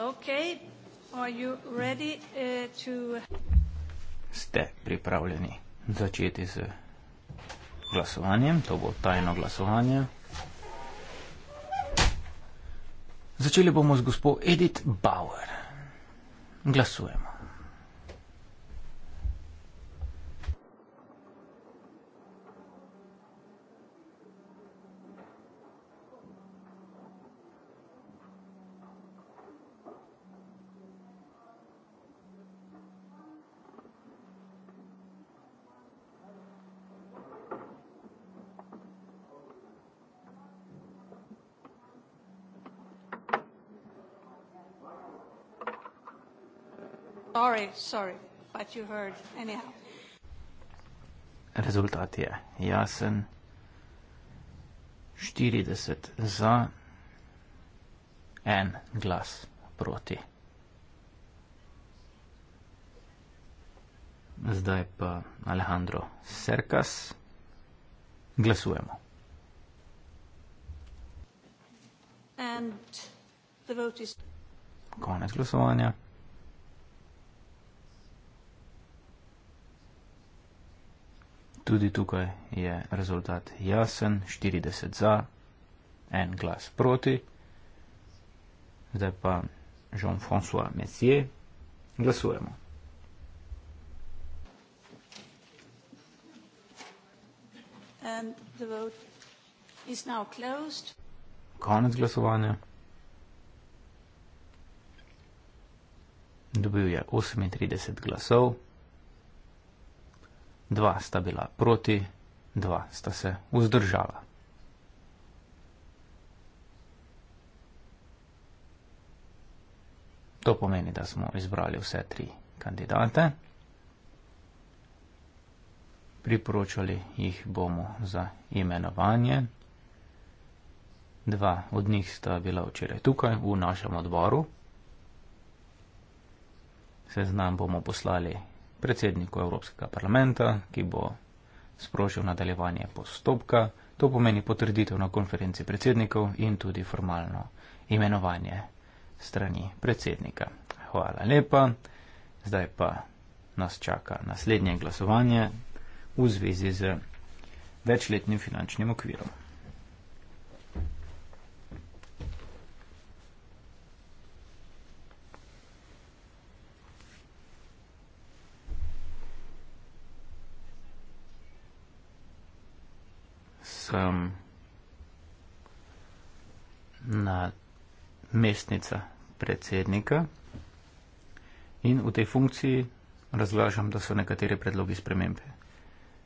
Okay. Are you ready, uh, to... Ste pripravljeni začeti z glasovanjem? To bo tajno glasovanje. Začeli bomo z gospod Edith Bauer. Glasujemo. you heard anyhow. Rezultat je jasen. 40 za, en glas proti. Zdaj pa Alejandro Serkas. Glasujemo. And the vote is... Konec glasovanja. Tudi tukaj je rezultat jasen, 40 za, en glas proti. Zdaj pa Jean-François Messier, glasujemo. Konec glasovanja. Dobil je 38 glasov dva sta bila proti, dva sta se vzdržala. To pomeni, da smo izbrali vse tri kandidate. Priporočali jih bomo za imenovanje. Dva od njih sta bila včeraj tukaj v našem odboru. Seznam bomo poslali predsedniku Evropskega parlamenta, ki bo sprožil nadaljevanje postopka. To pomeni potrditev na konferenci predsednikov in tudi formalno imenovanje strani predsednika. Hvala lepa. Zdaj pa nas čaka naslednje glasovanje v zvezi z večletnim finančnim okvirom. um, na mestnica predsednika in v tej funkciji razlažam, da so nekateri predlogi spremembe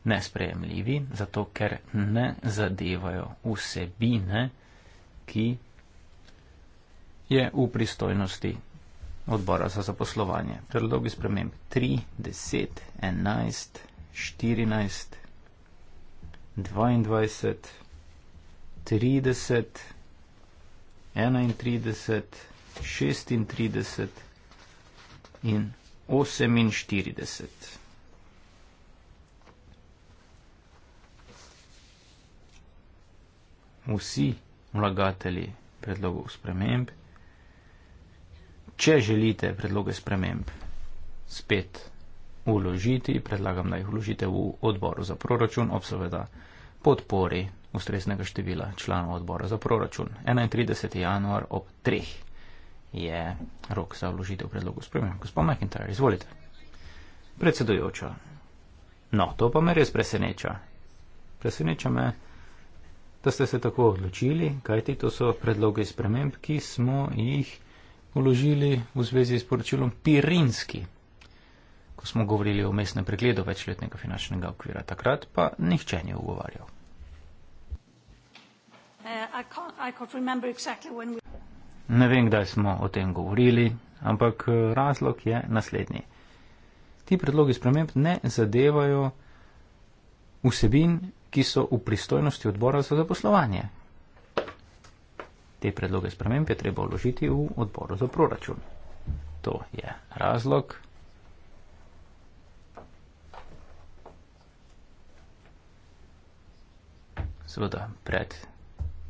nesprejemljivi, zato ker ne zadevajo vsebine, ki je v pristojnosti odbora za zaposlovanje. Predlogi spremembe 3, 10, 11, 14, 15. 22, 30, 31, 36 in 48. Vsi vlagatelji predlogov sprememb, če želite predloge sprememb, spet vložiti, predlagam, da jih vložite v odboru za proračun, ob seveda podpori ustreznega števila članov odbora za proračun. 31. januar ob 3. je rok za vložitev predlogu spremenja. Gospod McIntyre, izvolite. Predsedujoča. No, to pa me res preseneča. Preseneča me, da ste se tako odločili, kajti to so predloge sprememb, ki smo jih vložili v zvezi s poročilom Pirinski ko smo govorili o mestnem pregledu večletnega finančnega okvira. Takrat pa nihče ni ugovarjal. Uh, ne vem, kdaj smo o tem govorili, ampak uh, razlog je naslednji. Ti predlogi sprememb ne zadevajo vsebin, ki so v pristojnosti odbora za zaposlovanje. Te predloge sprememb je treba vložiti v odboru za proračun. To je razlog, seveda pred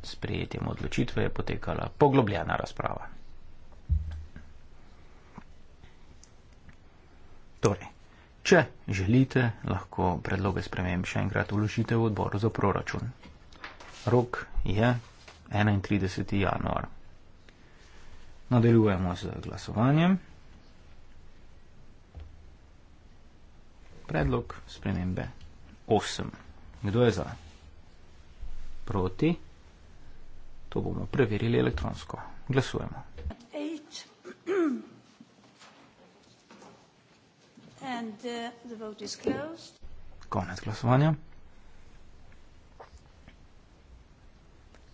sprejetjem odločitve je potekala poglobljena razprava. Torej, če želite, lahko predloge sprememb še enkrat uložite v odboru za proračun. Rok je 31. januar. Nadaljujemo z glasovanjem. Predlog spremembe 8. Kdo je za? Proti. To bomo preverili elektronsko. Glasujemo. And, uh, the vote is Konec glasovanja.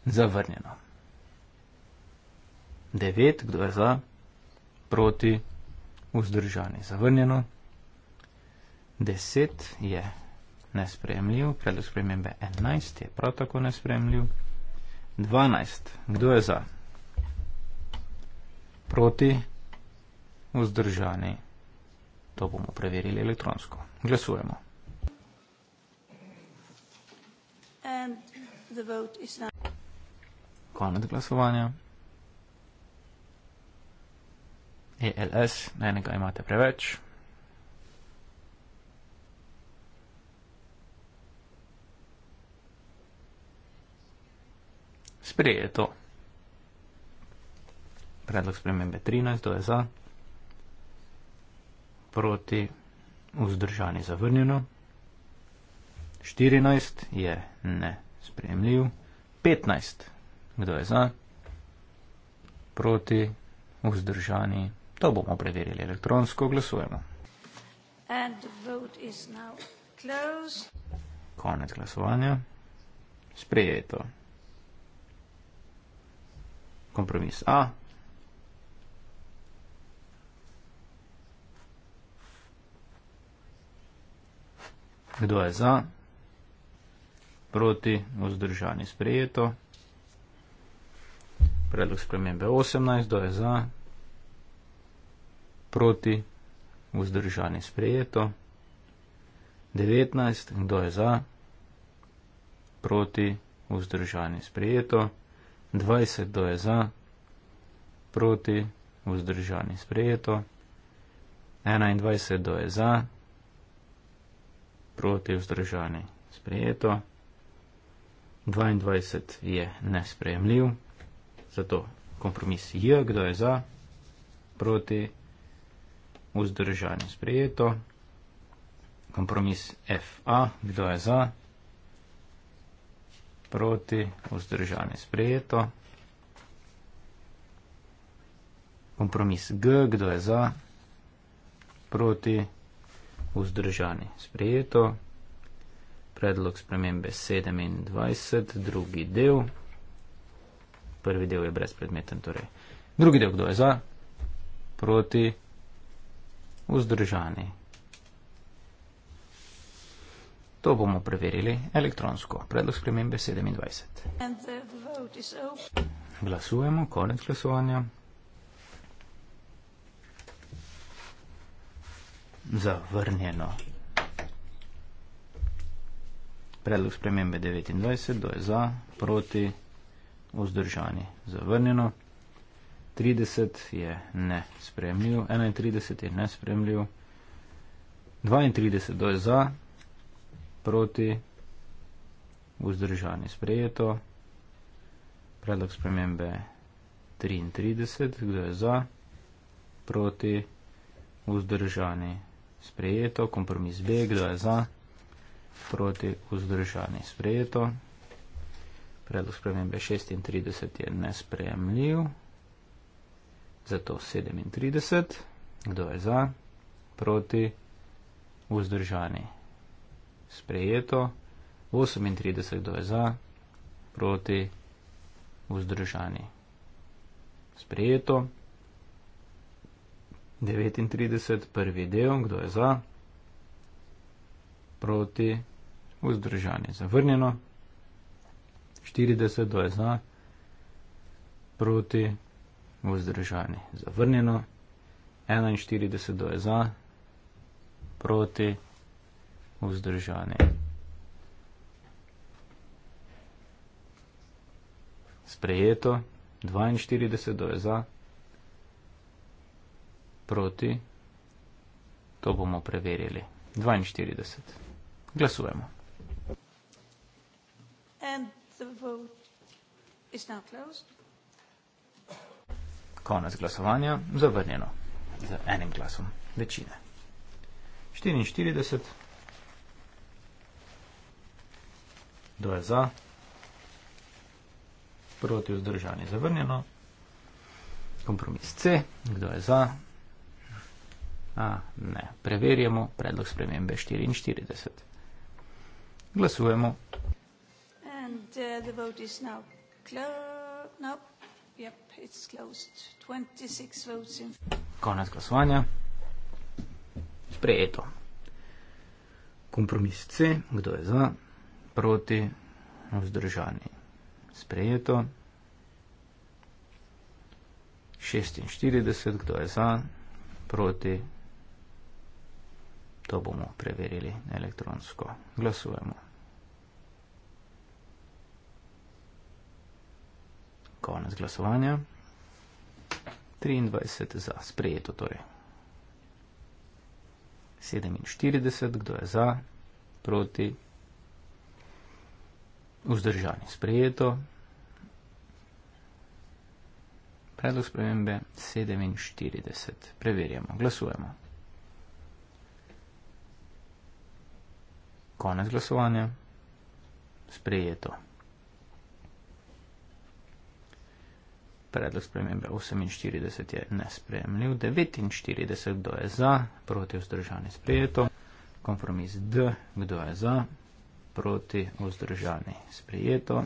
Zavrnjeno. 9, kdo je za? Proti. Vzdržani. Zavrnjeno. 10 je nesprejemljiv, predlog spremembe 11 je prav tako nesprejemljiv. 12. Kdo je za? Proti? Vzdržani? To bomo preverili elektronsko. Glasujemo. Konec glasovanja. ELS, enega imate preveč. Sprejeto. Predlog spremembe 13, to je za. Proti, vzdržani, zavrnjeno. 14 je ne spremljiv. 15, kdo je za. Proti, vzdržani, to bomo preverili elektronsko, glasujemo. Konec glasovanja. Sprejeto kompromis A. Kdo je za? Proti, vzdržani, sprejeto. Predlog spremembe 18, kdo je za? Proti, vzdržani, sprejeto. 19, kdo je za? Proti, vzdržani, sprejeto. 20. 20 do je za, proti, vzdržani sprejeto, 21 do je za, proti, vzdržani sprejeto, 22 je nesprejemljiv, zato kompromis J, kdo je za, proti, vzdržani sprejeto, kompromis FA, kdo je za, proti, proti, vzdržane sprejeto. Kompromis G, kdo je za, proti, vzdržani, sprejeto. Predlog spremembe 27, drugi del. Prvi del je brezpredmeten, torej. Drugi del, kdo je za, proti, vzdržani, To bomo preverili elektronsko. Predlog spremembe 27. Glasujemo, konec glasovanja. Zavrnjeno. Predlog spremembe 29, kdo je za, proti, vzdržani, zavrnjeno. 30 je nespremljiv, 31 je nespremljiv, 32 kdo je za, proti, vzdržani sprejeto, predlog spremembe 33, kdo je za, proti, vzdržani sprejeto, kompromis B, kdo je za, proti, vzdržani sprejeto, predlog spremembe 36 je nesprejemljiv, zato 37, kdo je za, proti, vzdržani sprejeto sprejeto, 38 kdo je za, proti, vzdržani. Sprejeto, 39, prvi del, kdo je za, proti, vzdržani. Zavrnjeno, 40, kdo je za, proti, vzdržani. Zavrnjeno, 41, kdo je za, proti, vzdržani vzdržane. Sprejeto 42 do je za, proti, to bomo preverili. 42. Glasujemo. Konec glasovanja, zavrnjeno. Z enim glasom večine. 44. 2 za, proti vzdržanje zavrnjeno, kompromis C, kdo je za, a ne, preverjamo predlog spremembe 44. Glasujemo. And, uh, Konec glasovanja. Sprejeto. Kompromis C. Kdo je za? proti vzdržani. Sprejeto. 46, kdo je za, proti, to bomo preverili elektronsko. Glasujemo. Konec glasovanja. 23 za, sprejeto torej. 47, kdo je za, proti, vzdržani vzdržani, sprejeto. Predlog spremembe 47. Preverjamo. Glasujemo. Konec glasovanja. Sprejeto. Predlog spremembe 48 je nesprejemljiv. 49. Kdo je za? Proti vzdržani sprejeto. Kompromis D. Kdo je za? proti vzdržani. Sprijeto.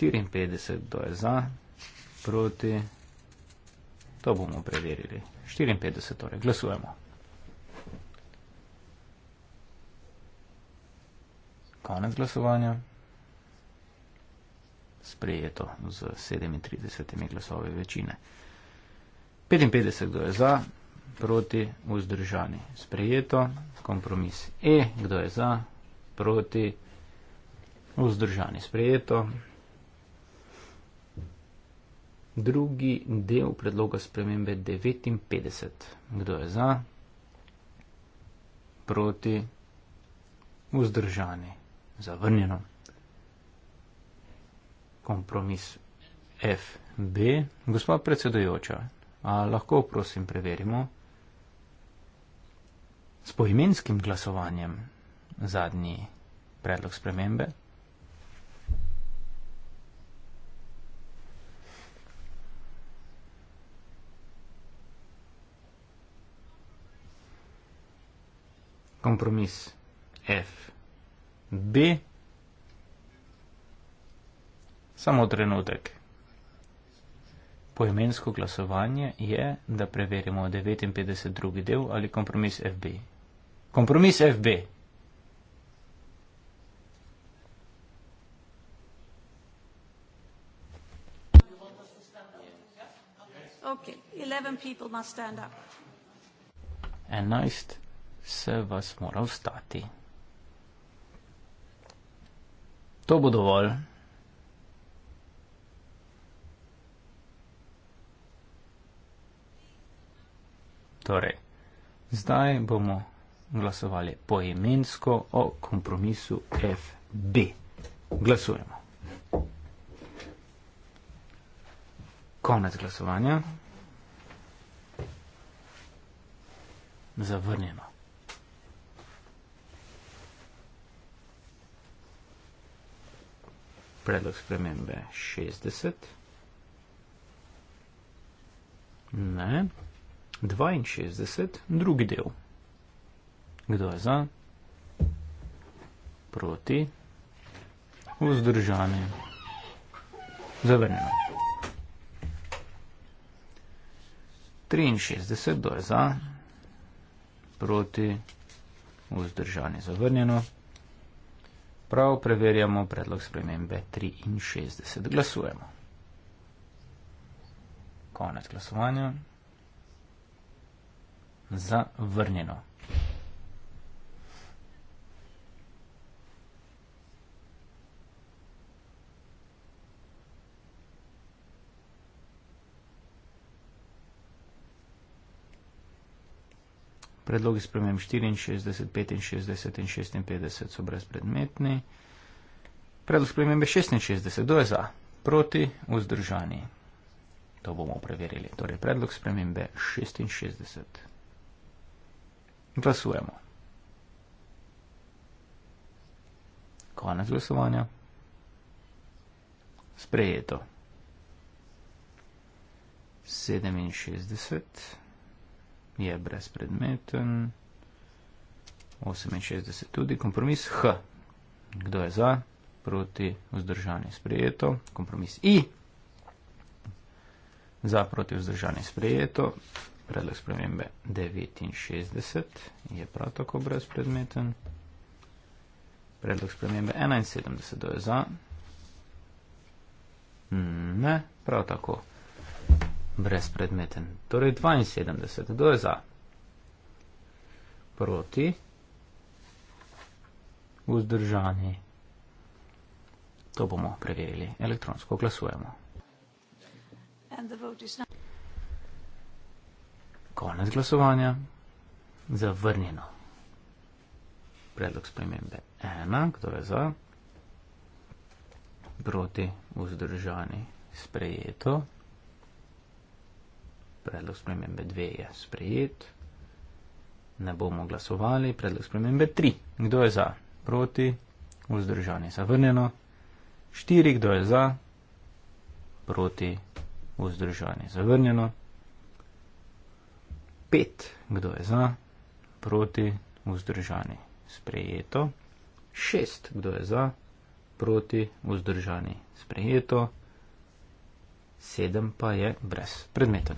54 do je za, proti, to bomo preverili. 54 torej, glasujemo. Konec glasovanja. Sprijeto z 37 glasove večine. 55 do je za, proti, proti, vzdržani. Sprejeto, kompromis E, kdo je za, proti, vzdržani. Sprejeto. Drugi del predloga spremembe 59. Kdo je za, proti, vzdržani. Zavrnjeno. Kompromis FB. Gospod predsedujoča, a lahko prosim preverimo? s poimenskim glasovanjem zadnji predlog spremembe. Kompromis FB. Samo trenutek. Poimensko glasovanje je, da preverimo 59. del ali kompromis FB. Kompromis FB. Okay, 11 people must stand up. 11 se vas mora vstati. To bo dovolj. Torej, zdaj bomo glasovali poemensko o kompromisu FB. Glasujemo. Konec glasovanja. Zavrnjeno. Predlog spremembe 60. Ne. 62. Drugi del. Kdo je za? Proti? Vzdržani? Zavrnjeno. 63, kdo je za? Proti? Vzdržani? Zavrnjeno. Prav preverjamo predlog spremembe 63. Glasujemo. Konec glasovanja. Zavrnjeno. Predlogi spremem 64, 65 in 56 so brezpredmetni. Predlog spremembe 66, kdo je za? Proti, vzdržani. To bomo preverili. Torej, predlog spremembe 66. Glasujemo. Konec glasovanja. Sprejeto. 67 je brezpredmeten. 68 tudi. Kompromis H. Kdo je za? Proti vzdržanje sprejeto. Kompromis I. Za proti vzdržanje sprejeto. Predlog spremembe 69 je prav tako brezpredmeten. Predlog spremembe 71 je za. Ne, prav tako brezpredmeten. Torej 72. Kdo je za? Proti. Vzdržani. To bomo preverili. Elektronsko glasujemo. Konec glasovanja. Zavrnjeno. Predlog spremembe. Ena. Kdo je za? Proti. Vzdržani. Sprejeto. Sprejeto. Predlog spremembe 2 je sprejet. Ne bomo glasovali. Predlog spremembe 3. Kdo je za? Proti. Vzdržanje zavrnjeno. 4. Kdo je za? Proti. Vzdržanje zavrnjeno. 5. Kdo je za? Proti. Vzdržanje sprejeto. 6. Kdo je za? Proti. Vzdržanje sprejeto. 7 pa je brez predmeten.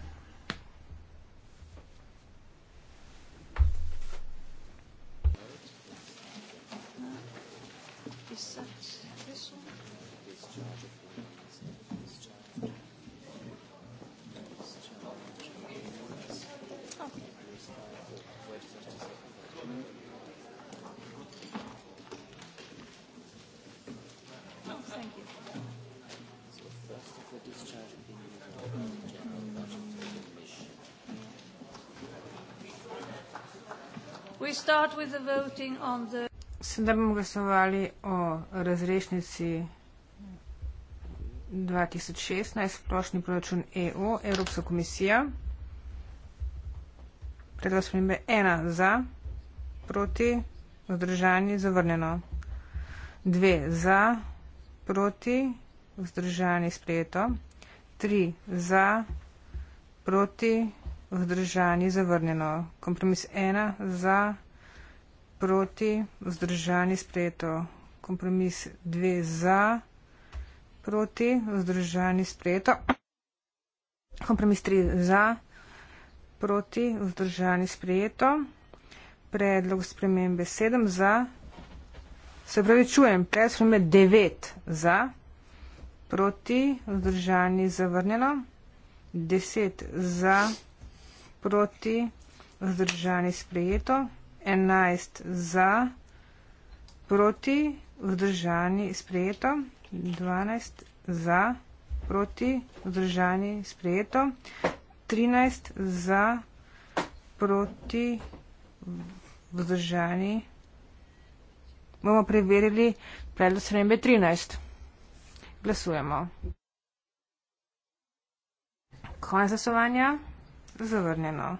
Sedaj bomo glasovali o razrešnici 2016, splošni proračun EU, Evropska komisija. Predlog spremembe ena za, proti, vzdržani, zavrnjeno. Dve za, proti, vzdržani, sprejeto. Tri za, proti, vzdržani, zavrnjeno. Kompromis ena za proti, vzdržani sprejeto. Kompromis 2 za, proti, vzdržani sprejeto. Kompromis 3 za, proti, vzdržani sprejeto. Predlog spremembe 7 za. Se pravi, čujem, predlog spremembe 9 za, proti, vzdržani zavrnjeno. 10 za, proti, vzdržani sprejeto. 11 za, proti, vzdržani, sprejeto. 12 za, proti, vzdržani, sprejeto. 13 za, proti, vzdržani. Bomo preverili predlog srembe 13. Glasujemo. Konzasovanja zavrnjeno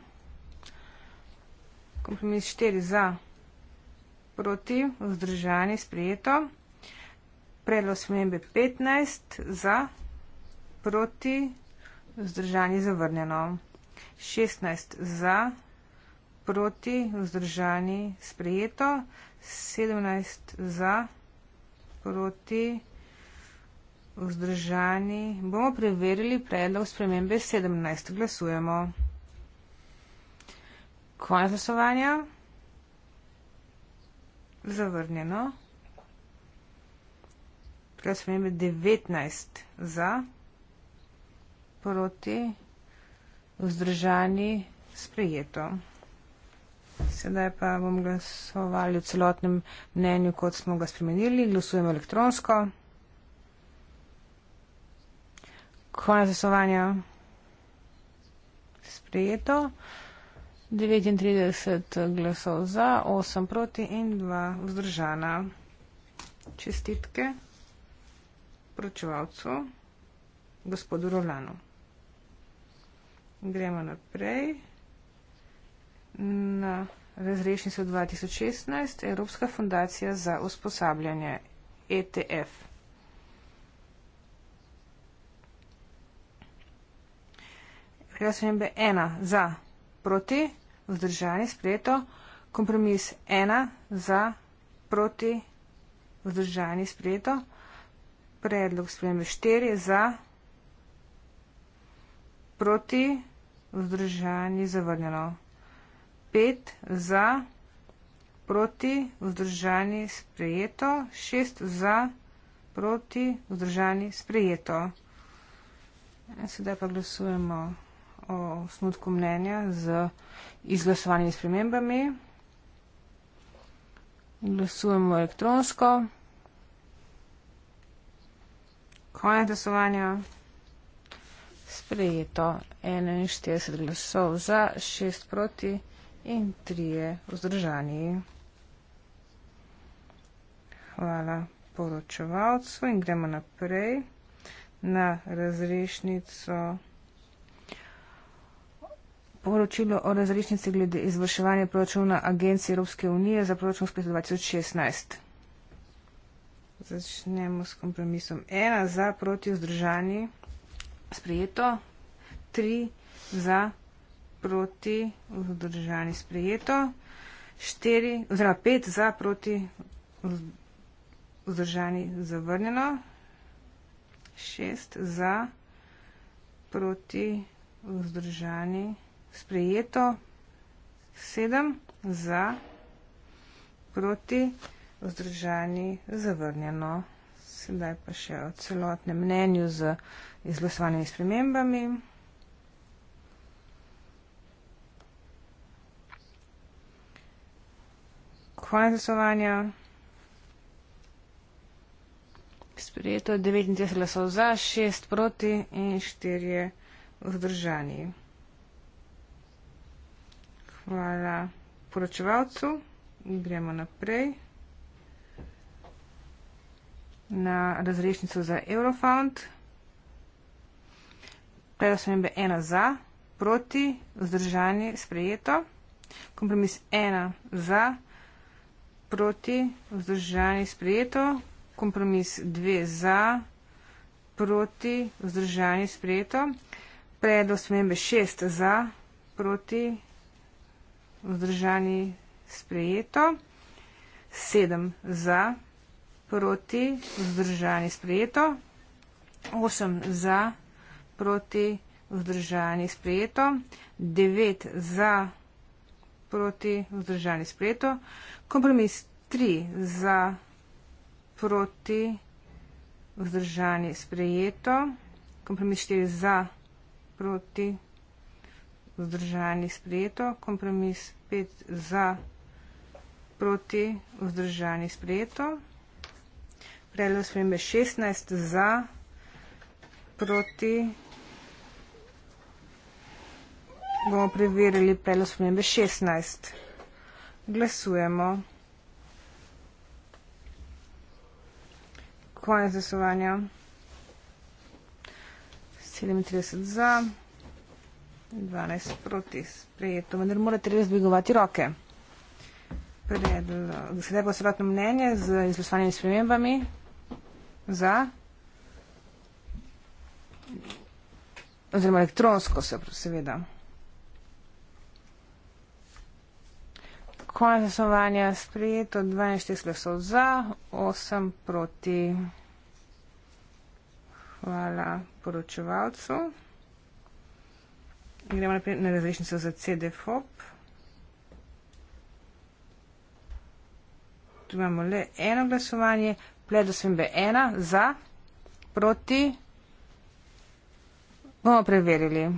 kompromis 4 za, proti, vzdržani, sprejeto. Predlog smembe 15 za, proti, vzdržani, zavrnjeno. 16 za, proti, vzdržani, sprejeto. 17 za, proti, vzdržani. Bomo preverili predlog spremembe 17. Glasujemo. Konec glasovanja. Zavrnjeno. Tukaj smo imeli 19 za, proti, vzdržani, sprejeto. Sedaj pa bom glasovali v celotnem mnenju, kot smo ga spremenili. Glasujemo elektronsko. Konec glasovanja. Sprejeto. 39 glasov za, 8 proti in 2 vzdržana. Čestitke poročevalcu, gospodu Rolanu. Gremo naprej. Na razrešnico 2016 Evropska fundacija za usposabljanje ETF. Glasujem B1 za proti vzdržani, sprejeto. Kompromis ena za, proti, vzdržani, sprejeto. Predlog spremembe štiri za, proti, vzdržani, zavrnjeno. Pet za, proti, vzdržani, sprejeto. Šest za, proti, vzdržani, sprejeto. Sedaj pa glasujemo o osnutku mnenja z izglasovanimi spremembami. Glasujemo elektronsko. Konec glasovanja. Sprejeto 41 glasov za, 6 proti in 3 vzdržani. Hvala poročevalcu in gremo naprej na razrešnico poročilo o razrešnici glede izvrševanja proračuna Agencije Evropske unije za proračun spet 2016. Začnemo s kompromisom. Ena za proti vzdržani sprejeto, tri za proti vzdržani sprejeto, štiri oziroma pet za proti vzdržani zavrnjeno, šest za proti vzdržani zavrnjeno sprejeto sedem za, proti, vzdržani, zavrnjeno. Sedaj pa še o celotnem mnenju z izglasovanimi spremembami. Konec glasovanja. Sprejeto je 39 glasov za, 6 proti in 4 vzdržani hvala poročevalcu. Gremo naprej na razrešnico za Eurofound. Preda sem imel ena za, proti, vzdržanje, sprejeto. Kompromis ena za, proti, vzdržanje, sprejeto. Kompromis dve za, proti, vzdržanje, sprejeto. Predlog spremembe 6 za, proti, vzdržani sprejeto, sedem za, proti, vzdržani sprejeto, osem za, proti, vzdržani sprejeto, devet za, proti, vzdržani sprejeto, kompromis tri za, proti, vzdržani sprejeto, kompromis štiri za, proti, vzdržani sprejeto, vzdržani sprejeto, kompromis 5 za, proti vzdržani sprejeto, predlog spremembe 16 za, proti, bomo preverili predlog spremembe 16. Glasujemo. Konec glasovanja. 37 za. 12 proti sprejeto, vendar morate res dvigovati roke. Sedaj bo celotno mnenje z izglasovanimi spremembami za oziroma elektronsko se seveda. Konec glasovanja sprejeto, 12 glasov za, 8 proti. Hvala poročevalcu. In gremo naprej na različnico za CD-FOP. Tu imamo le eno glasovanje. Ple do svembe ena, za, proti. Bomo preverili.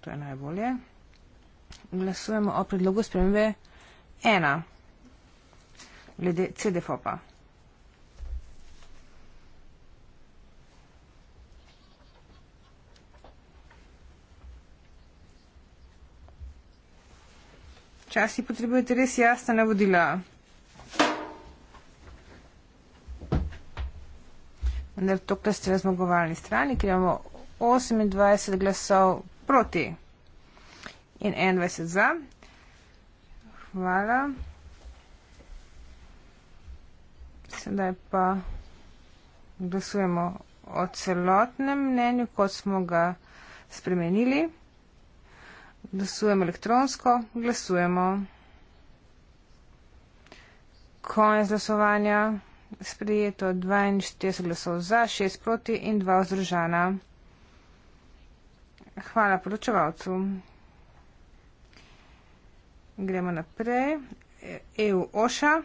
To je najbolje. Glasujemo o predlogu spremembe ena. Glede CD-FOP-a. Včasih potrebujete res jasna navodila. Vendar to, kar ste na zmagovalni strani, ker imamo 28 glasov proti in 21 za. Hvala. Sedaj pa glasujemo o celotnem mnenju, kot smo ga spremenili. Glasujemo elektronsko. Glasujemo. Konec glasovanja. Sprijeto 42 glasov za, 6 proti in 2 vzdržana. Hvala poročevalcu. Gremo naprej. EU OŠA.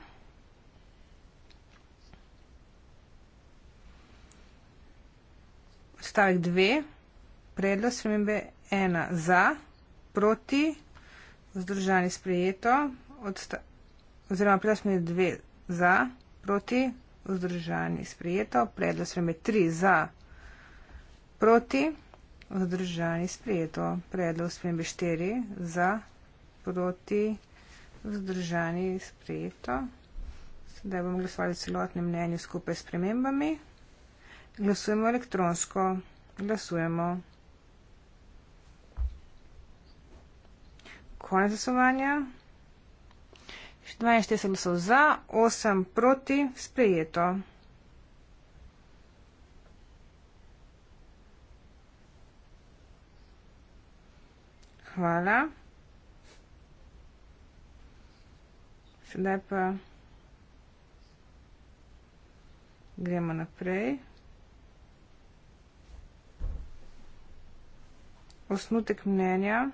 Stavek 2. Predlog spremembe 1 za proti, vzdržani sprejeto, odsta, oziroma predlasme dve za, proti, vzdržani sprejeto, predlasme tri za, proti, vzdržani sprejeto, predlasme štiri za, proti, vzdržani sprejeto. Sedaj bomo glasovali celotnem mnenju skupaj s premembami. Glasujemo elektronsko. Glasujemo. konec glasovanja. 42 glasov za, 8 proti, sprejeto. Hvala. Sedaj pa gremo naprej. Osnutek mnenja.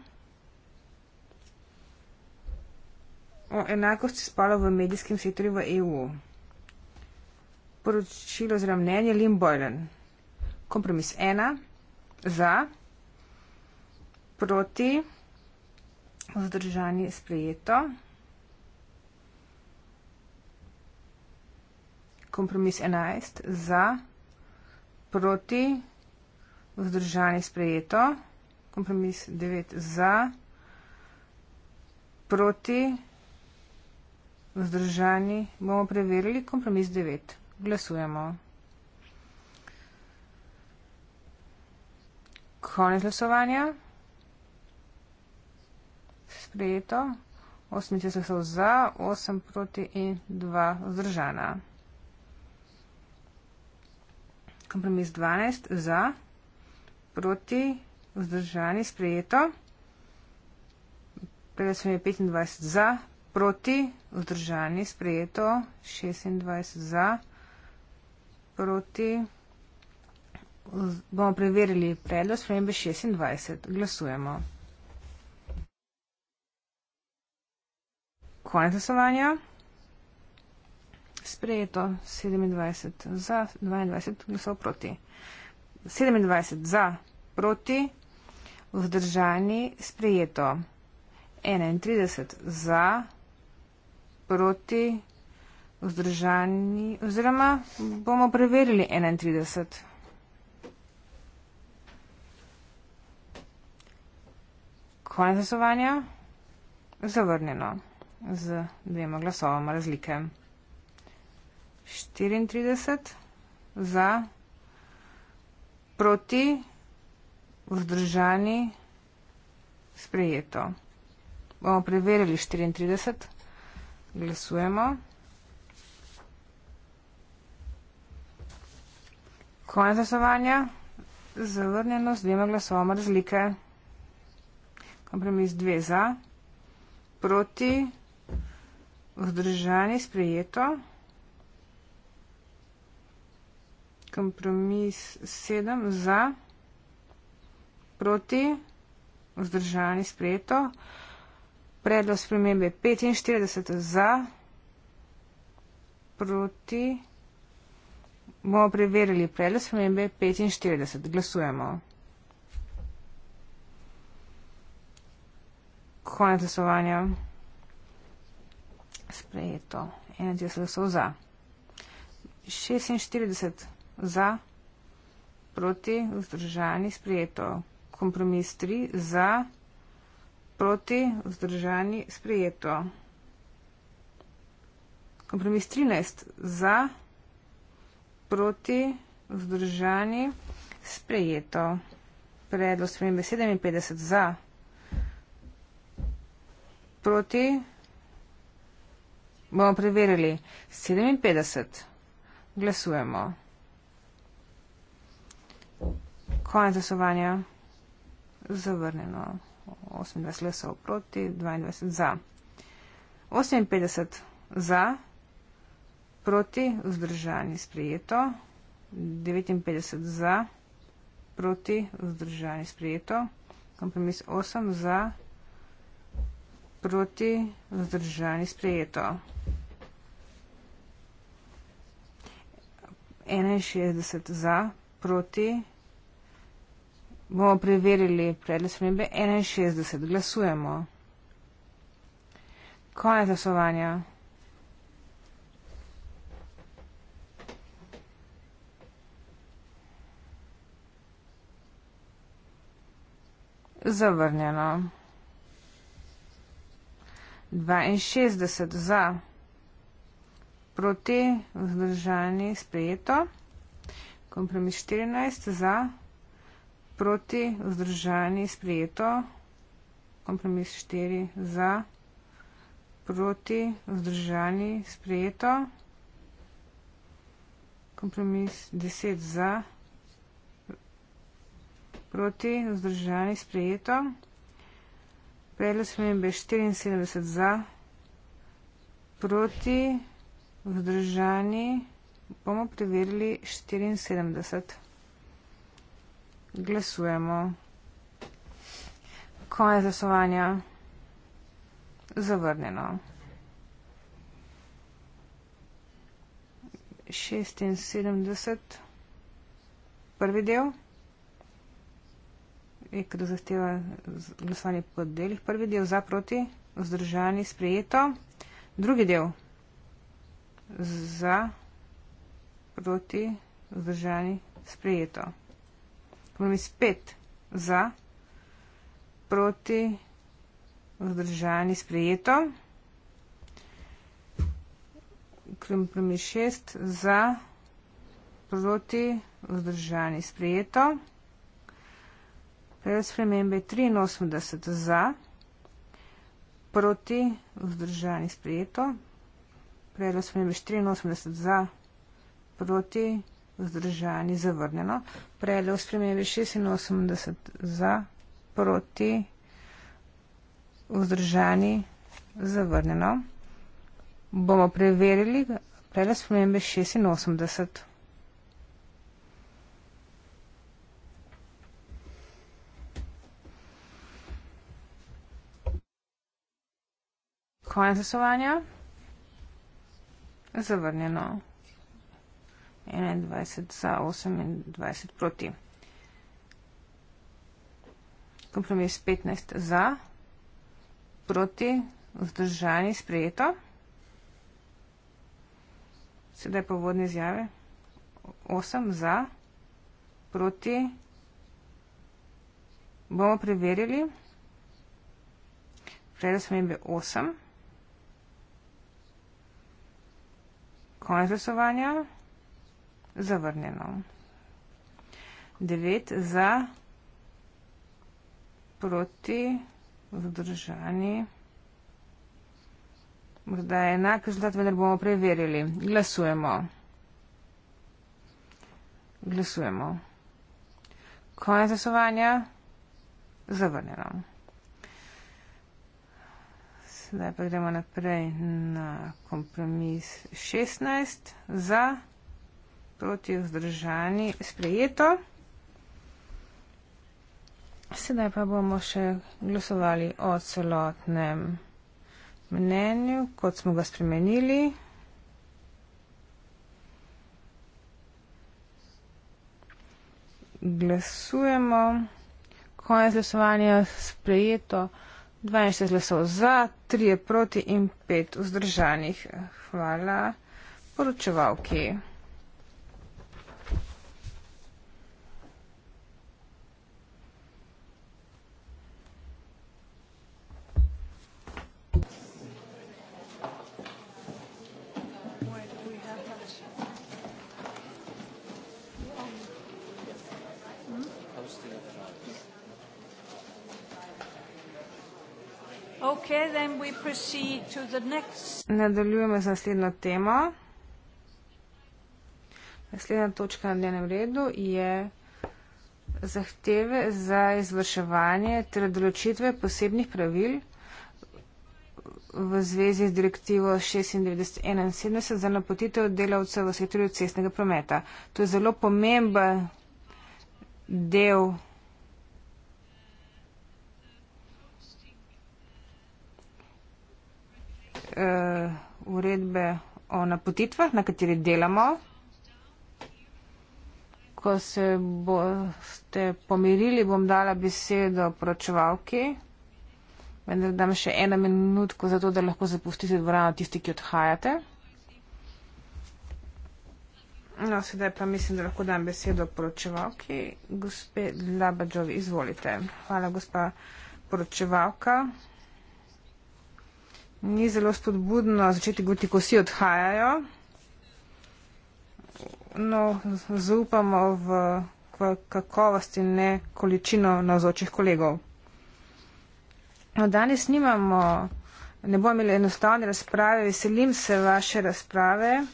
o enakosti spolov v medijskem sektorju v EU. Poročilo oziroma mnenje Lim Boylan. Kompromis 1 za, proti, vzdržani sprejeto. Kompromis 11 za, proti, vzdržani sprejeto. Kompromis 9 za, proti, vzdržani sprejeto. Vzdržani bomo preverili kompromis 9. Glasujemo. Konec glasovanja. Sprejeto. 8 se so za, 8 proti in 2 vzdržana. Kompromis 12 za, proti, vzdržani, sprejeto. Preglasujem 25 za, proti, vzdržani, sprejeto, 26 za, proti, bomo preverili predlog spremembe 26, glasujemo. Konec glasovanja. Sprejeto 27 za, 22 glasov proti. 27 za, proti, vzdržani, sprejeto. 31 za, proti vzdržani oziroma bomo preverili 31. Konec glasovanja. Zavrnjeno z dvema glasovama razlike. 34 za, proti, vzdržani, sprejeto. Bomo preverili 34. Glasujemo. Konec glasovanja. Zavrnjeno z dvema glasovama razlike. Kompromis dve za, proti, vzdržani, sprejeto. Kompromis sedem za, proti, vzdržani, sprejeto. Predlog spremembe 45 za, proti. Bomo preverili predlog spremembe 45. Glasujemo. Konec glasovanja. Sprejeto. 31 glasov za. 46 za, proti, vzdržani, sprejeto. Kompromis 3 za proti vzdržani sprejeto. Kompromis 13 za proti vzdržani sprejeto. Predlog spremembe 57 za proti bomo preverili 57. Glasujemo. Konec glasovanja. Zavrnjeno. 28 glasov proti, 22 za. 58 za, proti, vzdržani, sprijeto. 59 za, proti, vzdržani, sprijeto. Kompromis 8 za, proti, vzdržani, sprijeto. 61 za, proti, vzdržani, sprijeto. Bomo preverili predlog spremembe 61. Glasujemo. Konec glasovanja. Zavrnjeno. 62 za. Proti vzdržani sprejeto. Kompromis 14 za proti, vzdržani, sprejeto, kompromis 4 za, proti, vzdržani, sprejeto, kompromis 10 za, proti, vzdržani, sprejeto, predlog spremembe 74 za, proti, vzdržani, bomo preverili 74. Glasujemo. Konec glasovanja. Zavrnjeno. 76. Prvi del. Je, kdo zahteva glasovanje po delih. Prvi del za proti. Vzdržani sprejeto. Drugi del. Za proti. Vzdržani sprejeto ekonomi spet za, proti, vzdržani, sprejeto. Ekonomi šest za, proti, vzdržani, sprejeto. Prej spremembe 83 za, proti, vzdržani, sprejeto. Prej spremembe 84 za, proti, vzdržani, sprejeto vzdržani zavrnjeno. Predlog spremembe 86 za proti vzdržani zavrnjeno. Bomo preverili predlog spremembe 86. Konec zasovanja. Zavrnjeno. 21 za, 28 proti. Kompromis 15 za, proti, vzdržani, sprejeto. Sedaj pa vodne izjave. 8 za, proti, bomo preverili. Preda smo imeli 8. Konec glasovanja. 8. Zavrnjeno. 9 za, proti, zadržani. Morda je enak rezultat, vendar bomo preverili. Glasujemo. Glasujemo. Konec glasovanja. Zavrnjeno. Zdaj pa gremo naprej na kompromis 16 za proti vzdržani sprejeto. Sedaj pa bomo še glasovali o celotnem mnenju, kot smo ga spremenili. Glasujemo. Konec glasovanja sprejeto. 12 glasov za, 3 proti in 5 vzdržanih. Hvala poročevalki. Okay. Okay, then we proceed to the next. Nadaljujemo z naslednjo temo. Naslednja točka na dnevnem redu je zahteve za izvrševanje ter določitve posebnih pravil v zvezi z direktivo 96.71 za napotitev delavcev v sektorju cestnega prometa. To je zelo pomemben del eh, uredbe o napotitvah, na kateri delamo. Ko se boste pomirili, bom dala besedo poročevalki. Vendar dam še eno minutko za to, da lahko zapustite dvorano tisti, ki odhajate. No, sedaj pa mislim, da lahko dam besedo poročevalki. Gospe Labadžovi, izvolite. Hvala, gospa poročevalka ni zelo spodbudno začeti govoriti, ko vsi odhajajo. No, zaupamo v kakovost in ne količino navzočih kolegov. No, danes nimamo, ne bomo imeli enostavne razprave, veselim se vaše razprave.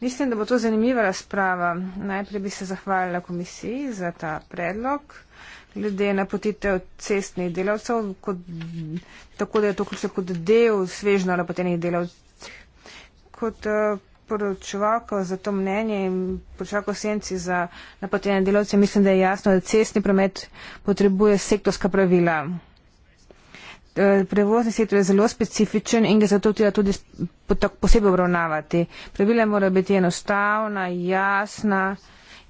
Mislim, da bo to zanimiva razprava. Najprej bi se zahvalila komisiji za ta predlog. Uh, glede napotitev cestnih delavcev, kot, tako da je to kot se kot del svežno napotenih delavcev. Kot eh, poročevalko za to mnenje in poročevalko senci za napotene delavce, mislim, da je jasno, da cestni promet potrebuje sektorska pravila. Eh, prevozni sektor je zelo specifičen in ga zato treba tudi posebej obravnavati. Pravila morajo biti enostavna, jasna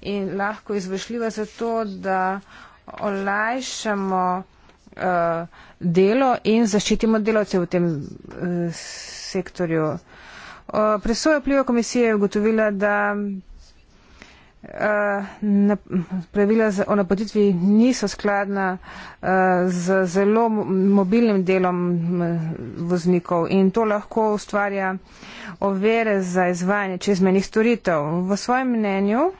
in lahko izvršljiva zato, da olajšamo uh, delo in zaščitimo delavce v tem uh, sektorju. Uh, presoja vpliva komisije je ugotovila, da uh, na, pravila za, o napotitvi niso skladna uh, z zelo mobilnim delom uh, voznikov in to lahko ustvarja overe za izvajanje čezmenih storitev. V svojem mnenju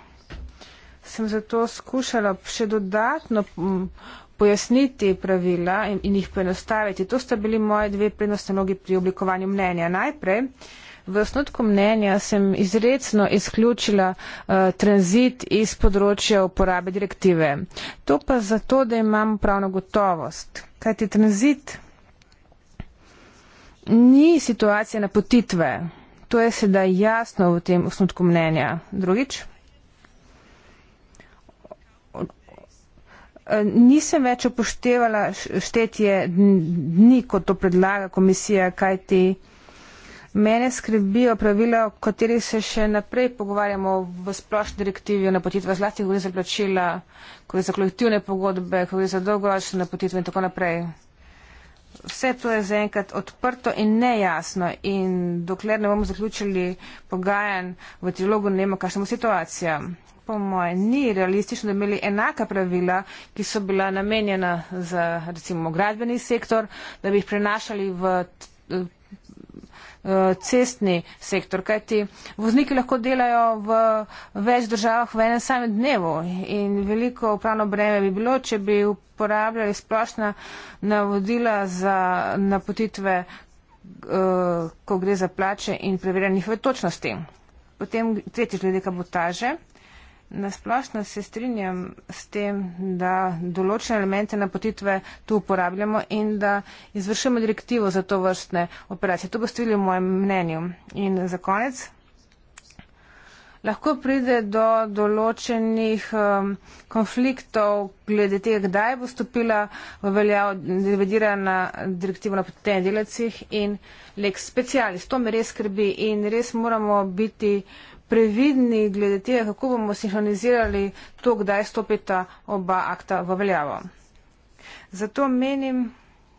sem zato skušala še dodatno mm, pojasniti pravila in, in jih poenostaviti. To sta bili moje dve prednostne nogi pri oblikovanju mnenja. Najprej. V osnutku mnenja sem izredno izključila uh, tranzit iz področja uporabe direktive. To pa zato, da imam pravno gotovost. Kajti tranzit ni situacija napotitve. To je sedaj jasno v tem osnutku mnenja. Drugič. Eh, nisem več upoštevala štetje dni, kot to predlaga komisija, kaj ti mene skrbijo pravila, o katerih se še naprej pogovarjamo v splošni direktivi o napotitvah, zlasti ko gre za plačila, ko gre za kolektivne pogodbe, ko gre za dolgoročne napotitve in tako naprej. Vse to je zaenkrat odprto in nejasno in dokler ne bomo zaključili pogajanj v trilogu, ne vemo, kakšna bo situacija po mojem ni realistično, da bi imeli enaka pravila, ki so bila namenjena za recimo gradbeni sektor, da bi jih prenašali v eh, cestni sektor, kajti vozniki lahko delajo v več državah v enem samem dnevu in veliko upravno breme bi bilo, če bi uporabljali splošna navodila za napotitve, eh, ko gre za plače in preverjanih v točnosti. Potem tretjič glede kabotaže. Nasplošno se strinjam s tem, da določene elemente napotitve tu uporabljamo in da izvršujemo direktivo za to vrstne operacije. To boste videli v mojem mnenju. In za konec. Lahko pride do določenih um, konfliktov glede tega, kdaj bo stopila v veljavo revidirana direktiva na potenih delecih in lex specialis. To me res skrbi in res moramo biti previdni glede tega, kako bomo sinhronizirali to, kdaj stopita oba akta v veljavo. Zato menim,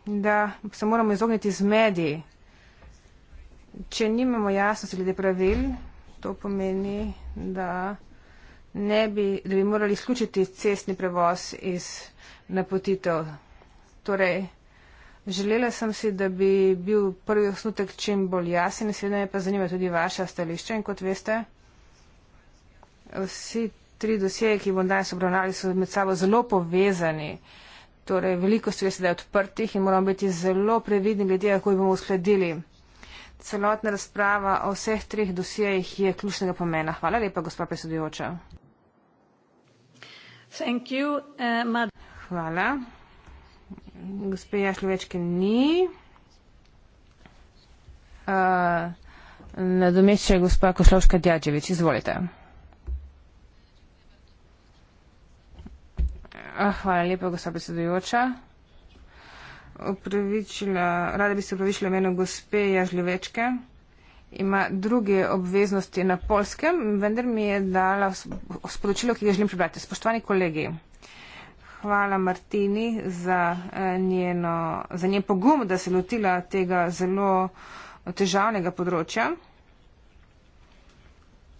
da se moramo izogniti zmedi. Če nimamo jasnosti glede pravil, to pomeni, da, ne bi, da bi morali izključiti cestni prevoz iz napotitev. Torej, želela sem si, da bi bil prvi osnutek čim bolj jasen, seveda me pa zanima tudi vaša stališča in kot veste, vsi tri dosjeje, ki bomo danes obravnali, so med sabo zelo povezani. Torej, veliko stvari sedaj odprtih in moramo biti zelo previdni glede, kako jih bomo uskladili. Celotna razprava o vseh treh dosjejih je ključnega pomena. Hvala lepa, gospod predsedujoča. Eh, Hvala. Gospe Jašli večke ni. Uh, eh, Nadomešče je gospa Košlovška Djadževič. Izvolite. Ah, hvala lepa, gospod predsedujoča. Rada bi se upravičila imenu gospe Jažljevečke. Ima druge obveznosti na polskem, vendar mi je dala sporočilo, ki ga želim prebrati. Spoštovani kolegi, hvala Martini za, eh, njeno, za njen pogum, da se lotila tega zelo težavnega področja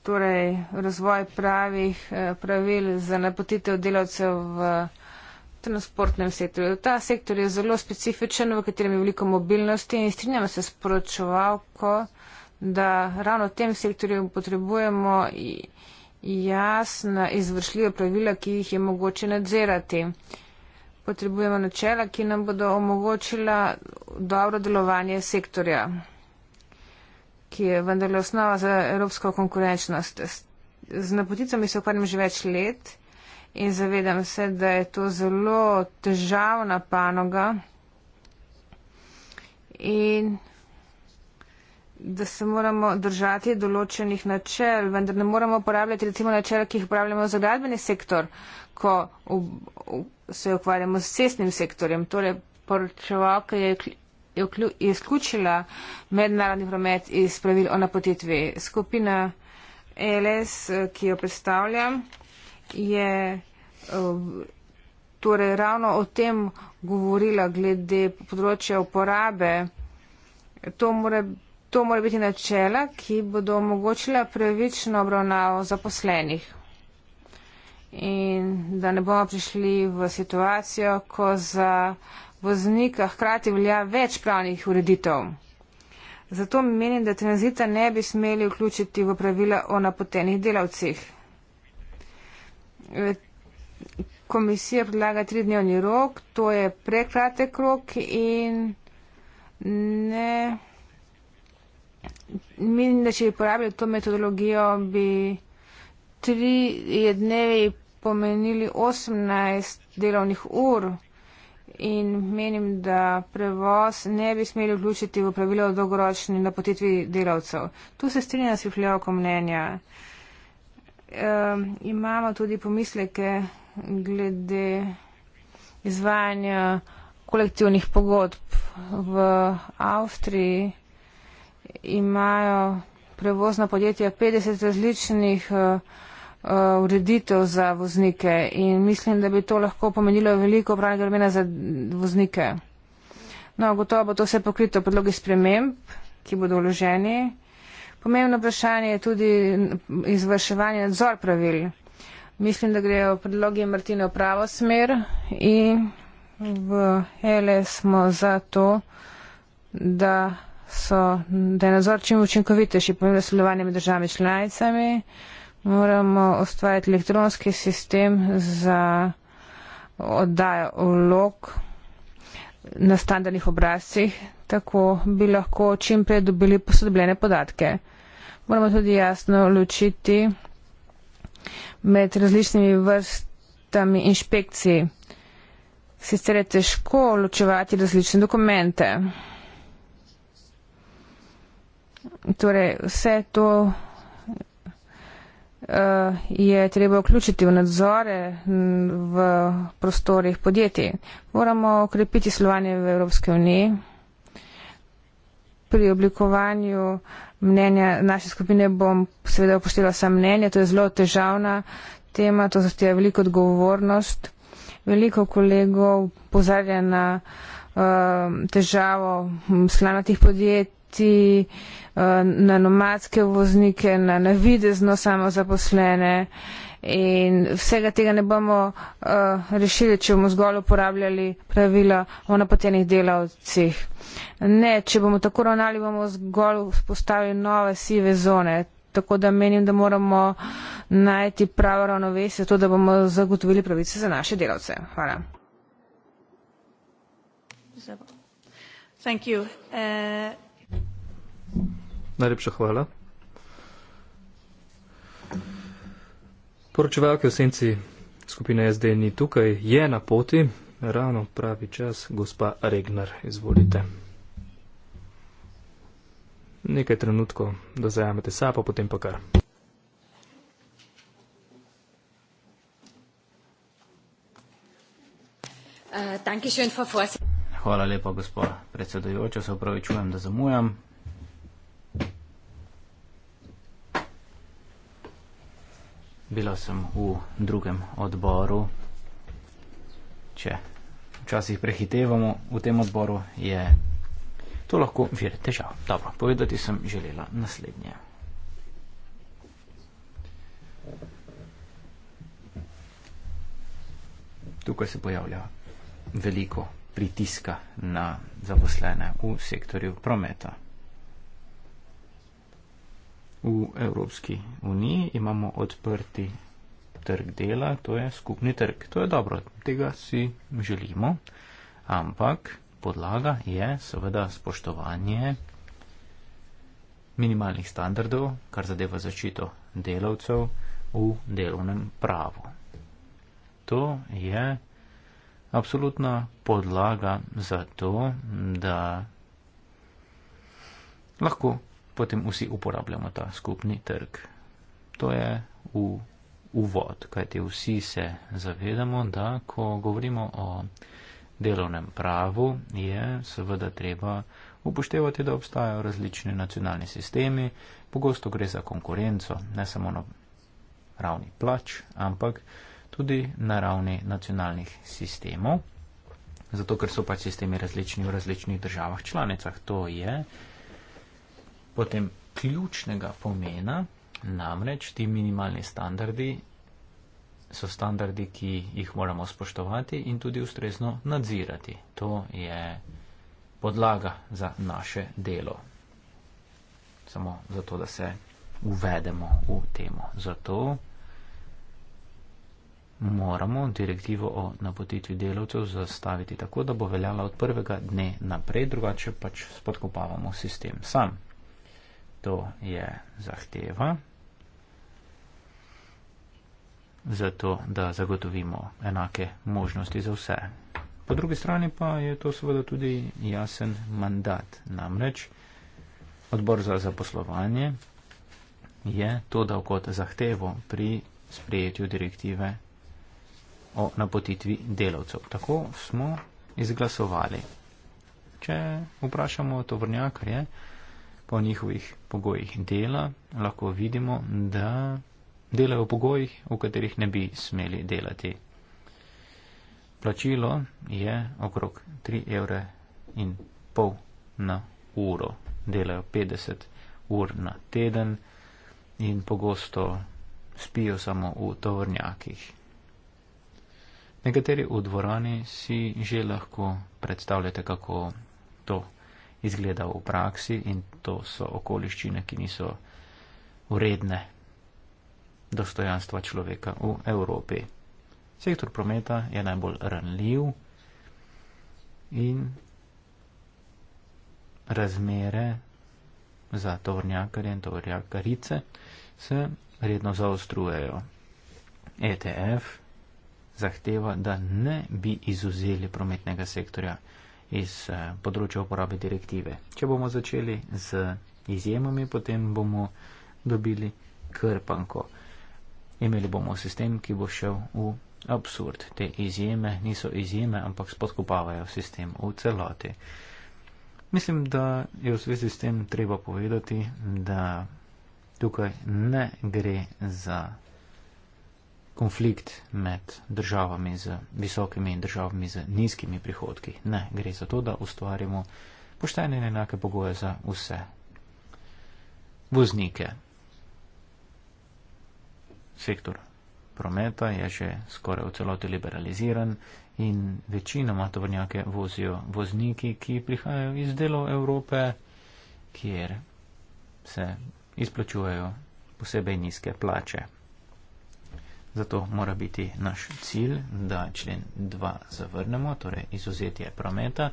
torej razvoj pravih eh, pravil za napotitev delavcev v transportnem sektorju. Ta sektor je zelo specifičen, v katerem je veliko mobilnosti in strinjam se s poročevalko, da ravno v tem sektorju potrebujemo jasna izvršljiva pravila, ki jih je mogoče nadzirati. Potrebujemo načela, ki nam bodo omogočila dobro delovanje sektorja ki je vendarle osnova za evropsko konkurenčnost. Z napoticami se ukvarjam že več let in zavedam se, da je to zelo težavna panoga in da se moramo držati določenih načel, vendar ne moramo uporabljati recimo načel, ki jih uporabljamo za gradbeni sektor, ko v, v, se ukvarjamo s cestnim sektorjem. Torej, poročevalka je je izključila mednarodni promet iz pravil o napotitvi. Skupina LS, ki jo predstavljam, je eh, torej ravno o tem govorila glede področja uporabe. To mora, to mora biti načela, ki bodo omogočila pravično obravnavo zaposlenih in da ne bomo prišli v situacijo, ko za voznika hkrati velja več pravnih ureditev. Zato menim, da tranzita ne bi smeli vključiti v pravila o napotenih delavcih. E, komisija predlaga tridnevni rok, to je prekratek rok in ne. Menim, da če bi uporabljali to metodologijo, bi tri dnevi pomenili 18 delovnih ur in menim, da prevoz ne bi smeli vključiti v pravilo o dolgoročni napotitvi delavcev. Tu se strinja s vpljavko mnenja. Um, imamo tudi pomisleke glede izvajanja kolektivnih pogodb. V Avstriji imajo prevozna podjetja 50 različnih uh, uh, ureditev za voznike in mislim, da bi to lahko pomenilo veliko pravnega vremena za voznike. No, gotovo bo to vse pokrito podlogi sprememb, ki bodo vloženi. Pomembno vprašanje je tudi izvrševanje nadzor pravil. Mislim, da grejo predlogi Martine v pravo smer in v ELE smo za to, da, so, da je nadzor čim učinkovitejši, pomembno sodelovanje med državami članicami. Uh, moramo ustvarjati elektronski sistem za oddajo vlog na standardnih obrazcih, tako bi lahko čim prej dobili posodobljene podatke. Moramo tudi jasno ločiti med različnimi vrstami inšpekcij. Sicer je težko ločevati različne dokumente. Torej, vse to Eh, je treba vključiti v nadzore v prostorih podjetij. Moramo ukrepiti slovanje v Evropske unije pri oblikovanju mnenja naše skupine bom seveda upoštevala sam mnenje, to je zelo težavna tema, to zahteva veliko odgovornost. Veliko kolegov pozarja na uh, težavo slanatih podjetij, ti eh, na nomadske voznike, na navidezno samozaposlene. In vsega tega ne bomo uh, rešili, če bomo zgolj uporabljali pravila o napotenih delavcih. Ne, če bomo tako ravnali, bomo zgolj vzpostavili nove sive zone. Tako da menim, da moramo najti pravo ravnovesje, to, da bomo zagotovili pravice za naše delavce. Hvala. Hvala. Najlepša hvala. Poročevalke v senci skupine SD ni tukaj, je na poti, ravno pravi čas, gospa Regnar, izvolite. Nekaj trenutkov, da zajamete sapo, potem pa kar. Eh, hvala lepa, gospod predsedujoča, se upravičujem, da zamujam. Bila sem v drugem odboru. Če včasih prehitevamo v tem odboru, je to lahko vir težav. Dobro, povedati sem želela naslednje. Tukaj se pojavlja veliko pritiska na zaposlene v sektorju prometa. V Evropski uniji imamo odprti trg dela, to je skupni trg. To je dobro, tega si želimo, ampak podlaga je seveda spoštovanje minimalnih standardov, kar zadeva zaščito delavcev v delovnem pravu. To je absolutna podlaga za to, da lahko potem vsi uporabljamo ta skupni trg. To je v uvod, kajti vsi se zavedamo, da ko govorimo o delovnem pravu, je seveda treba upoštevati, da obstajajo različni nacionalni sistemi, pogosto gre za konkurenco, ne samo na ravni plač, ampak tudi na ravni nacionalnih sistemov, zato ker so pač sistemi različni v različnih državah članicah. To je potem ključnega pomena, namreč ti minimalni standardi so standardi, ki jih moramo spoštovati in tudi ustrezno nadzirati. To je podlaga za naše delo. Samo zato, da se uvedemo v temo. Zato moramo direktivo o napotitvi delavcev zastaviti tako, da bo veljala od prvega dne naprej, drugače pač spodkopavamo sistem sam to je zahteva, zato da zagotovimo enake možnosti za vse. Po drugi strani pa je to seveda tudi jasen mandat. Namreč odbor za zaposlovanje je to dal kot zahtevo pri sprejetju direktive o napotitvi delavcev. Tako smo izglasovali. Če vprašamo tovrnjakarje po njihovih pogojih dela, lahko vidimo, da delajo v pogojih, v katerih ne bi smeli delati. Plačilo je okrog 3 evre in pol na uro. Delajo 50 ur na teden in pogosto spijo samo v tovornjakih. Nekateri v dvorani si že lahko predstavljate, kako to izgleda v praksi in to so okoliščine, ki niso uredne dostojanstva človeka v Evropi. Sektor prometa je najbolj ranljiv in razmere za tovrnjakarje in tovrnjakarice se redno zaostrujejo. ETF zahteva, da ne bi izuzeli prometnega sektorja iz eh, področja uporabe direktive. Če bomo začeli z izjemami, potem bomo dobili krpanko. Imeli bomo sistem, ki bo šel v absurd. Te izjeme niso izjeme, ampak spodkopavajo sistem v celoti. Mislim, da je v zvezi s tem treba povedati, da tukaj ne gre za konflikt med državami z visokimi in državami z nizkimi prihodki. Ne, gre za to, da ustvarimo poštene in enake pogoje za vse voznike. Sektor prometa je že skoraj v celoti liberaliziran in večinoma tovrnjake vozijo vozniki, ki prihajajo iz delov Evrope, kjer se izplačujejo posebej nizke plače. Zato mora biti naš cilj, da člen 2 zavrnemo, torej izuzetje prometa.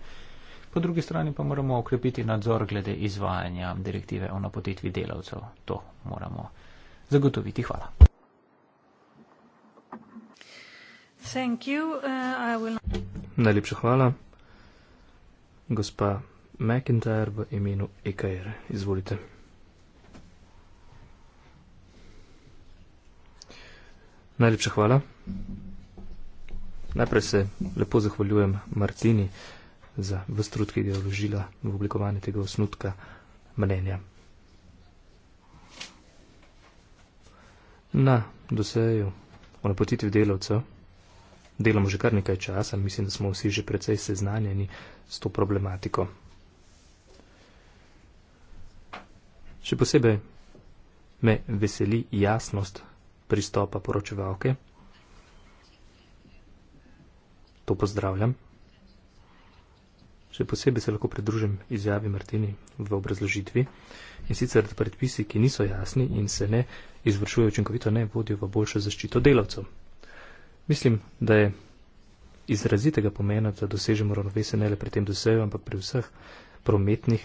Po drugi strani pa moramo okrepiti nadzor glede izvajanja direktive o napotitvi delavcev. To moramo zagotoviti. Hvala. Uh, Najlepša hvala. Gospa McIntyre v imenu EKR. Izvolite. Najlepša hvala. Najprej se lepo zahvaljujem Martini za vstrud, ki ga je vložila v oblikovanje tega osnutka mnenja. Na dosejo o napotitvi delavcev delamo že kar nekaj časa, mislim, da smo vsi že precej seznanjeni s to problematiko. Še posebej me veseli jasnost pristopa poročevalke. To pozdravljam. Še posebej se lahko pridružim izjavi Martini v obrazložitvi in sicer, da predpisi, ki niso jasni in se ne izvršujejo učinkovito, ne vodijo v boljšo zaščito delavcev. Mislim, da je izrazitega pomena, da dosežemo ravnovesje ne le pri tem dosegu, ampak pri vseh prometnih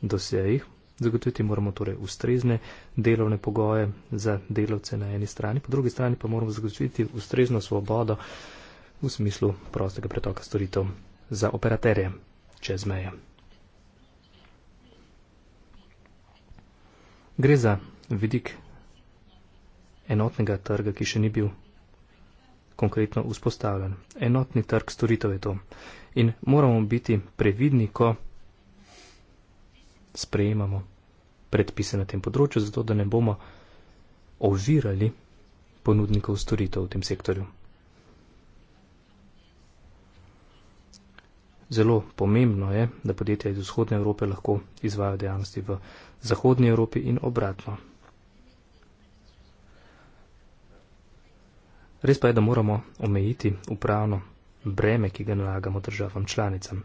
dosejih Zagotoviti moramo torej ustrezne delovne pogoje za delavce na eni strani, po drugi strani pa moramo zagotoviti ustrezno svobodo v smislu prostega pretoka storitev za operaterje čez meje. Gre za vidik enotnega trga, ki še ni bil konkretno vzpostavljen. Enotni trg storitev je to. In moramo biti previdni, ko sprejemamo predpise na tem področju, zato da ne bomo ovirali ponudnikov storitev v tem sektorju. Zelo pomembno je, da podjetja iz vzhodne Evrope lahko izvajo dejavnosti v zahodni Evropi in obratno. Res pa je, da moramo omejiti upravno breme, ki ga nalagamo državam članicam.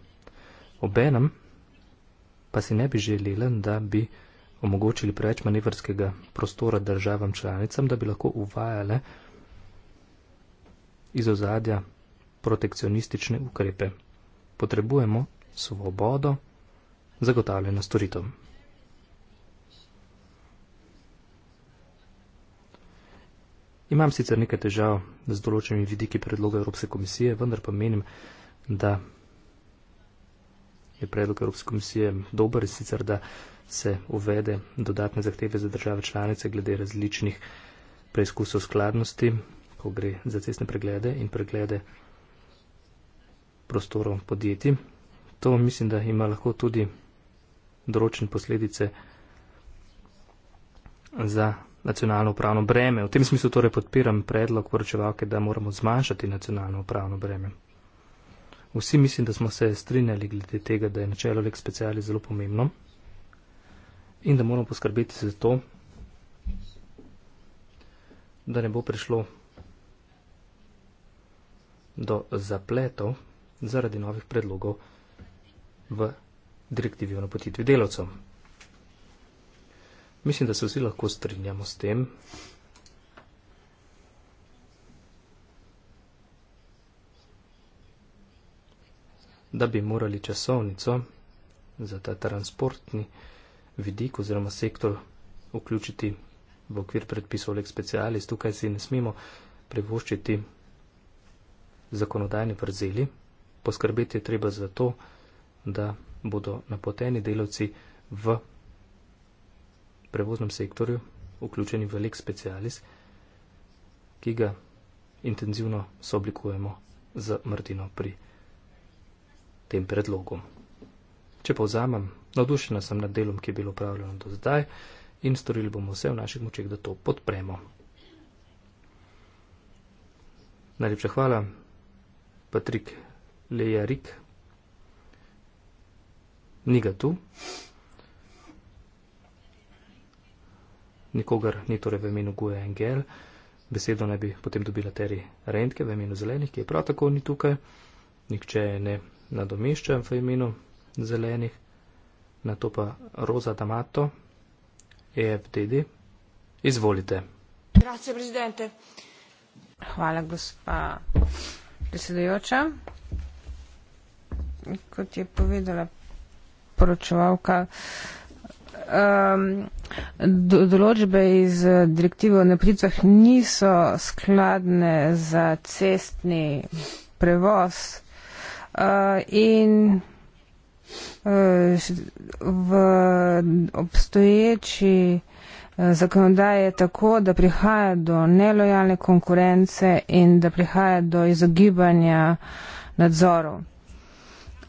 Obenem pa si ne bi želela, da bi omogočili preveč manevrskega prostora državam članicam, da bi lahko uvajale iz ozadja protekcionistične ukrepe. Potrebujemo svobodo zagotavljena storitev. Imam sicer nekaj težav z določenimi vidiki predloga Evropske komisije, vendar pa menim, da je predlog Evropske komisije dober in sicer, da se uvede dodatne zahteve za države članice glede različnih preizkusov skladnosti, ko gre za cestne preglede in preglede prostorov podjetij. To mislim, da ima lahko tudi določen posledice za nacionalno upravno breme. V tem smislu torej podpiram predlog poročevalke, da moramo zmanjšati nacionalno upravno breme. Vsi mislim, da smo se strinjali glede tega, da je načelo lek speciali zelo pomembno in da moramo poskrbeti za to, da ne bo prišlo do zapletov zaradi novih predlogov v direktivi o napotitvi delavcev. Mislim, da se vsi lahko strinjamo s tem, da bi morali časovnico za ta transportni vidik oziroma sektor vključiti v okvir predpisov lex specialis. Tukaj si ne smemo privoščiti zakonodajni vrzeli. Poskrbeti je treba za to, da bodo napoteni delavci v prevoznem sektorju vključeni v lex specialis, ki ga intenzivno sooblikujemo z Martino pri tem predlogom. Če povzamem, navdušena sem nad delom, ki je bilo upravljeno do zdaj in storili bomo vse v naših močeh, da to podpremo. Najlepša hvala, Patrik Lejarik. Ni ga tu. Nikogar ni torej v imenu Guja Engel. Besedo naj bi potem dobila Teri Rentke v imenu zelenih, ki je prav tako ni tukaj. Nikče ne nadomeščam v imenu zelenih, na to pa Roza D'Amato, EFDD. Izvolite. Grazie, prezidente. Hvala, gospa predsedujoča. Kot je povedala poročevalka, um, do, določbe iz eh, direktive o napritvah niso skladne za cestni prevoz Eh, in eh, v obstoječi eh, zakonodaje je tako, da prihaja do nelojalne konkurence in da prihaja do izogibanja nadzorov.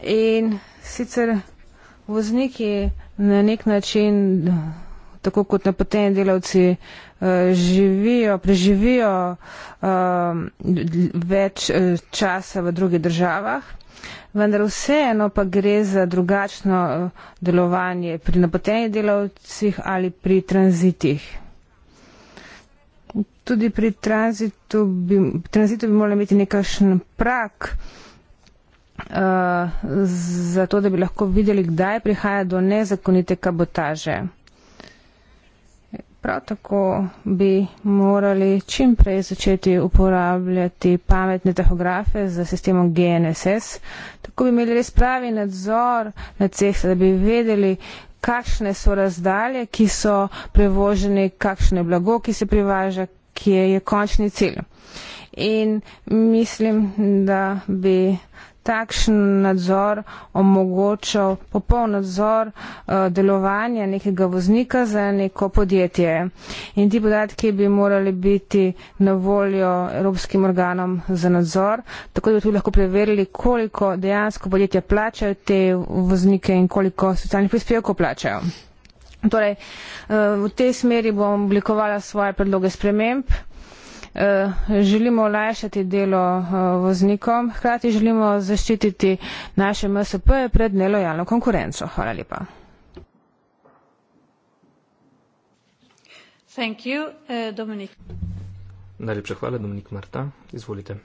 In sicer vozniki na nek način, tako kot napoteni delavci, živijo, preživijo več časa v drugih državah vendar vseeno pa gre za drugačno eh, delovanje pri napotenih delavcih ali pri tranzitih. Tudi pri tranzitu bi, tranzitu bi morali imeti nekakšen prak, Uh, eh, zato, da bi lahko videli, kdaj prihaja do nezakonite kabotaže. Prav tako bi morali čim prej začeti uporabljati pametne tehografe z sistemom GNSS. Tako bi imeli res pravi nadzor na ceste, da bi vedeli, kakšne so razdalje, ki so prevoženi, kakšne blago, ki se privaža, kje je končni cilj. In mislim, da bi takšen nadzor omogočal popoln nadzor uh, delovanja nekega voznika za neko podjetje. In ti podatki bi morali biti na voljo Evropskim organom za nadzor, tako da bi tudi lahko preverili, koliko dejansko podjetja plačajo te voznike in koliko socialnih prispevkov plačajo. Torej, eh, v tej smeri bom oblikovala svoje predloge sprememb. Eh, želimo olajšati delo eh, voznikom, hkrati želimo zaščititi naše MSP-je pred nelojalno konkurenco. Hvala lepa. Thank you. Eh, Dominik. Najlepša hvala, Dominik Marta. Izvolite.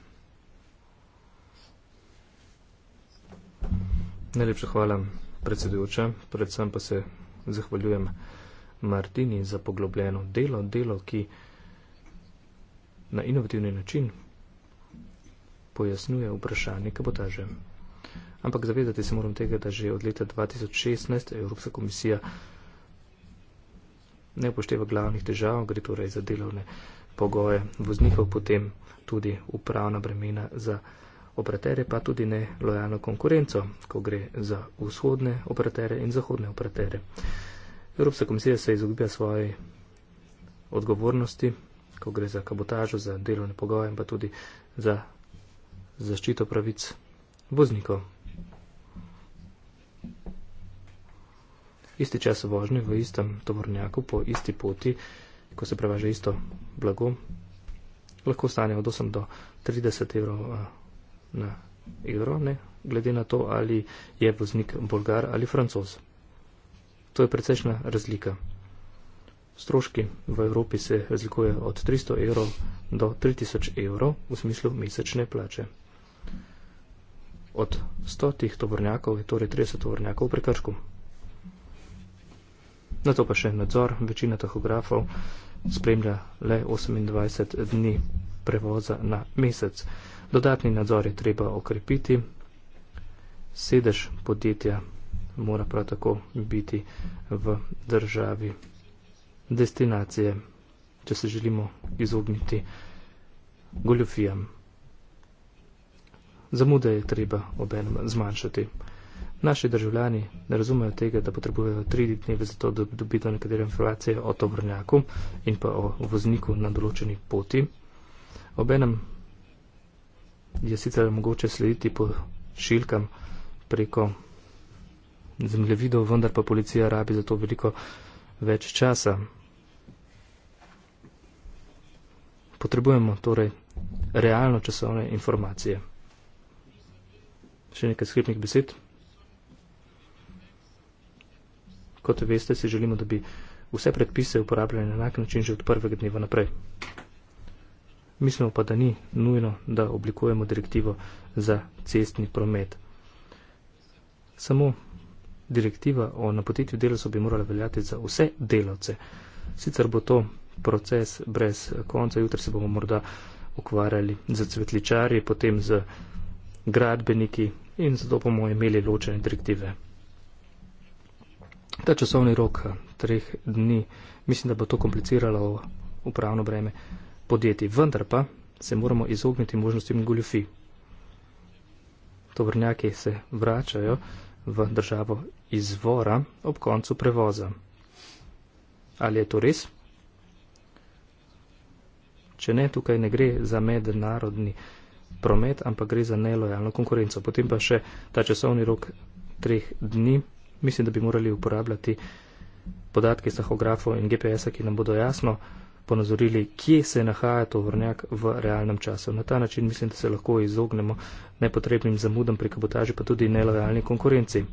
Najlepša hvala, predsedujoča. Predvsem pa se zahvaljujem Martini za poglobljeno delo, delo, ki na inovativni način pojasnjuje vprašanje kabotaže. Ampak zavedati se moram tega, da že od leta 2016 Evropska komisija ne upošteva glavnih težav, gre torej za delovne pogoje voznikov, potem tudi upravna bremena za operatere, pa tudi ne lojalno konkurenco, ko gre za vzhodne operatere in zahodne operatere. Evropska komisija se izogiba svoje odgovornosti ko gre za kabotažo, za delovne pogoje in pa tudi za zaščito pravic voznikov. Isti čas vožnje v istem tovornjaku po isti poti, ko se prevaža isto blago, lahko stane od 8 do 30 evrov eh, na evro, ne? glede na to, ali je voznik bolgar ali francoz. To je precejšna razlika stroški v Evropi se razlikuje od 300 evrov do 3000 evrov v smislu mesečne plače. Od 100 tih tovornjakov je torej 30 tovornjakov v prekršku. Na to pa še nadzor. Večina tahografov spremlja le 28 dni prevoza na mesec. Dodatni nadzor je treba okrepiti. Sedež podjetja mora prav tako biti v državi destinacije, če se želimo izogniti goljofijam. Zamude je treba obenem zmanjšati. Naši državljani ne razumejo tega, da potrebujejo tri dneve za to, da dobijo nekatere informacije o tovrnjaku in pa o vozniku na določeni poti. Obenem je sicer mogoče slediti po šilkam preko zemljevidov, vendar pa policija rabi za to veliko informacije več časa. Potrebujemo torej realno časovne informacije. Še nekaj sklepnih besed. Kot veste, si želimo, da bi vse predpise uporabljali na enak način že od prvega dneva naprej. Mislimo pa, da ni nujno, da oblikujemo direktivo za cestni promet. Samo direktiva o napotitvi delavcev bi morala veljati za vse delavce. Sicer bo to proces brez konca, jutri se bomo morda ukvarjali z cvetličarji, potem z gradbeniki in zato bomo imeli ločene direktive. Ta časovni rok treh dni mislim, da bo to kompliciralo upravno breme podjetij, vendar pa se moramo izogniti možnostim goljufi. Tovrnjaki se vračajo v državo izvora ob koncu prevoza. Ali je to res? Če ne, tukaj ne gre za mednarodni promet, ampak gre za nelojalno konkurenco. Potem pa še ta časovni rok treh dni. Mislim, da bi morali uporabljati podatke iz tahografov in GPS-a, ki nam bodo jasno ponazorili, kje se nahaja tovornjak v realnem času. Na ta način mislim, da se lahko izognemo nepotrebnim zamudam pri kabotaži, pa tudi nelojalni konkurenci.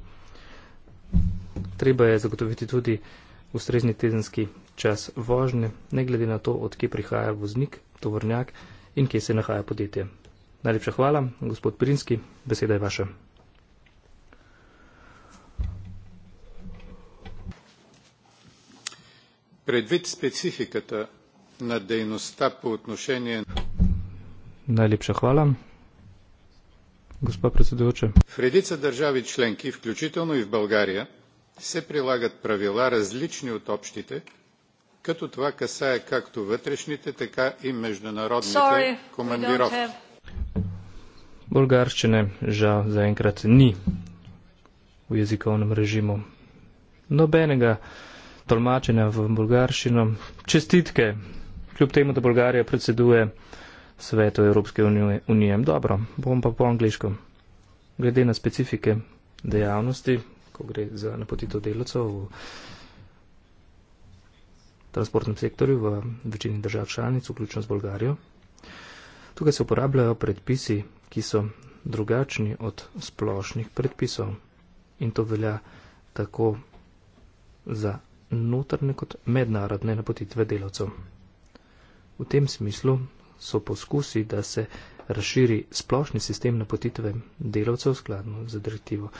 Treba je zagotoviti tudi ustrezni tedenski čas vožnje, ne glede na to, odkje prihaja voznik, tovornjak in kje se nahaja podjetje. Najlepša hvala, gospod Prinski, beseda je vaša. Predvid specifikata Najlepša hvala. Gospa predsedujoča. V redice državi členki, vključitelno i v Bolgarija, se prilagat pravila različni od opštite, като това касае както вътрешните, така и международните командировки. Болгарщина, жа, за енкрат ни в езиковном режиму. Но бенега толмачена в болгарщину. Честитки! kljub temu, da Bolgarija predseduje svetu Evropske unije. unije. Dobro, bom pa po angliško. Glede na specifike dejavnosti, ko gre za napotitev delovcev v transportnem sektorju v večini držav članic, vključno z Bolgarijo, tukaj se uporabljajo predpisi, ki so drugačni od splošnih predpisov. In to velja tako za notrne kot mednarodne napotitve delovcev. V tem smislu so poskusi, da se razširi splošni sistem napotitve delavcev skladno z direktivo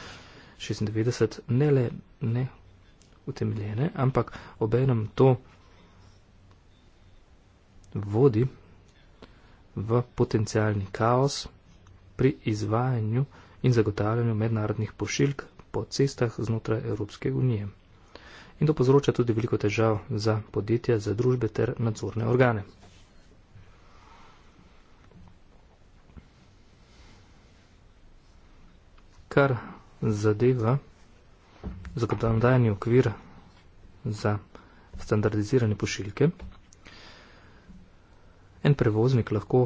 96, ne le ne utemeljene, ampak obenem to vodi v potencijalni kaos pri izvajanju in zagotavljanju mednarodnih pošiljk po cestah znotraj Evropske unije. In to povzroča tudi veliko težav za podjetja, za družbe ter nadzorne organe. kar zadeva zakonodajni okvir za standardizirane pošiljke. En prevoznik lahko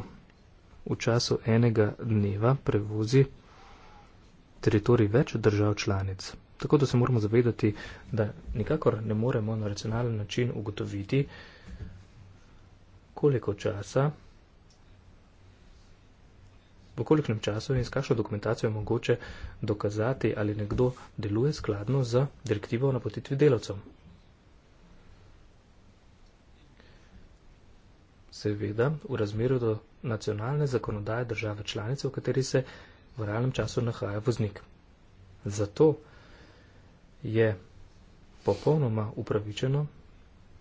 v času enega dneva prevozi teritorij več držav članic. Tako da se moramo zavedati, da nikakor ne moremo na racionalen način ugotoviti, koliko časa v kolikšnem času in s kakšno dokumentacijo je mogoče dokazati, ali nekdo deluje skladno z direktivo o napotitvi delavcev. Seveda, v razmeru do nacionalne zakonodaje države članice, v kateri se v realnem času nahaja voznik. Zato je popolnoma upravičeno,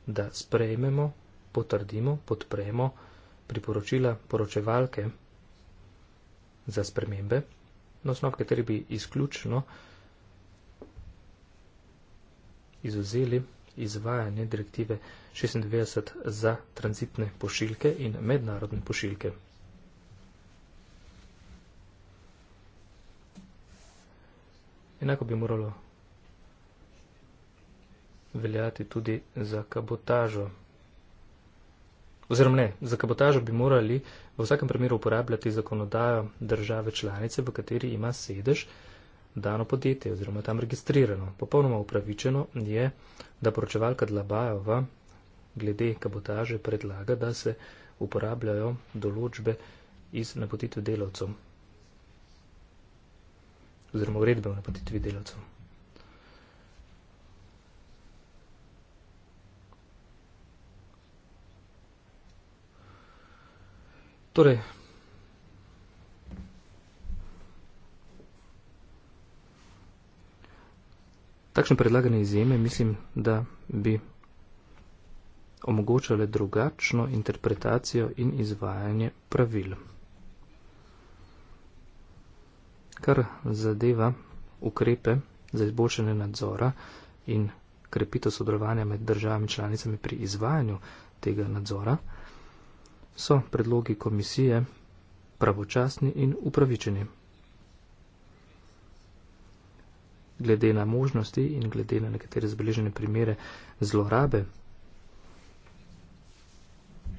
da sprejmemo, potrdimo, podpremo priporočila poročevalke za spremembe, na osnovi kateri bi izključno izuzeli izvajanje direktive 96 za transitne pošiljke in mednarodne pošiljke. Enako bi moralo veljati tudi za kabotažo. Oziroma ne, za kabotažo bi morali v vsakem primeru uporabljati zakonodajo države članice, v kateri ima sedež dano podjetje oziroma tam registrirano. Popolnoma upravičeno je, da poročevalka Dlabajova glede kabotaže predlaga, da se uporabljajo določbe iz napotitve delavcev oziroma uredbe o napotitvi delavcev. Torej. Takšne predlagane izjeme mislim, da bi omogočale drugačno interpretacijo in izvajanje pravil. Kar zadeva ukrepe za izboljšanje nadzora in krepitev sodelovanja med državami članicami pri izvajanju tega nadzora so predlogi komisije pravočasni in upravičeni. Glede na možnosti in glede na nekatere zbeležene primere zlorabe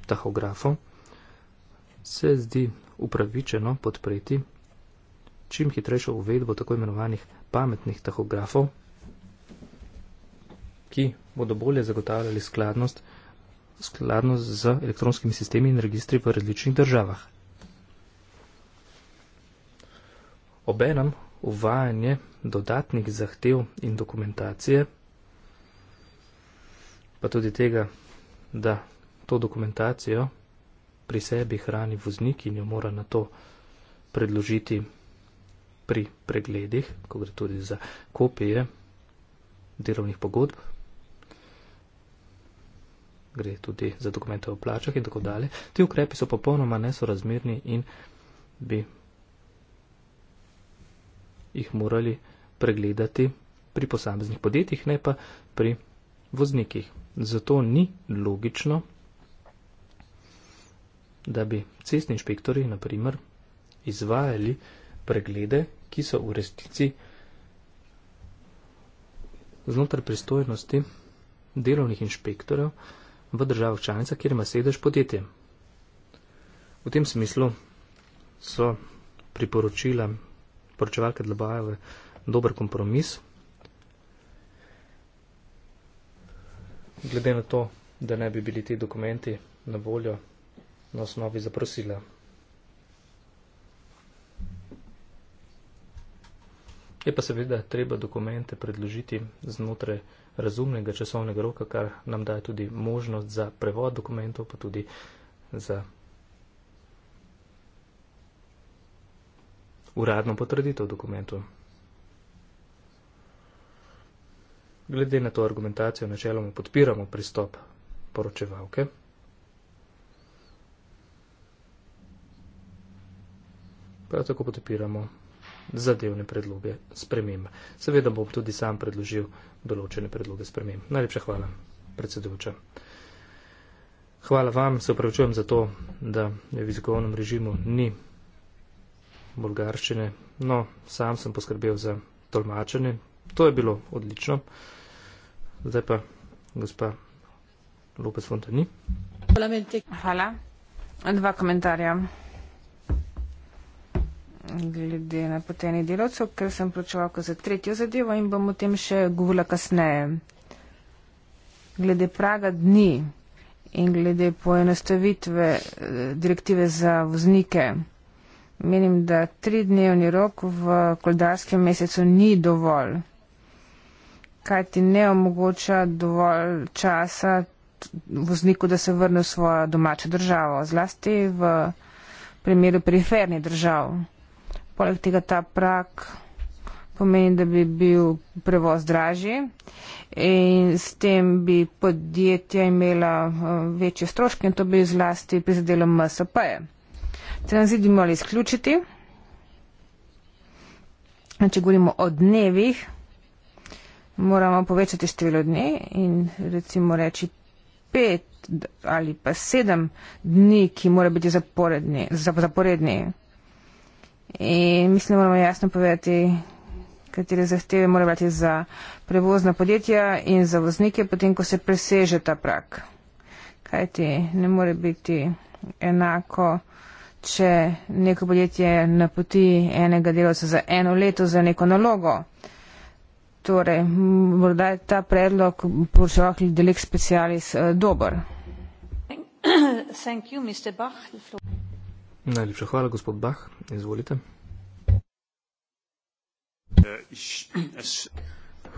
tahografov, se zdi upravičeno podpreti čim hitrejšo uvedbo tako imenovanih pametnih tahografov, ki bodo bolje zagotavljali skladnost skladno z elektronskimi sistemi in registri v različnih državah. Obenem uvajanje dodatnih zahtev in dokumentacije, pa tudi tega, da to dokumentacijo pri sebi hrani voznik in jo mora na to predložiti pri pregledih, ko gre tudi za kopije delovnih pogodb, gre tudi za dokumente o plačah in tako dalje. Ti ukrepi so popolnoma nesorazmerni in bi jih morali pregledati pri posameznih podjetjih, ne pa pri voznikih. Zato ni logično, da bi cestni inšpektori, naprimer, izvajali preglede, ki so v resnici znotraj pristojnosti delovnih inšpektorjev, v državah članica, kjer ima sedež podjetje. V tem smislu so priporočila poročevalke Dlbajeve dober kompromis. Glede na to, da ne bi bili ti dokumenti na voljo na osnovi zaprosila. Je pa seveda treba dokumente predložiti znotraj razumnega časovnega roka, kar nam daje tudi možnost za prevod dokumentov, pa tudi za uradno potrditev dokumentov. Glede na to argumentacijo načeloma podpiramo pristop poročevalke. Prav tako podpiramo zadevne predloge sprememb. Seveda bom tudi sam predložil določene predloge sprememb. Najlepša hvala, predsedujoča. Hvala vam, se upravičujem za to, da je v izgovornem režimu ni bolgarščine. No, sam sem poskrbel za tolmačenje. To je bilo odlično. Zdaj pa gospa Lopez Fontani. Hvala. Dva komentarja glede na potenje delavcev, ker sem pročeval za tretjo zadevo in bom o tem še govorila kasneje. Glede praga dni in glede poenostavitve eh, direktive za voznike, menim, da tri dnevni rok v koldarskem mesecu ni dovolj, kaj ti ne omogoča dovolj časa vozniku, da se vrne v svojo domačo državo, zlasti v primeru perifernih držav. Poleg tega ta prak pomeni, da bi bil prevoz dražji in s tem bi podjetja imela eh, večje stroške in to bi zlasti prizadelo MSP-je. Tranzit bi morali izključiti. Če govorimo o dnevih, moramo povečati število dni in recimo reči pet ali pa sedem dni, ki mora biti zaporedni. zaporedni in mislim, da moramo jasno povedati, katere zahteve mora imeti za prevozna podjetja in za voznike, potem, ko se preseže ta prak. Kajti ne more biti enako, če neko podjetje napoti enega delovca za eno leto za neko nalogo. Torej, morda je ta predlog poročevalki delik specialis eh, dober. Thank you, Najlepša hvala, gospod Bah. Izvolite.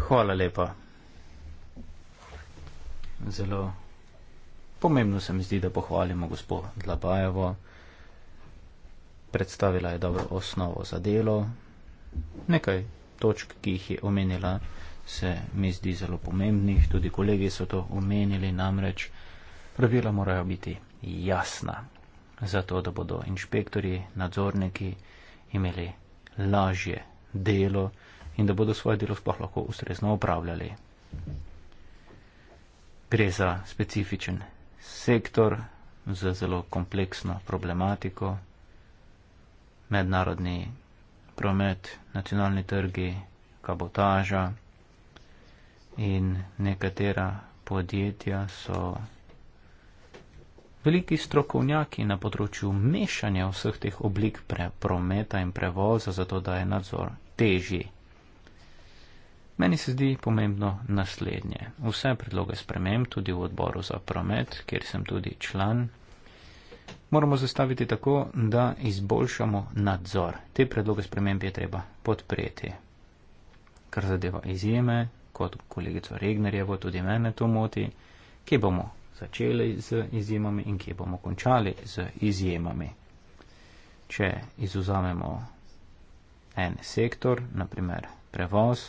Hvala lepa. Zelo pomembno se mi zdi, da pohvalimo gospod Dlabajevo. Predstavila je dobro osnovo za delo. Nekaj točk, ki jih je omenila, se mi zdi zelo pomembnih. Tudi kolegi so to omenili, namreč pravila morajo biti jasna zato da bodo inšpektori, nadzorniki imeli lažje delo in da bodo svoje delo sploh lahko ustrezno upravljali. Gre za specifičen sektor z zelo kompleksno problematiko, mednarodni promet, nacionalni trgi, kabotaža in nekatera podjetja so Veliki strokovnjaki na področju mešanja vseh teh oblik pre prometa in prevoza, zato da je nadzor težji. Meni se zdi pomembno naslednje. Vse predloge sprememb, tudi v odboru za promet, kjer sem tudi član, moramo zastaviti tako, da izboljšamo nadzor. Te predloge sprememb je treba podpreti. Kar zadeva izjeme, kot kolegico Regnerjevo, tudi mene to moti, ki bomo začeli z izjemami in kje bomo končali z izjemami. Če izuzamemo en sektor, naprimer prevoz,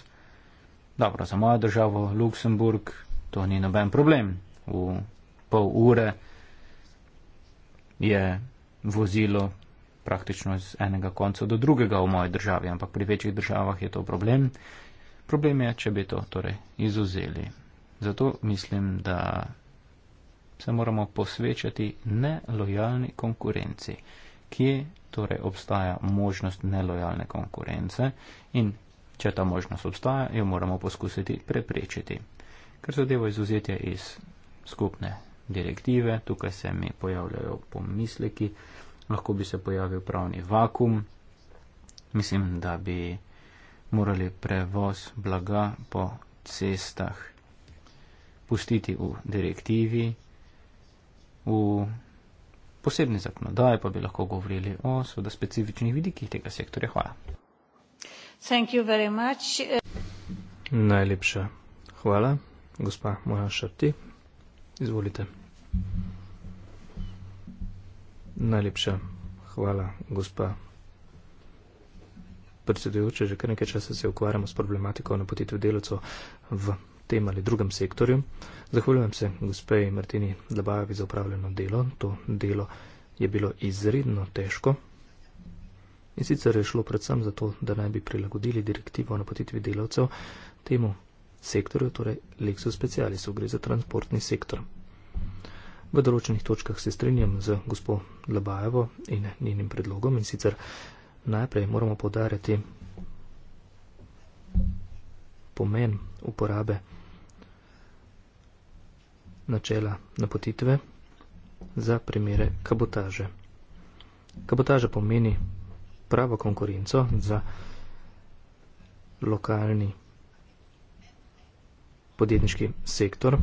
dobro, za mojo državo Luksemburg to ni noben problem. V pol ure je vozilo praktično z enega konca do drugega v moji državi, ampak pri večjih državah je to problem. Problem je, če bi to torej izuzeli. Zato mislim, da se moramo posvečati nelojalni konkurenci. Kje torej obstaja možnost nelojalne konkurence in če ta možnost obstaja, jo moramo poskusiti preprečiti. Ker zadevo izuzetja iz skupne direktive, tukaj se mi pojavljajo pomisleki, lahko bi se pojavil pravni vakum, mislim, da bi morali prevoz blaga po cestah pustiti v direktivi, v posebni zakonodaji, pa bi lahko govorili o seveda specifičnih vidikih tega sektorja. Hvala. Thank you very much. Najlepša hvala, gospa Moja Šrti. Izvolite. Najlepša hvala, gospa predsedujoča. Že kar nekaj časa se ukvarjamo s problematiko napotitve delavcev v tem ali drugem sektorju. Uh, Zahvaljujem se gospej Martini Dabajevi za upravljeno delo. To delo je bilo izredno težko. In sicer je šlo predvsem zato, da naj bi prilagodili direktivo o napotitvi delavcev temu sektorju, torej Lexo Specialisu, gre za transportni sektor. V določenih točkah se strinjam z gospod Labajevo in njenim predlogom in sicer najprej moramo podarjati pomen uporabe načela napotitve za primere kabotaže. Kabotaža pomeni pravo konkurenco za lokalni podjetniški sektor.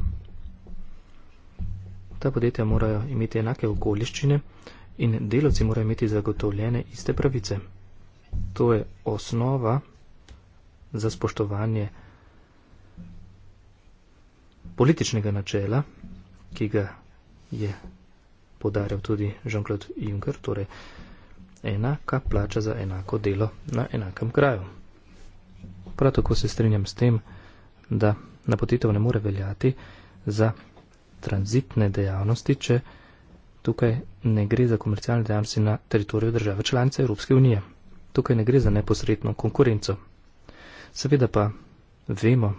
Ta podjetja morajo imeti enake okoliščine in delavci morajo imeti zagotovljene iste pravice. To je osnova za spoštovanje kabotaže političnega načela, ki ga je podaril tudi Jean-Claude Juncker, torej enaka plača za enako delo na enakem kraju. Prav tako se strinjam s tem, da napotitev ne more veljati za tranzitne dejavnosti, če tukaj ne gre za komercialne dejavnosti na teritoriju države članice Evropske unije. Tukaj ne gre za neposredno konkurenco. Seveda pa vemo,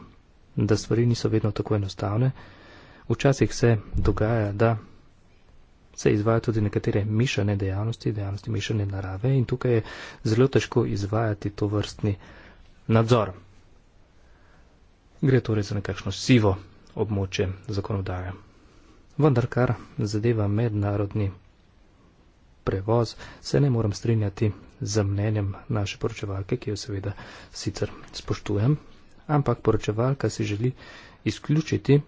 da stvari niso vedno tako enostavne. Včasih se dogaja, da se izvajo tudi nekatere mišljene dejavnosti, dejavnosti mišljene narave in tukaj je zelo težko izvajati to vrstni nadzor. Gre torej za nekakšno sivo območje zakonodaje. Vendar kar zadeva mednarodni prevoz, se ne moram strinjati z mnenjem naše poročevalke, ki jo seveda sicer spoštujem ampak poročevalka si želi izključiti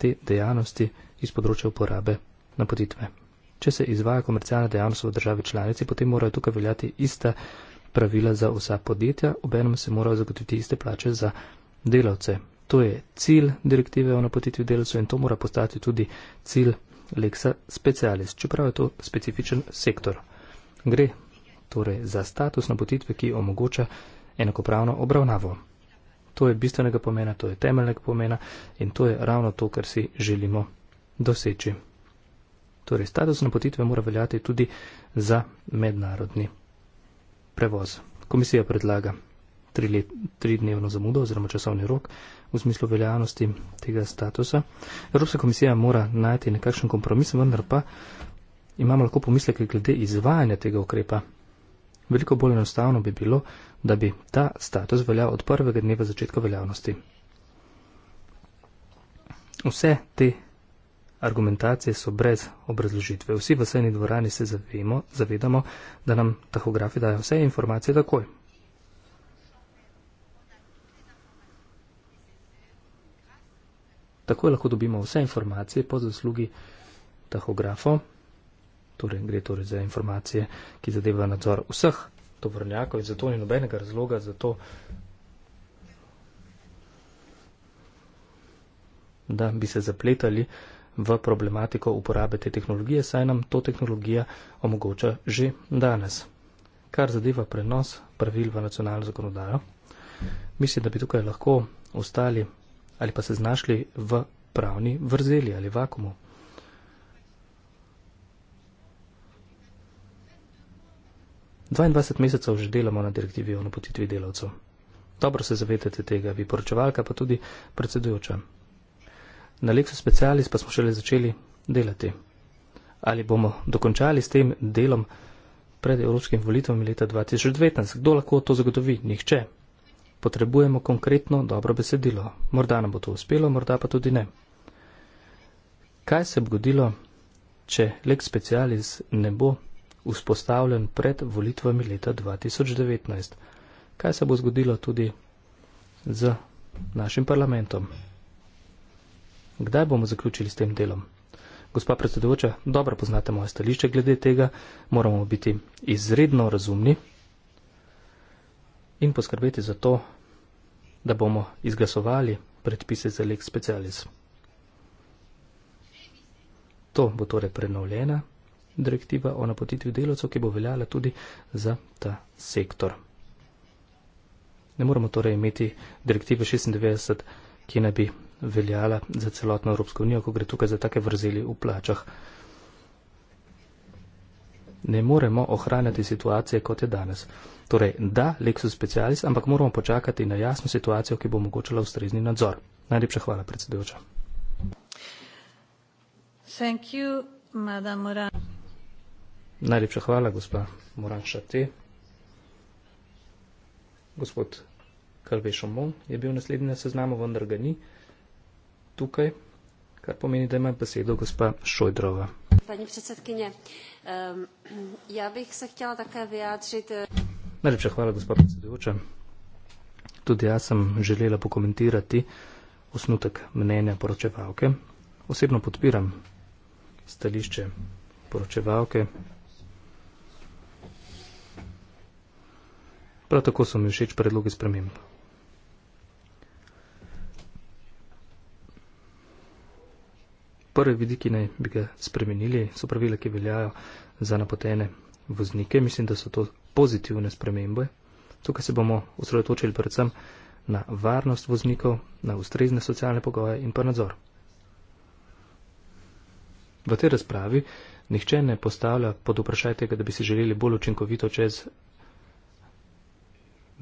te dejavnosti iz področja uporabe napotitve. Če se izvaja komercialna dejavnost v državi članici, potem morajo tukaj veljati ista pravila za vsa podjetja, obenem se morajo zagotoviti iste plače za delavce. To je cilj direktive o napotitvi delavcev in to mora postati tudi cilj leksa specialist, čeprav je to specifičen sektor. Gre torej za status napotitve, ki omogoča enakopravno obravnavo to je bistvenega pomena, to je temeljnega pomena in to je ravno to, kar si želimo doseči. Torej, status napotitve mora veljati tudi za mednarodni prevoz. Komisija predlaga tri, let, tri dnevno zamudo oziroma časovni rok v smislu veljavnosti tega statusa. Evropska komisija mora najti nekakšen kompromis, vendar pa imamo lahko pomisleke glede izvajanja tega ukrepa. Veliko bolj enostavno bi bilo, da bi ta status veljal od prvega dneva začetka veljavnosti. Vse te argumentacije so brez obrazložitve. Vsi v sejni dvorani se zavemo, zavedamo, da nam tahografi dajo vse informacije takoj. Tako lahko dobimo vse informacije po zaslugi tahografov, torej gre torej za informacije, ki zadevajo nadzor vseh tovrnjakov in zato ni nobenega razloga za to, da bi se zapletali v problematiko uporabe te tehnologije, saj nam to tehnologija omogoča že danes. Kar zadeva prenos pravil v nacionalno zakonodajo, mislim, da bi tukaj lahko ostali ali pa se znašli v pravni vrzeli ali vakumu. 22 mesecev že delamo na direktivi o napotitvi delavcev. Dobro se zavedate tega, vi poročevalka, pa tudi predsedujoča. Na Lexus Specialis pa smo šele začeli delati. Ali bomo dokončali s tem delom pred evropskim volitvami leta 2019? Kdo lahko to zagotovi? Nihče. Potrebujemo konkretno dobro besedilo. Morda nam bo to uspelo, morda pa tudi ne. Kaj se bo zgodilo, če Lexus Specialis ne bo? vzpostavljen pred volitvami leta 2019. Kaj se bo zgodilo tudi z našim parlamentom? Kdaj bomo zaključili s tem delom? Gospa predsedujoča, dobro poznate moje stališče glede tega, moramo biti izredno razumni in poskrbeti za to, da bomo izglasovali predpise za lek specialis. To bo torej prenovljena direktiva o napotitvi delovcev, ki bo veljala tudi za ta sektor. Ne moramo torej imeti direktive 96, ki ne bi veljala za celotno Evropsko unijo, ko gre tukaj za take vrzeli v plačah. Ne moremo ohranjati situacije, kot je danes. Torej, da, leksus specialis, ampak moramo počakati na jasno situacijo, ki bo omogočala ustrezni nadzor. Najlepša hvala, predsedujoča. Thank you, madam Moran. Najlepša hvala, gospa Moranša Te. Gospod Kalve Šomon je bil naslednji na seznamu, vendar ga ni tukaj, kar pomeni, da ima besedo gospa Šojdrova. Pani predsedkinje, um, ja bih se htjela takaj vyjadžiti. Eh, Najlepša hvala, gospa predsedujoča. Tudi jaz sem želela pokomentirati osnutek mnenja poročevalke. Osebno podpiram stališče poročevalke, Prav tako so mi všeč predlogi sprememb. Prvi vidik, ki naj bi ga spremenili, so pravila, ki veljajo za napotene voznike. Mislim, da so to pozitivne spremembe. Tukaj se bomo osredotočili predvsem na varnost voznikov, na ustrezne socialne pogoje in pa nadzor. V tej razpravi nihče ne postavlja pod vprašaj tega, da bi si želeli bolj učinkovito čez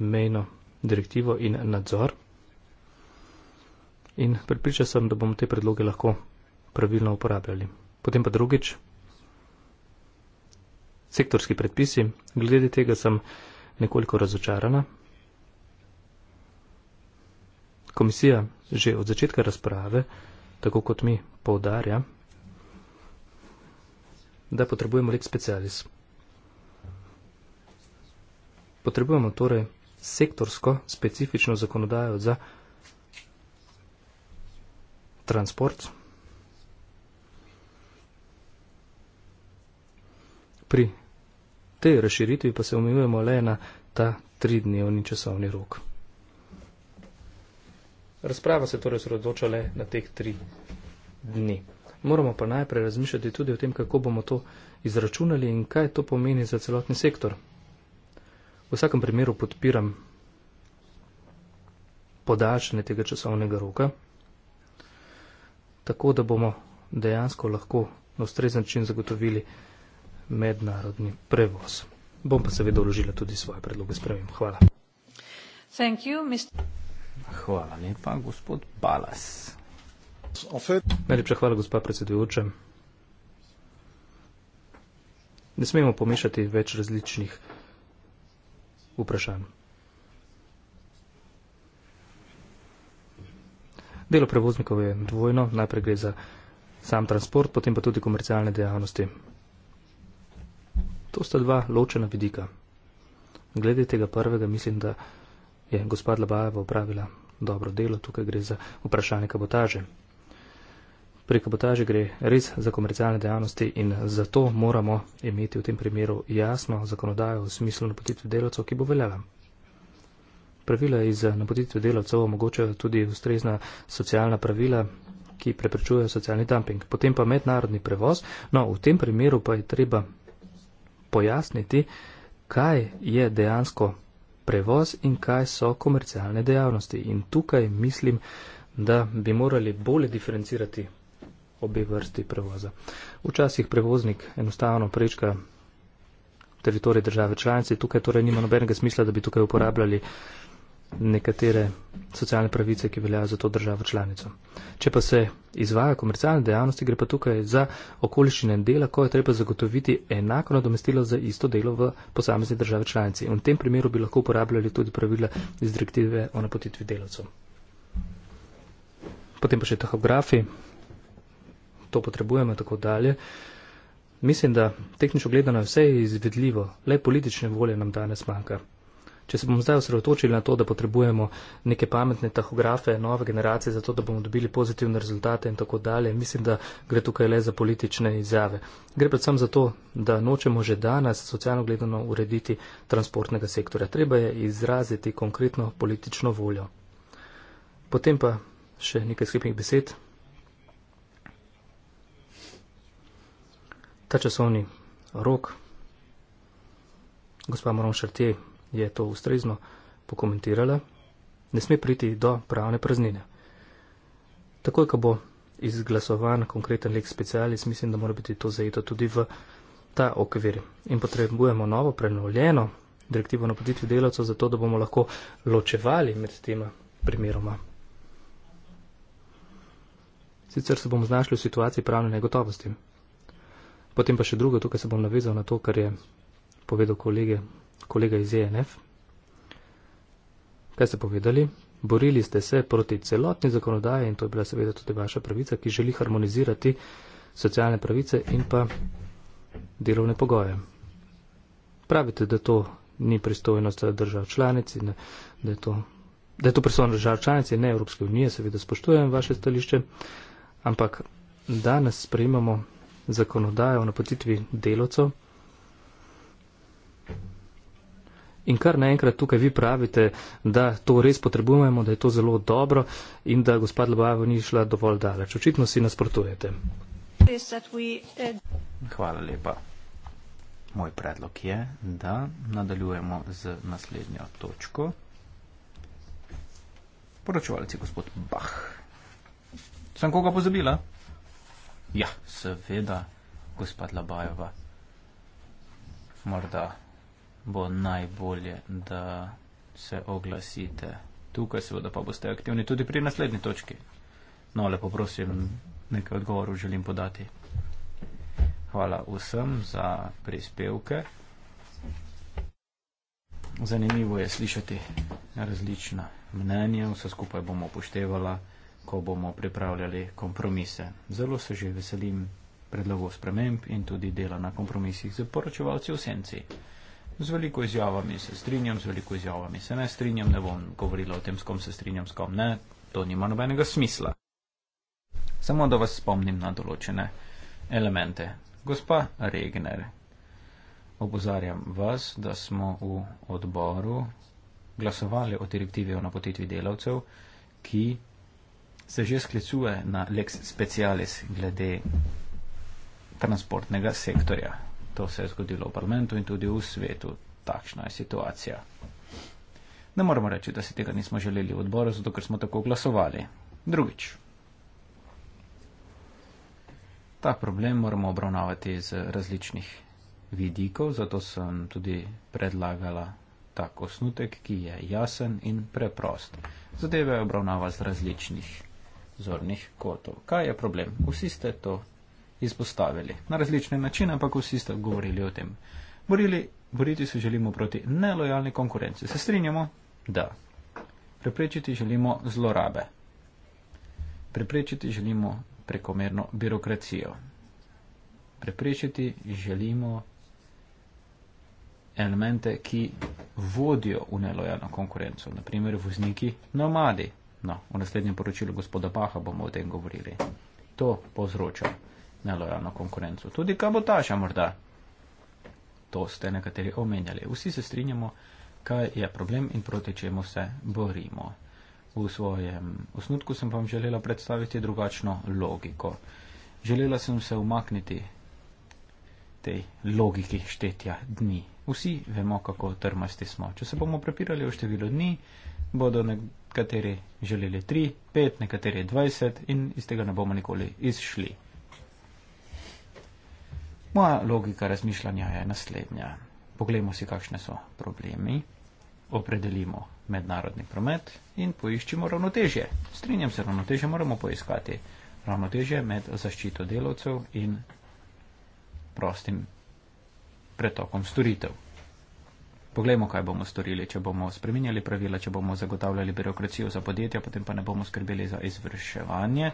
mejno direktivo in nadzor. In pripriča sem, da bomo te predloge lahko pravilno uporabljali. Potem pa drugič, sektorski predpisi. Glede tega sem nekoliko razočarana. Komisija že od začetka razprave, tako kot mi, poudarja, da potrebujemo lek specialis. Potrebujemo torej sektorsko specifično zakonodajo za transport. Pri tej razširitvi pa se omejujemo le na ta tridnevni časovni rok. Razprava se torej sredoča le na teh tri dni. Moramo pa najprej razmišljati tudi o tem, kako bomo to izračunali in kaj to pomeni za celotni sektor. V vsakem primeru podpiram podaljšanje tega časovnega roka, tako da bomo dejansko lahko na ustrezen način zagotovili mednarodni prevoz. Bom pa seveda uložila tudi svoje predloge spremem. Hvala. Thank you, Mr. Hvala lepa, gospod Balas. Najlepša hvala, gospod predsedujoče. Ne smemo pomešati več različnih vprašanj. Delo prevoznikov je dvojno, najprej gre za sam transport, potem pa tudi komercialne dejavnosti. To sta dva ločena vidika. Glede tega prvega mislim, da je gospod Labajeva opravila dobro delo, tukaj gre za vprašanje kabotaže pri kabotaži gre res za komercialne dejavnosti in zato moramo imeti v tem primeru jasno zakonodajo v smislu napotitve delavcev, ki bo veljala. Pravila iz napotitve delavcev omogočajo tudi ustrezna socialna pravila, ki preprečujejo socialni dumping. Potem pa mednarodni prevoz. No, v tem primeru pa je treba pojasniti, kaj je dejansko prevoz in kaj so komercialne dejavnosti. In tukaj mislim, da bi morali bolje diferencirati obe vrsti prevoza. Včasih prevoznik enostavno prečka teritorij države članice, tukaj torej nima nobenega smisla, da bi tukaj uporabljali nekatere socialne pravice, ki veljajo za to državo članico. Če pa se izvaja komercialne dejavnosti, gre pa tukaj za okoliščine dela, ko je treba zagotoviti enako nadomestilo za isto delo v posamezni državi članici. In v tem primeru bi lahko uporabljali tudi pravila iz direktive o napotitvi delavcev. Potem pa še tahografi to potrebujemo in tako dalje. Mislim, da tehnično gledano vse je izvedljivo, le politične volje nam danes manjka. Če se bomo zdaj osredotočili na to, da potrebujemo neke pametne tahografe, nove generacije, zato da bomo dobili pozitivne rezultate in tako dalje, mislim, da gre tukaj le za politične izjave. Gre predvsem za to, da nočemo že danes socialno gledano urediti transportnega sektorja. Treba je izraziti konkretno politično voljo. Potem pa še nekaj sklepnih besed. ta časovni rok, gospa Moron Šrtje je to ustrezno pokomentirala, ne sme priti do pravne praznine. Takoj, ko bo izglasovan konkreten lek specialis, mislim, da mora biti to zajeto tudi v ta okvir. In potrebujemo novo, prenovljeno direktivo na poditvi delavcev, zato da bomo lahko ločevali med tema primeroma. Sicer se bomo znašli v situaciji pravne negotovosti. Potem pa še drugo, tukaj se bom navezal na to, kar je povedal kolege, kolega iz ENF. Kaj ste povedali? Borili ste se proti celotni zakonodaji in to je bila seveda tudi vaša pravica, ki želi harmonizirati socialne pravice in pa delovne pogoje. Pravite, da to ni pristojnost držav članic, in da, je to, da je to pristojnost držav članic in ne Evropske unije, seveda spoštujem vaše stališče, ampak danes sprejmamo zakonodajo o napotitvi delovcev. In kar naenkrat tukaj vi pravite, da to res potrebujemo, da je to zelo dobro in da gospod Lobajev ni šla dovolj daleč. Očitno si nasprotujete. Hvala lepa. Moj predlog je, da nadaljujemo z naslednjo točko. Poročevalci, gospod Bah. Sem koga pozabila? Ja, seveda, gospod Labajeva. Morda bo najbolje, da se oglasite. Tukaj seveda pa boste aktivni tudi pri naslednji točki. No, lepo prosim, nekaj odgovorov želim podati. Hvala vsem za prispevke. Zanimivo je slišati različna mnenja, vse skupaj bomo upoštevala ko bomo pripravljali kompromise. Zelo se že veselim predlogov sprememb in tudi dela na kompromisih z poročevalci v senci. Z veliko izjavami se strinjam, z veliko izjavami se ne strinjam, ne bom govorila o tem, s kom se strinjam, s kom ne, to nima nobenega smisla. Samo da vas spomnim na določene elemente. Gospa Regner, obozarjam vas, da smo v odboru glasovali o direktivi o napotitvi delavcev, ki se že sklicuje na lex specialis glede transportnega sektorja. To se je zgodilo v parlamentu in tudi v svetu. Takšna je situacija. Ne moremo reči, da si tega nismo želeli v odboru, zato ker smo tako glasovali. Drugič. Ta problem moramo obravnavati z različnih vidikov, zato sem tudi predlagala tak osnutek, ki je jasen in preprost. Zadeve obravnava z različnih vidikov zornih kotov. Kaj je problem? Vsi ste to izpostavili na različne načine, ampak vsi ste govorili o tem. Borili, boriti se želimo proti nelojalni konkurenci. Se strinjamo? Da. Preprečiti želimo zlorabe. Preprečiti želimo prekomerno birokracijo. Preprečiti želimo elemente, ki vodijo v nelojalno konkurenco, naprimer vozniki nomadi, No, v naslednjem poročilu gospoda Paha bomo o tem govorili. To povzroča nelojalno konkurenco. Tudi kabotaža morda. To ste nekateri omenjali. Vsi se strinjamo, kaj je problem in proti čemu se borimo. V svojem osnutku sem vam želela predstaviti drugačno logiko. Želela sem se umakniti tej logiki štetja dni. Vsi vemo, kako trmasti smo. Če se bomo prepirali o število dni, bodo nek nekateri želeli 3, 5, nekateri 20 in iz tega ne bomo nikoli izšli. Moja logika razmišljanja je naslednja. Poglejmo si, kakšne so problemi, opredelimo mednarodni promet in poiščimo ravnotežje. Strinjam se, ravnotežje moramo poiskati. Ravnotežje med zaščito delavcev in prostim pretokom storitev. Poglejmo, kaj bomo storili, če bomo spreminjali pravila, če bomo zagotavljali birokracijo za podjetja, potem pa ne bomo skrbeli za izvrševanje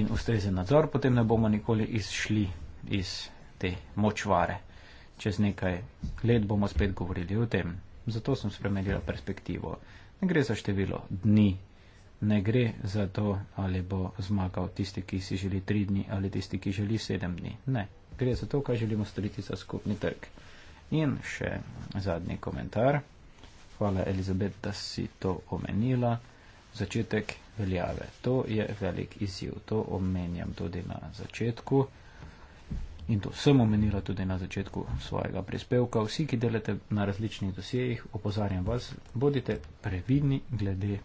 in ustrezen nadzor, potem ne bomo nikoli izšli iz te močvare. Čez nekaj let bomo spet govorili o tem. Zato sem spremenila perspektivo. Ne gre za število dni, ne gre za to, ali bo zmagal tisti, ki si želi tri dni ali tisti, ki želi sedem dni. Ne, gre za to, kaj želimo storiti za skupni trg. In še zadnji komentar. Hvala, Elizabet, da si to omenila. Začetek veljave. To je velik izziv. To omenjam tudi na začetku. In to sem omenila tudi na začetku svojega prispevka. Vsi, ki delate na različnih dosjejih, opozarjam vas, bodite previdni glede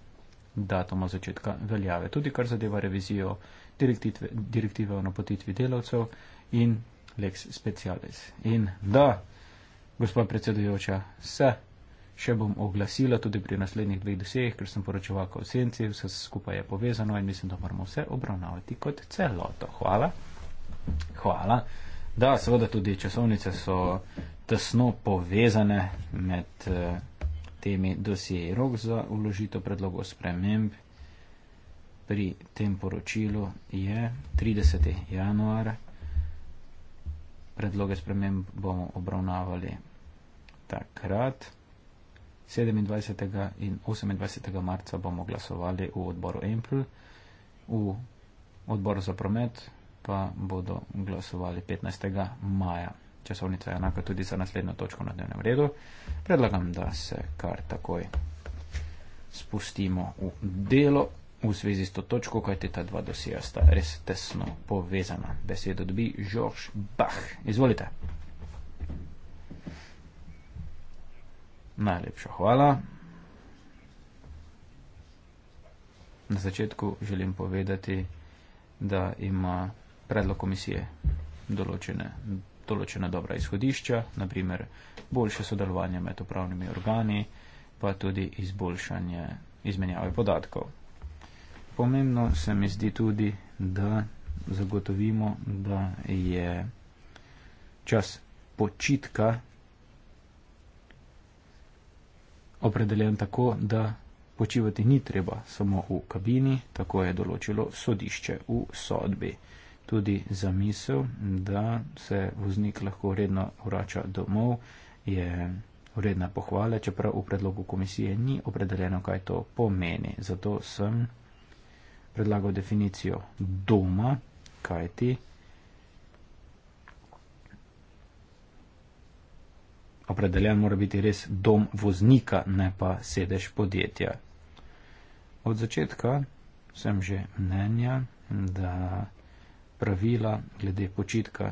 datuma začetka veljave. Tudi kar zadeva revizijo direktive o napotitvi delavcev in lex specialis. In da. Gospod predsedujoča, se še bom oglasila tudi pri naslednjih dveh desetih, ker sem poročevalka v senci, vse skupaj je povezano in mislim, da moramo vse obravnavati kot celoto. Hvala. Hvala. Da, seveda tudi časovnice so tesno povezane med eh, temi dosjeji rok za uložitev predlogov sprememb. Pri tem poročilu je 30. januar predloge sprememb bomo obravnavali takrat. 27. in 28. marca bomo glasovali v odboru Empl, v odboru za promet pa bodo glasovali 15. maja. Časovnica je enaka tudi za naslednjo točko na dnevnem redu. Predlagam, da se kar takoj spustimo v delo v zvezi s to točko, kajte ta dva dosija sta res tesno povezana. Besedo dobi Žorž Bach. Izvolite. Najlepša hvala. Na začetku želim povedati, da ima predlog komisije določene, določena dobra izhodišča, naprimer boljše sodelovanje med upravnimi organi, pa tudi izboljšanje izmenjave podatkov. Pomembno se mi zdi tudi, da zagotovimo, da je čas počitka opredeljen tako, da počivati ni treba samo v kabini, tako je določilo sodišče v sodbi. Tudi zamisel, da se voznik lahko redno vrača domov, je vredna pohvale, čeprav v predlogu komisije ni opredeljeno, kaj to pomeni. Zato sem predlagal definicijo doma, kaj ti. Opredeljen mora biti res dom voznika, ne pa sedež podjetja. Od začetka sem že mnenja, da pravila glede počitka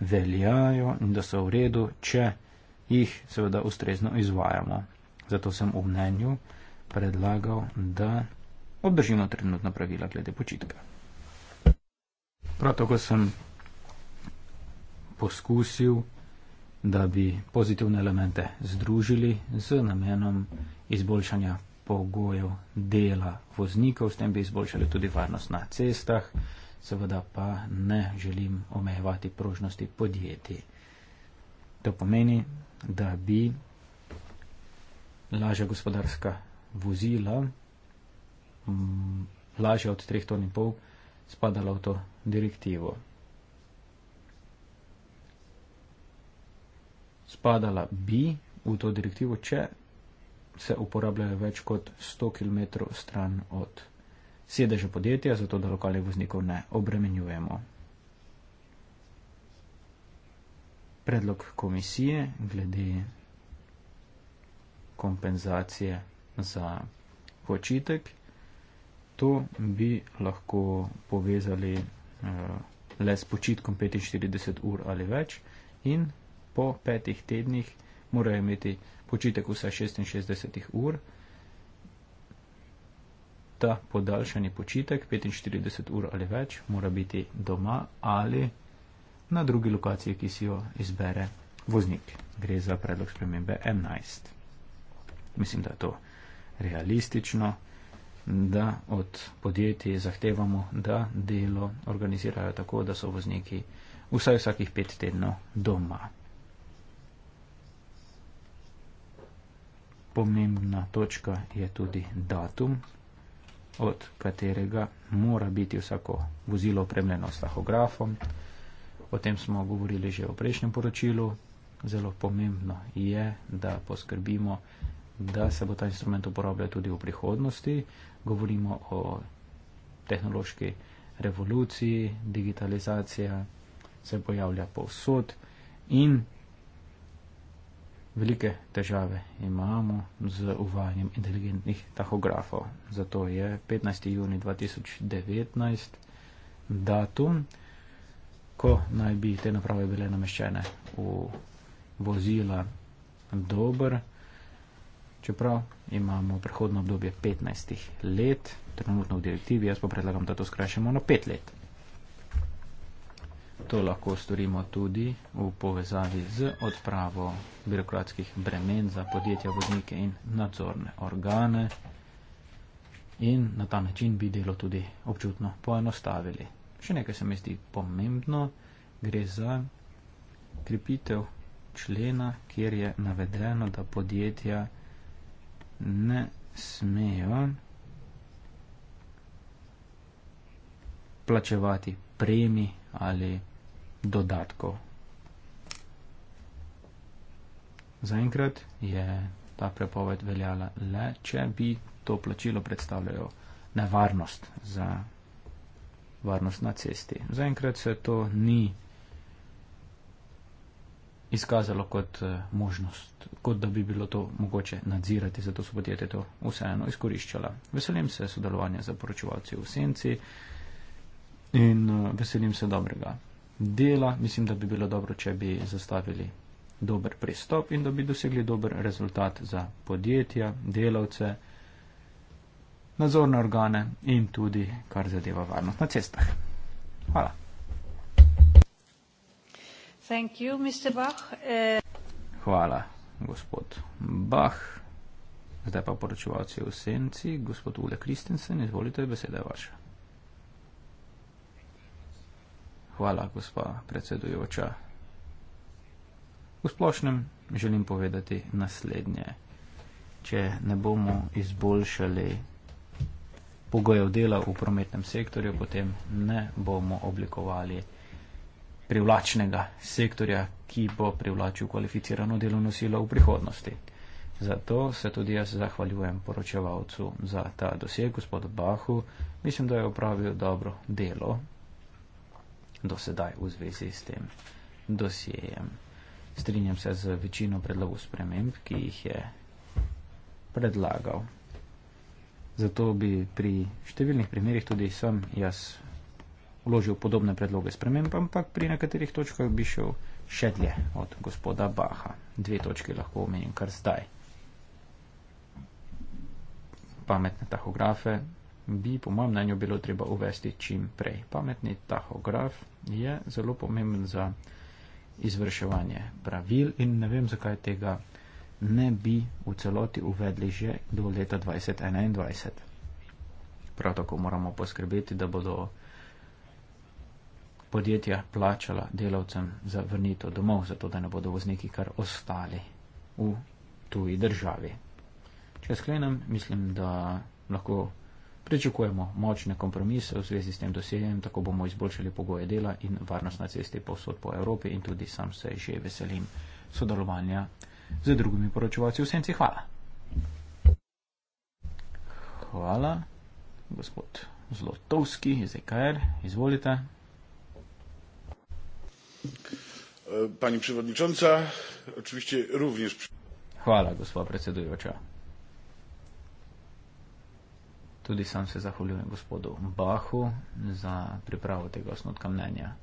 veljajo in da so v redu, če jih seveda ustrezno izvajamo. Zato sem v mnenju predlagal, da obdržimo trenutno pravila glede počitka. Prav tako sem poskusil, da bi pozitivne elemente združili z namenom izboljšanja pogojev dela voznikov, s tem bi izboljšali tudi varnost na cestah, seveda pa ne želim omejevati prožnosti podjetij. To pomeni, da bi lažja gospodarska vozila Mm, lažja od 3,5 ton, spadala v to direktivo. Spadala bi v to direktivo, če se uporabljajo več kot 100 km stran od sedeža podjetja, zato da lokalnih voznikov ne obremenjujemo. Predlog komisije glede kompenzacije za počitek to bi lahko povezali uh, le s počitkom 45 ur ali več in po petih tednih morajo imeti počitek vsaj 66 ur. Ta podaljšani počitek 45 ur ali več mora biti doma ali na drugi lokaciji, ki si jo izbere voznik. Gre za predlog spremembe 11. Mislim, da je to realistično da od podjetij zahtevamo, da delo organizirajo tako, da so vozniki vsaj vsakih pet tednov doma. Pomembna točka je tudi datum, od katerega mora biti vsako vozilo opremljeno s tahografom. O tem smo govorili že v prejšnjem poročilu. Zelo pomembno je, da poskrbimo, da se bo ta instrument uporabljal tudi v prihodnosti, govorimo o tehnološki revoluciji, digitalizacija se pojavlja povsod in velike težave imamo z uvajanjem inteligentnih tahografov. Zato je 15. juni 2019 datum, ko naj bi te naprave bile nameščene v vozila dober čeprav imamo prehodno obdobje 15 let, trenutno v direktivi, jaz pa predlagam, da to skrajšamo na 5 let. To lahko storimo tudi v povezavi z odpravo birokratskih bremen za podjetja, voznike in nadzorne organe. In na ta način bi delo tudi občutno poenostavili. Še nekaj se mi zdi pomembno, gre za krepitev člena, kjer je navedeno, da podjetja ne smejo plačevati premi ali dodatkov. Zaenkrat je ta prepoved veljala le, če bi to plačilo predstavljalo nevarnost za varnost na cesti. Zaenkrat se to ni izkazalo kot eh, možnost, kot da bi bilo to mogoče nadzirati, zato so podjetje to vseeno izkoriščala. Veselim se sodelovanja za poročevalce v senci in eh, veselim se dobrega dela. Mislim, da bi bilo dobro, če bi zastavili dober pristop in da bi dosegli dober rezultat za podjetja, delavce, nadzorne organe in tudi, kar zadeva varnost na cestah. Hvala. Thank you, Mr. Bach. Eh, Hvala, gospod Bach. Zdaj pa poročevalci v senci, gospod Ule Kristensen, izvolite, beseda je vaša. Hvala, gospa predsedujoča. V splošnem želim povedati naslednje. Če ne bomo izboljšali pogojev dela v prometnem sektorju, potem ne bomo oblikovali privlačnega sektorja, ki bo privlačil kvalificirano delovno silo v prihodnosti. Zato se tudi jaz zahvaljujem poročevalcu za ta doseg, gospodu Bahu. Mislim, da je upravil dobro delo do sedaj v zvezi s tem dosjejem. Strinjam se z večino predlogov sprememb, ki jih je predlagal. Zato bi pri številnih primerjih tudi sem jaz vložil podobne predloge sprememb, ampak pri nekaterih točkah bi šel še dlje od gospoda Baha. Dve točke lahko omenim kar zdaj. Pametne tahografe bi, po mojem mnenju, bilo treba uvesti čim prej. Pametni tahograf je zelo pomemben za izvrševanje pravil in ne vem, zakaj tega ne bi v celoti uvedli že do leta 2021. Prav tako moramo poskrbeti, da bodo podjetja plačala delavcem za vrnitev domov, zato da ne bodo vozniki kar ostali v tuji državi. Če sklenem, mislim, da lahko pričakujemo močne kompromise v zvezi s tem dosejem, tako bomo izboljšali pogoje dela in varnost na cesti povsod po Evropi in tudi sam se že veselim sodelovanja z drugimi poročevalci v Senci. Hvala. Hvala, gospod Zlotovski iz EKR. Izvolite. E, pani przewodnicząca, oczywiście również. Hvala, gospod predsedujoča. Tudi sam se zahvaljujem gospodu Bahu za pripravo tega osnotka mnenja.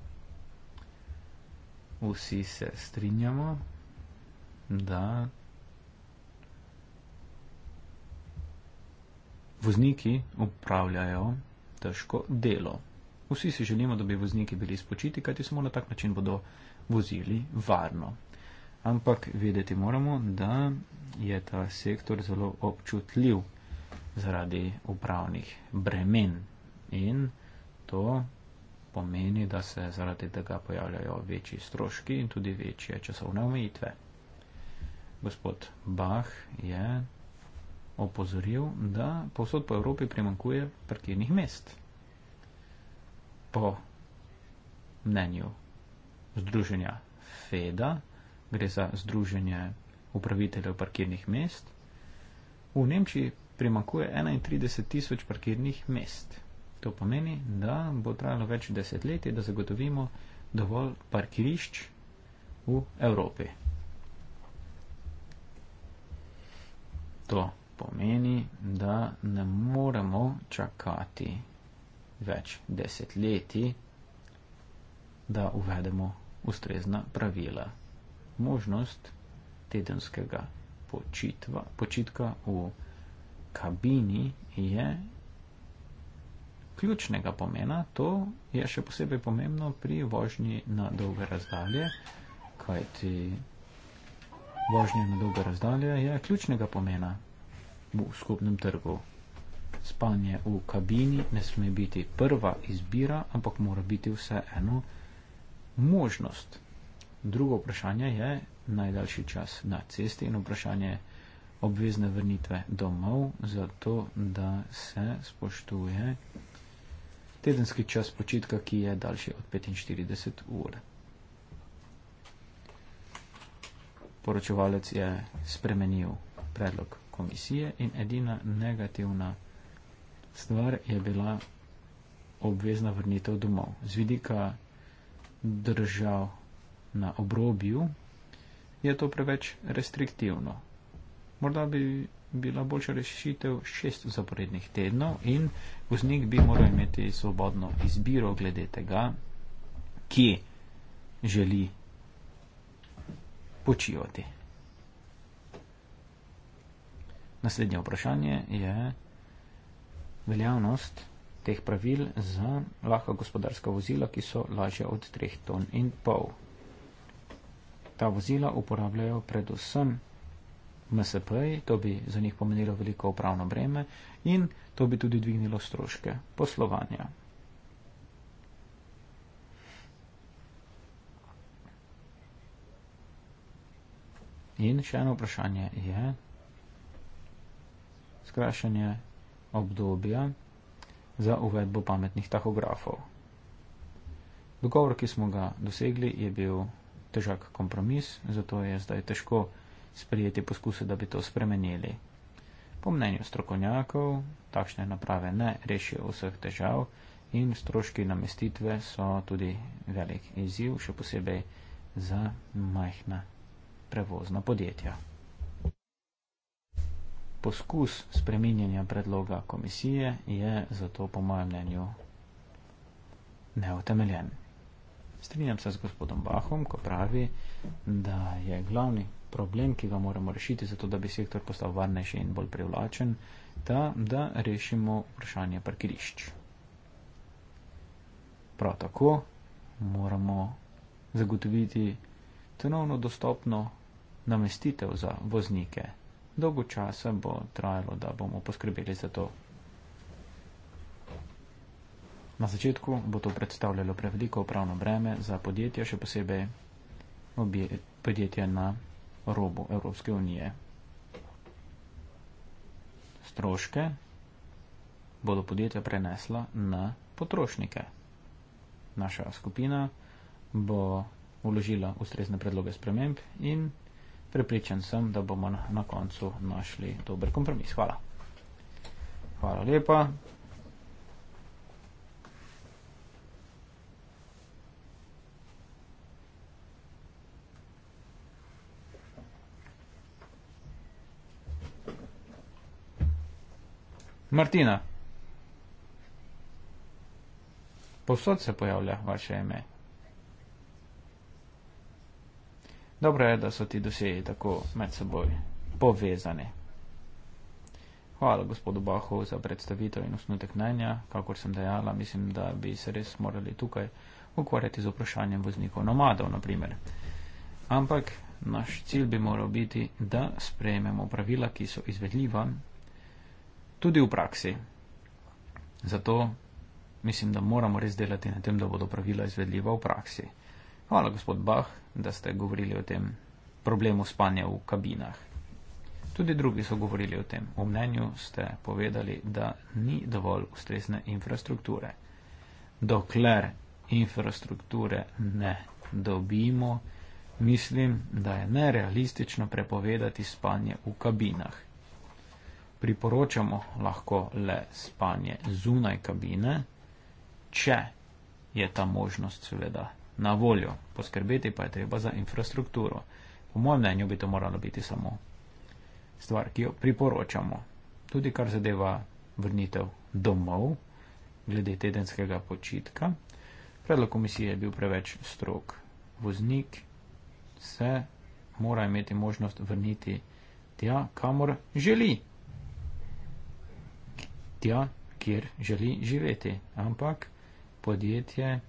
Vsi se strinjamo, da vozniki upravljajo težko delo. Vsi si želimo, da bi vozniki bili spočiti, kajti samo na tak način bodo vozili varno. Ampak vedeti moramo, da je ta sektor zelo občutljiv zaradi upravnih bremen in to pomeni, da se zaradi tega pojavljajo večji stroški in tudi večje časovne omejitve. Gospod Bach je opozoril, da povsod po Evropi primankuje parkirnih mest po mnenju združenja FEDA, gre za združenje upraviteljev parkirnih mest, v Nemčiji primakuje 31 tisoč parkirnih mest. To pomeni, da bo trajalo več desetletij, da zagotovimo dovolj parkirišč v Evropi. To pomeni, da ne moremo čakati več desetletij, da uvedemo ustrezna pravila. Možnost tedenskega počitva, počitka v kabini je ključnega pomena. To je še posebej pomembno pri vožnji na dolge razdalje, kajti vožnja na dolge razdalje je ključnega pomena v skupnem trgu spanje v kabini ne sme biti prva izbira, ampak mora biti vse eno možnost. Drugo vprašanje je najdaljši čas na cesti in vprašanje obvezne vrnitve domov, zato da se spoštuje tedenski čas počitka, ki je daljši od 45 ur. Poročevalec je spremenil predlog komisije in edina negativna stvar je bila obvezna vrnitev domov. Z vidika držav na obrobju je to preveč restriktivno. Morda bi bila boljša rešitev šest zaporednih tednov in voznik bi moral imeti svobodno izbiro glede tega, ki želi počivati. Naslednje vprašanje je veljavnost teh pravil za lahka gospodarska vozila, ki so lažja od 3 ton in pol. Ta vozila uporabljajo predvsem MSP, to bi za njih pomenilo veliko upravno breme in to bi tudi dvignilo stroške poslovanja. In še eno vprašanje je skrašanje obdobja za uvedbo pametnih tahografov. Dogovor, ki smo ga dosegli, je bil težak kompromis, zato je zdaj težko sprijeti poskuse, da bi to spremenili. Po mnenju strokovnjakov, takšne naprave ne rešijo vseh težav in stroški namestitve so tudi velik izziv, še posebej za majhna prevozna podjetja poskus spreminjanja predloga komisije je zato po mojem mnenju neutemeljen. Strinjam se z gospodom Bahom, ko pravi, da je glavni problem, ki ga moramo rešiti, zato da bi sektor postal varnejši in bolj privlačen, ta, da rešimo vprašanje parkirišč. Prav tako moramo zagotoviti cenovno dostopno namestitev za voznike dolgo časa bo trajalo, da bomo poskrbeli za to. Na začetku bo to predstavljalo preveliko upravno breme za podjetja, še posebej obje, podjetja na robu Evropske unije. Stroške bodo podjetja prenesla na potrošnike. Naša skupina bo uložila ustrezne predloge sprememb in prepričan sem, da bomo na koncu našli dober kompromis. Hvala. Hvala lepa. Martina, povsod se pojavlja vaše ime. Dobro je, da so ti dosedi tako med seboj povezani. Hvala gospodu Bahu za predstavitev in osnutek mnenja. Kakor sem dejala, mislim, da bi se res morali tukaj ukvarjati z vprašanjem voznikov nomadov, naprimer. Ampak naš cilj bi moral biti, da sprejmemo pravila, ki so izvedljiva tudi v praksi. Zato mislim, da moramo res delati na tem, da bodo pravila izvedljiva v praksi. Hvala, gospod Bah, da ste govorili o tem problemu spanja v kabinah. Tudi drugi so govorili o tem. V mnenju ste povedali, da ni dovolj ustrezne infrastrukture. Dokler infrastrukture ne dobimo, mislim, da je nerealistično prepovedati spanje v kabinah. Priporočamo lahko le spanje zunaj kabine, če je ta možnost seveda na voljo. Poskrbeti pa je treba za infrastrukturo. Po mojem mnenju bi to moralo biti samo stvar, ki jo priporočamo. Tudi kar zadeva vrnitev domov, glede tedenskega počitka. Predlog komisije je bil preveč strok. Voznik se mora imeti možnost vrniti tja, kamor želi. Tja, kjer želi živeti. Ampak podjetje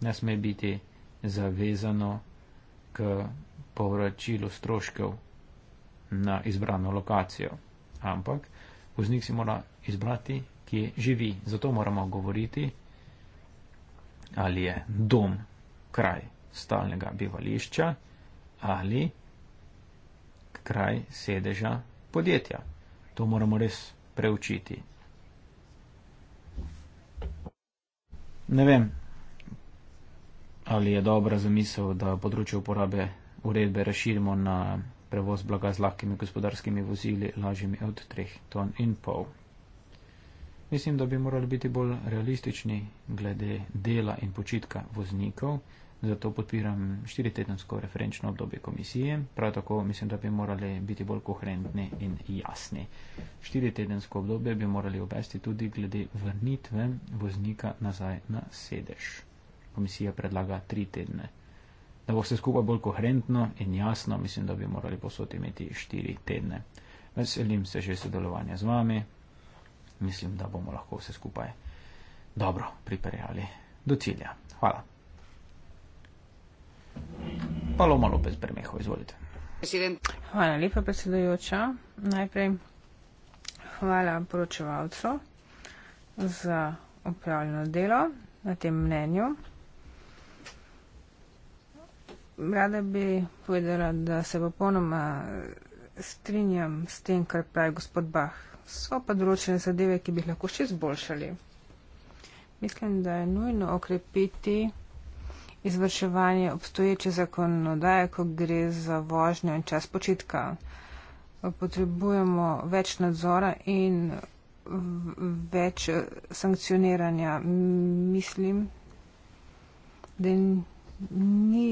ne sme biti zavezano k povračilu stroškov na izbrano lokacijo. Ampak voznik si mora izbrati, kje živi. Zato moramo govoriti, ali je dom kraj stalnega bivališča ali kraj sedeža podjetja. To moramo res preučiti. Ne vem, ali je dobra zamisel, da področje uporabe uredbe razširimo na prevoz blaga z lahkimi gospodarskimi vozili, lažjimi od 3 ton in pol. Mislim, da bi morali biti bolj realistični glede dela in počitka voznikov, zato podpiram štiritetensko referenčno obdobje komisije. Prav tako mislim, da bi morali biti bolj koherentni in jasni. Štiritetensko obdobje bi morali obesti tudi glede vrnitve voznika nazaj na sedež komisija predlaga tri tedne. Da bo vse skupaj bolj koherentno in jasno, mislim, da bi morali posod imeti štiri tedne. Veselim se že sodelovanja z vami. Mislim, da bomo lahko vse skupaj dobro pripeljali do cilja. Hvala. Palo malo bez premehov, izvolite. Hvala lepa, predsedujoča. Najprej hvala poročevalcu za opravljeno delo na tem mnenju rada bi povedala, da se popolnoma eh, strinjam s tem, kar pravi gospod Bah. So pa določene zadeve, ki bi jih lahko še izboljšali. Mislim, da je nujno okrepiti izvrševanje obstoječe zakonodaje, ko gre za vožnjo in čas počitka. Potrebujemo več nadzora in več eh, sankcioniranja. Mislim, da ni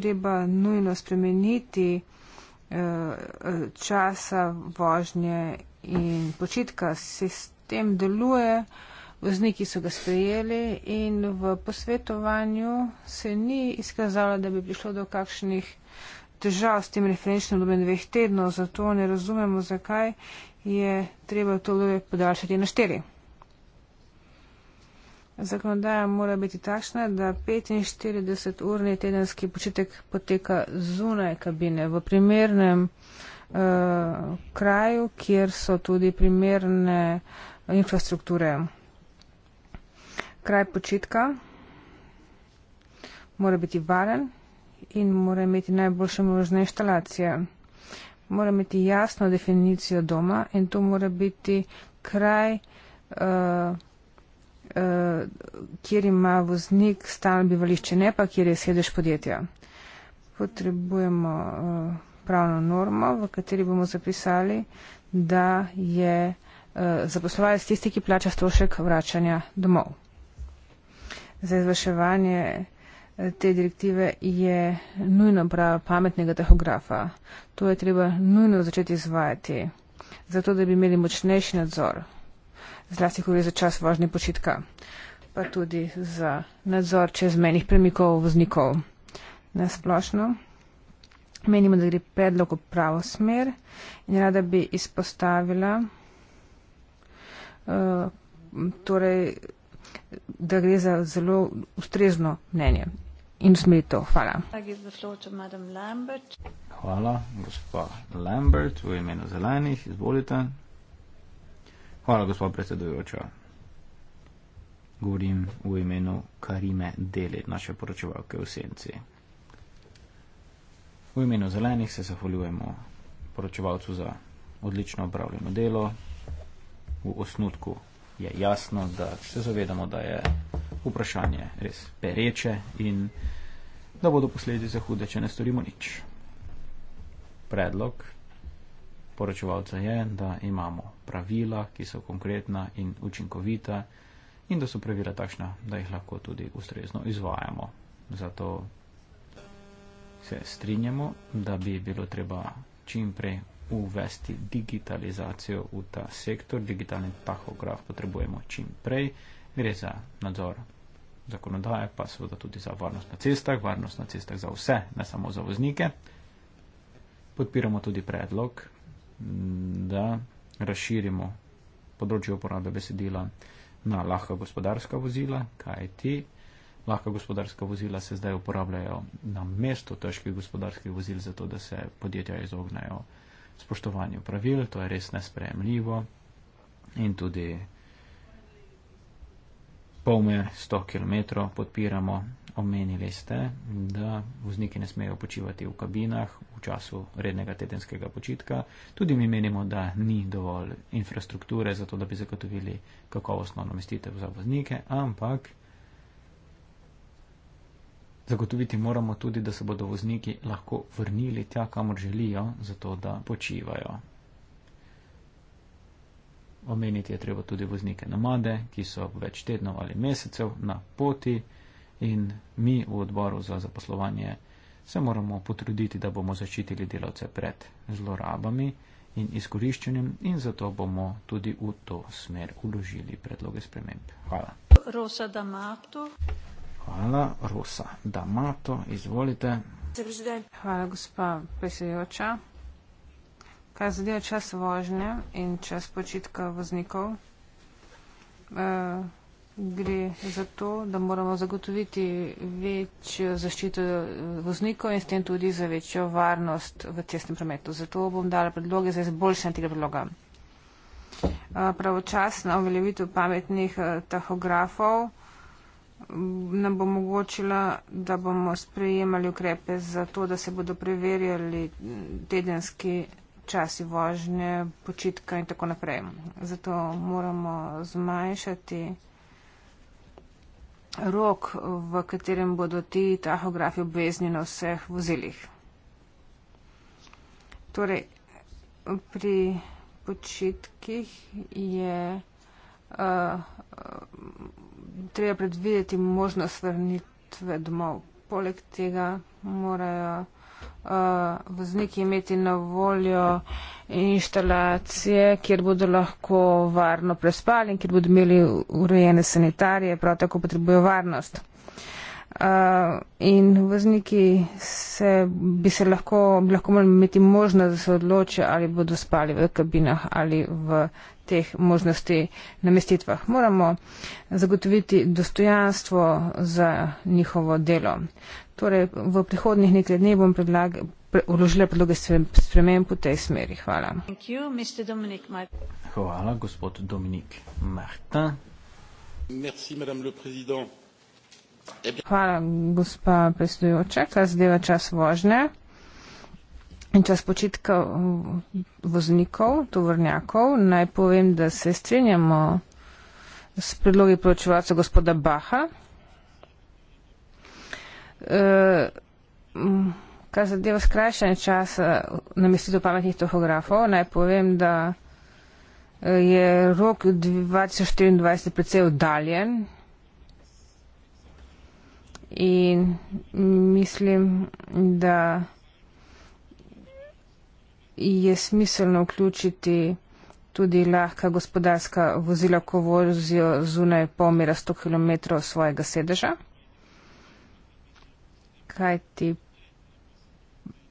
treba nujno spremeniti eh, časa vožnje in počitka. Sistem deluje, vozniki so ga sprejeli in v posvetovanju se ni izkazalo, da bi prišlo do kakšnih težav s tem referenčnim dobem dveh tednov, zato ne razumemo, zakaj je treba to dobe podaljšati na štiri. Zakonodaja mora biti takšna, da 45-urni tedenski počitek poteka zunaj kabine, v primernem uh, kraju, kjer so tudi primerne infrastrukture. Kraj počitka mora biti varen in mora imeti najboljše možne inštalacije. Mora imeti jasno definicijo doma in to mora biti kraj. Uh, Eh, kjer ima voznik stalno bivališče, ne pa kjer je sedež podjetja. Potrebujemo eh, pravno normo, v kateri bomo zapisali, da je eh, zaposlovalec tisti, ki plača strošek vračanja domov. Za izvrševanje te direktive je nujno prava pametnega tahografa. To je treba nujno začeti izvajati, zato da bi imeli močnejši nadzor zlasti, ko gre za čas vožnje počitka, pa tudi za nadzor čezmenih premikov voznikov. Nasplošno menimo, da gre predlog v pravo smer in rada bi izpostavila, uh, torej, da gre za zelo ustrezno mnenje. In usmerito. Hvala. Hvala, gospa Lambert, v imenu zelenih. Izvolite. Hvala, gospod predsedujoča. Govorim v imenu Karime Deli, naše poročevalke v Senci. V imenu zelenih se zahvaljujemo poročevalcu za odlično opravljeno delo. V osnutku je jasno, da se zavedamo, da je vprašanje res pereče in da bodo posledice hude, če ne storimo nič. Predlog poročevalca je, da imamo pravila, ki so konkretna in učinkovita in da so pravila takšna, da jih lahko tudi ustrezno izvajamo. Zato se strinjamo, da bi bilo treba čim prej uvesti digitalizacijo v ta sektor. Digitalni tahograf potrebujemo čim prej. Gre za nadzor zakonodaje, pa seveda tudi za varnost na cestah, varnost na cestah za vse, ne samo za voznike. Podpiramo tudi predlog, da razširimo področje uporabe besedila na lahka gospodarska vozila, kaj ti. Lahka gospodarska vozila se zdaj uporabljajo na mesto težkih gospodarskih vozil, zato da se podjetja izognajo spoštovanju pravil, to je res nespremljivo in tudi polme 100 km podpiramo omenili ste, da vozniki ne smejo počivati v kabinah v času rednega tedenskega počitka. Tudi mi menimo, da ni dovolj infrastrukture za to, da bi zagotovili kakovostno namestitev za voznike, ampak zagotoviti moramo tudi, da se bodo vozniki lahko vrnili tja, kamor želijo, zato da počivajo. Omeniti je treba tudi voznike nomade, ki so več tednov ali mesecev na poti. In mi v odboru za zaposlovanje se moramo potruditi, da bomo zaščitili delavce pred zlorabami in izkoriščenjem in zato bomo tudi v to smer uložili predloge sprememb. Hvala. Rosa Damato. Hvala, Rosa Damato, izvolite. Hvala, gospa predsedujoča. Kaj zadeva čas vožnje in čas počitka voznikov? Uh, gre za to, da moramo zagotoviti večjo zaščito voznikov in s tem tudi za večjo varnost v cestnem prometu. Zato bom dala predloge za izboljšanje tega predloga. Pravočasna uveljavitev pametnih tahografov nam bo omogočila, da bomo sprejemali ukrepe za to, da se bodo preverjali tedenski časi vožnje, počitka in tako naprej. Zato moramo zmanjšati rok, v katerem bodo ti tahografi obvezni na vseh vozilih. Torej, pri počitkih je uh, treba predvideti možnost vrnitve domov. Poleg tega morajo uh, vozniki imeti na voljo inštalacije, kjer bodo lahko varno prespali in kjer bodo imeli urejene sanitarije, prav tako potrebujejo varnost. Eh, in vozniki se, bi se lahko, bi lahko morali imeti možnost, da se odločijo, ali bodo spali v kabinah ali v teh možnosti na mestitvah. Moramo zagotoviti dostojanstvo za njihovo delo. Torej, v prihodnih nekaj dni bom predlag, pre, uložila predloge sprememb v tej smeri. Hvala. You, Hvala, gospod Dominik Marta. Merci, madame le président. Hvala, gospa predsedujoča. Kaj zadeva čas vožnje in čas počitka voznikov, tovrnjakov, naj povem, da se strinjamo s predlogi poročevalca gospoda Baha. E, Kaj zadeva skrajšanje časa na mestitu pametnih tohografov, naj povem, da e, je rok 2024 precej oddaljen In mislim, da je smiselno vključiti tudi lahka gospodarska vozila, ko vozijo zunaj pol mera 100 km svojega sedeža. Kaj ti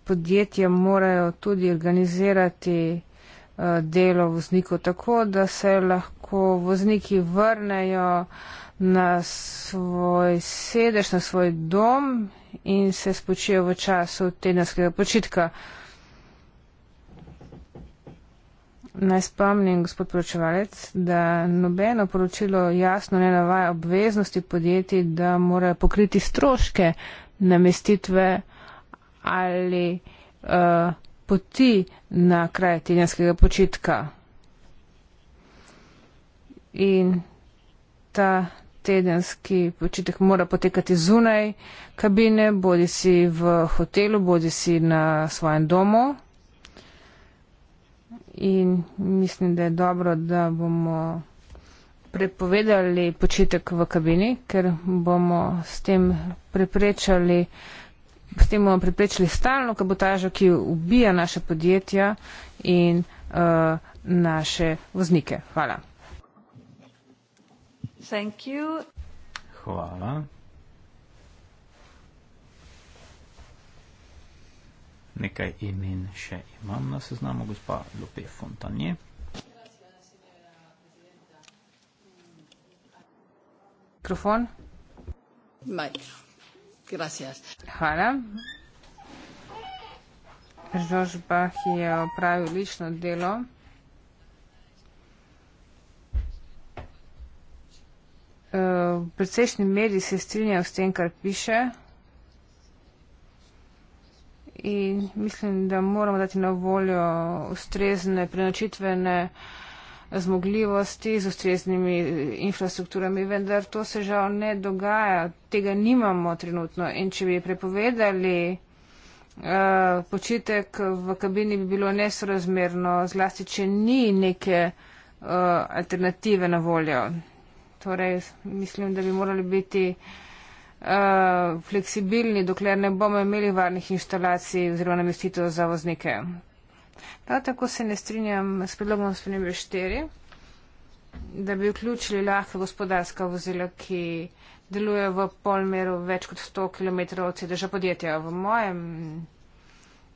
podjetja morajo tudi organizirati eh, delo voznikov tako, da se lahko vozniki vrnejo na svoj sedež, na svoj dom in se spočijo v času tedenskega počitka. Naj spomnim, gospod poročevalec, da nobeno poročilo jasno ne navaja obveznosti podjetij, da morajo pokriti stroške namestitve ali uh, poti na kraj tedenskega počitka. In ta tedenski počitek mora potekati zunaj kabine, bodi si v hotelu, bodi si na svojem domu. In mislim, da je dobro, da bomo prepovedali počitek v kabini, ker bomo s tem preprečali, s tem bomo preprečali stalno kabotažo, ki ubija naše podjetja in uh, naše voznike. Hvala. Thank you. Hvala. Nekaj imen še imam na seznamu, gospa Lope Fontanje. Mikrofon. Hvala. Žož Bah je opravil lično delo. v eh, precejšnji meri se strinjajo s tem, kar piše. In mislim, da moramo dati na voljo ustrezne prenočitvene zmogljivosti z ustreznimi infrastrukturami, vendar to se žal ne dogaja, tega nimamo trenutno. In če bi prepovedali uh, počitek v kabini, bi bilo nesorazmerno, zlasti, če ni neke uh, alternative na voljo. Torej, mislim, da bi morali biti uh, fleksibilni, dokler ne bomo imeli varnih inštalacij oziroma namestitev za voznike. Prav tako se ne strinjam s predlogom spremembe 4, da bi vključili lahka gospodarska vozila, ki delujejo v polmeru več kot 100 km od sedeža podjetja. V mojem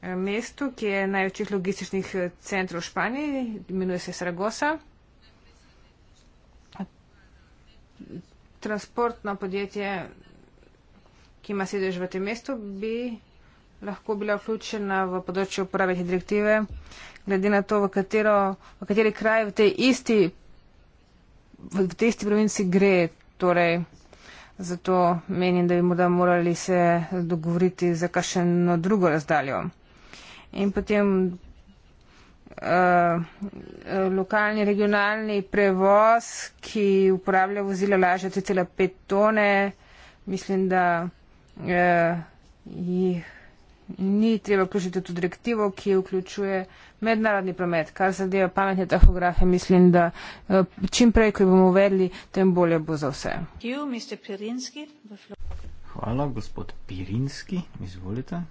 eh, mestu, ki je največjih logističnih eh, centrov v Španiji, imenuje se Saragosa. transportno podjetje, ki ima sedež v tem mestu, bi lahko bila vključena v področju uporabe te direktive, glede na to, v, katero, v kateri kraj v tej isti, v tej isti provinci gre. Torej, zato menim, da bi morda morali se dogovoriti za kakšno drugo razdaljo. In potem Eh, lokalni regionalni prevoz, ki uporablja vozila lažje 3,5 tone. Mislim, da uh, jih ni treba vključiti tudi direktivo, ki vključuje mednarodni promet. Kar zadeva pametne tahografe, mislim, da uh, čim prej, ko jih bomo uvedli, tem bolje bo za vse. Hvala, gospod Pirinski. Izvolite.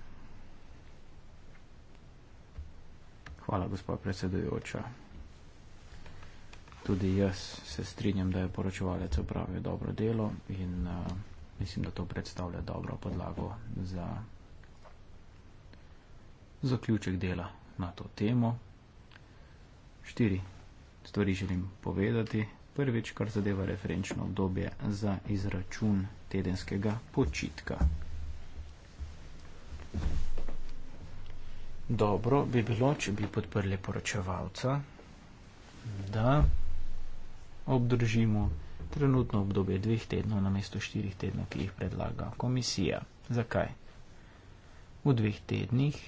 Hvala, gospa predsedujoča. Tudi jaz se strinjam, da je poročevalec upravil dobro delo in uh, mislim, da to predstavlja dobro podlago za zaključek dela na to temo. Štiri stvari želim povedati. Prvič, kar zadeva referenčno obdobje za izračun tedenskega počitka. Dobro bi bilo, če bi podprli poročevalca, da obdržimo trenutno obdobje dveh tednov namesto štirih tednov, ki jih predlaga komisija. Zakaj? V dveh tednih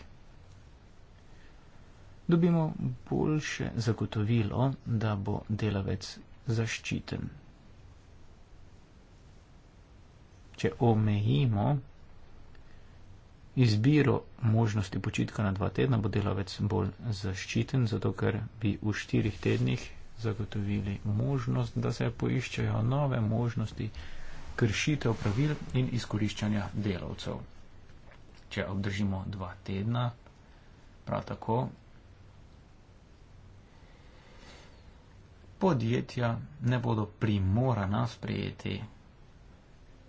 dobimo boljše zagotovilo, da bo delavec zaščiten. Če omejimo, izbiro možnosti počitka na dva tedna bo delavec bolj zaščiten, zato ker bi v štirih tednih zagotovili možnost, da se poiščejo nove možnosti kršitev pravil in izkoriščanja delavcev. Če obdržimo dva tedna, prav tako podjetja ne bodo primorana sprejeti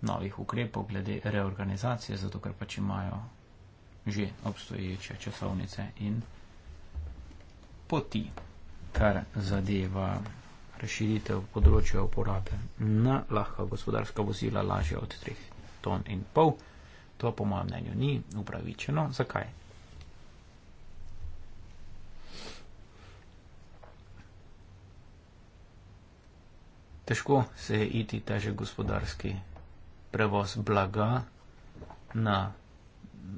novih ukrepov glede reorganizacije, zato ker pač imajo že obstoječe časovnice in poti, kar zadeva rešitev področja uporabe na lahka gospodarska vozila lažje od 3 ton in pol. To po mojem mnenju ni upravičeno. Zakaj? Težko se je iti teže gospodarski prevoz blaga na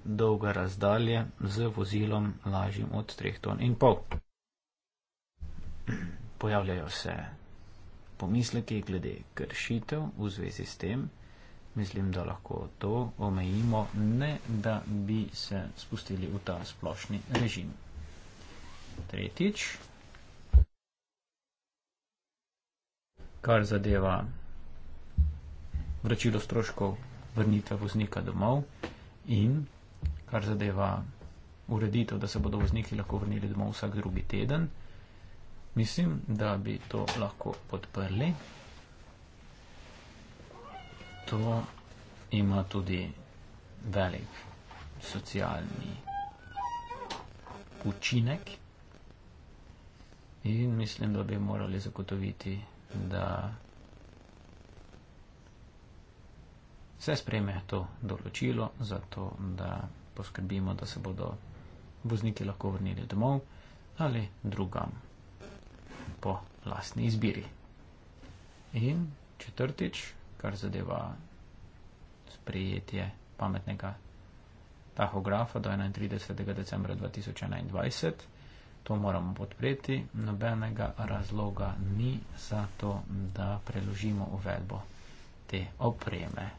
dolga razdalje z vozilom lažjim od 3,5 ton. Pojavljajo se pomisleki glede kršitev v zvezi s tem. Mislim, da lahko to omejimo, ne da bi se spustili v ta splošni režim. Tretjič, kar zadeva vračilo stroškov vrnitve voznika domov in kar zadeva ureditev, da se bodo vozniki lahko vrnili domov vsak drugi teden. Mislim, da bi to lahko podprli. To ima tudi velik socialni učinek in mislim, da bi morali zagotoviti, da se spreme to določilo, zato da poskrbimo, da se bodo vozniki lahko vrnili domov ali drugam po lastni izbiri. In četrtič, kar zadeva sprejetje pametnega tahografa do 31. decembra 2021, to moramo podpreti, nobenega razloga ni za to, da preložimo uvedbo te opreme.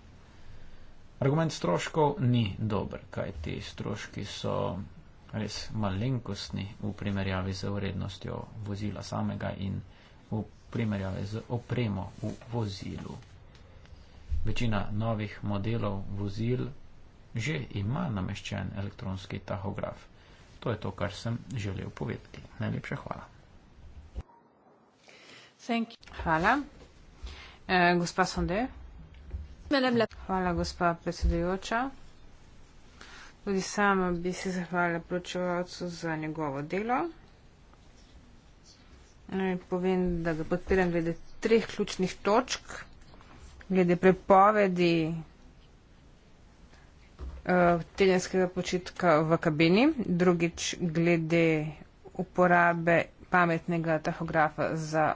Argument stroškov ni dober, kaj ti stroški so res malenkostni v primerjavi z vrednostjo vozila samega in v primerjavi z opremo v vozilu. Večina novih modelov vozil že ima nameščen elektronski tahograf. To je to, kar sem želel povedati. Najlepša hvala. Hvala. E, gospa Sonde. Hvala, gospa predsedujoča. Tudi sama bi se zahvalila pročevalcu za njegovo delo. Povem, da ga podpiram glede treh ključnih točk, glede prepovedi uh, tedenskega počitka v kabini, drugič glede uporabe pametnega tahografa za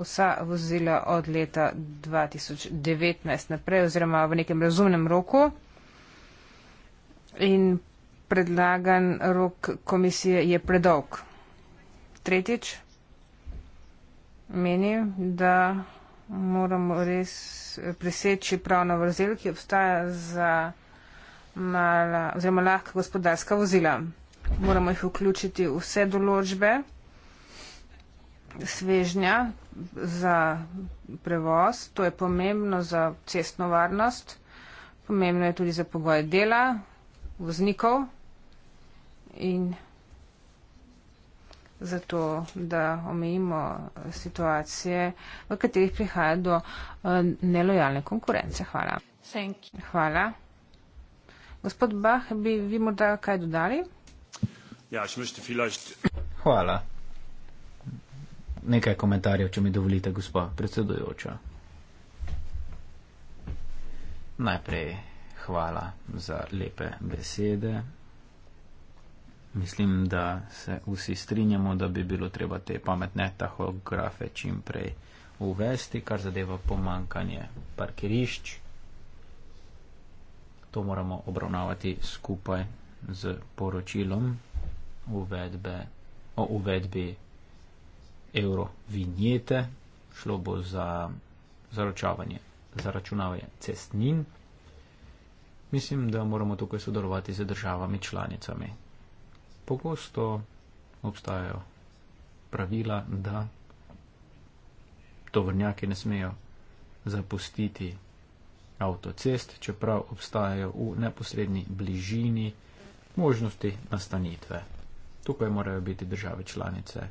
vsa vozila od leta 2019 naprej oziroma v nekem razumnem roku. In predlagan rok komisije je predolg. Tretjič, menim, da moramo res preseči pravno vrzel, ki obstaja za mala oziroma lahka gospodarska vozila. Moramo jih vključiti vse določbe svežnja, za prevoz, to je pomembno za cestno varnost, pomembno je tudi za pogoje dela, voznikov in zato, da omejimo situacije, v katerih prihaja do eh, nelojalne konkurence. Hvala. Hvala. Gospod Bah, bi vi morda kaj dodali? Ja, ich möchte vielleicht. Hvala nekaj komentarjev, če mi dovolite, gospa predsedujoča. Najprej hvala za lepe besede. Mislim, da se vsi strinjamo, da bi bilo treba te pametne tahografe čim prej uvesti, kar zadeva pomankanje parkirišč. To moramo obravnavati skupaj z poročilom uvedbe, o uvedbi evro vinjete, šlo bo za zaračavanje, zaračunavanje cestnin. Mislim, da moramo tukaj sodelovati z državami članicami. Pogosto obstajajo pravila, da tovrnjaki ne smejo zapustiti avtocest, čeprav obstajajo v neposrednji bližini možnosti nastanitve. Tukaj morajo biti države članice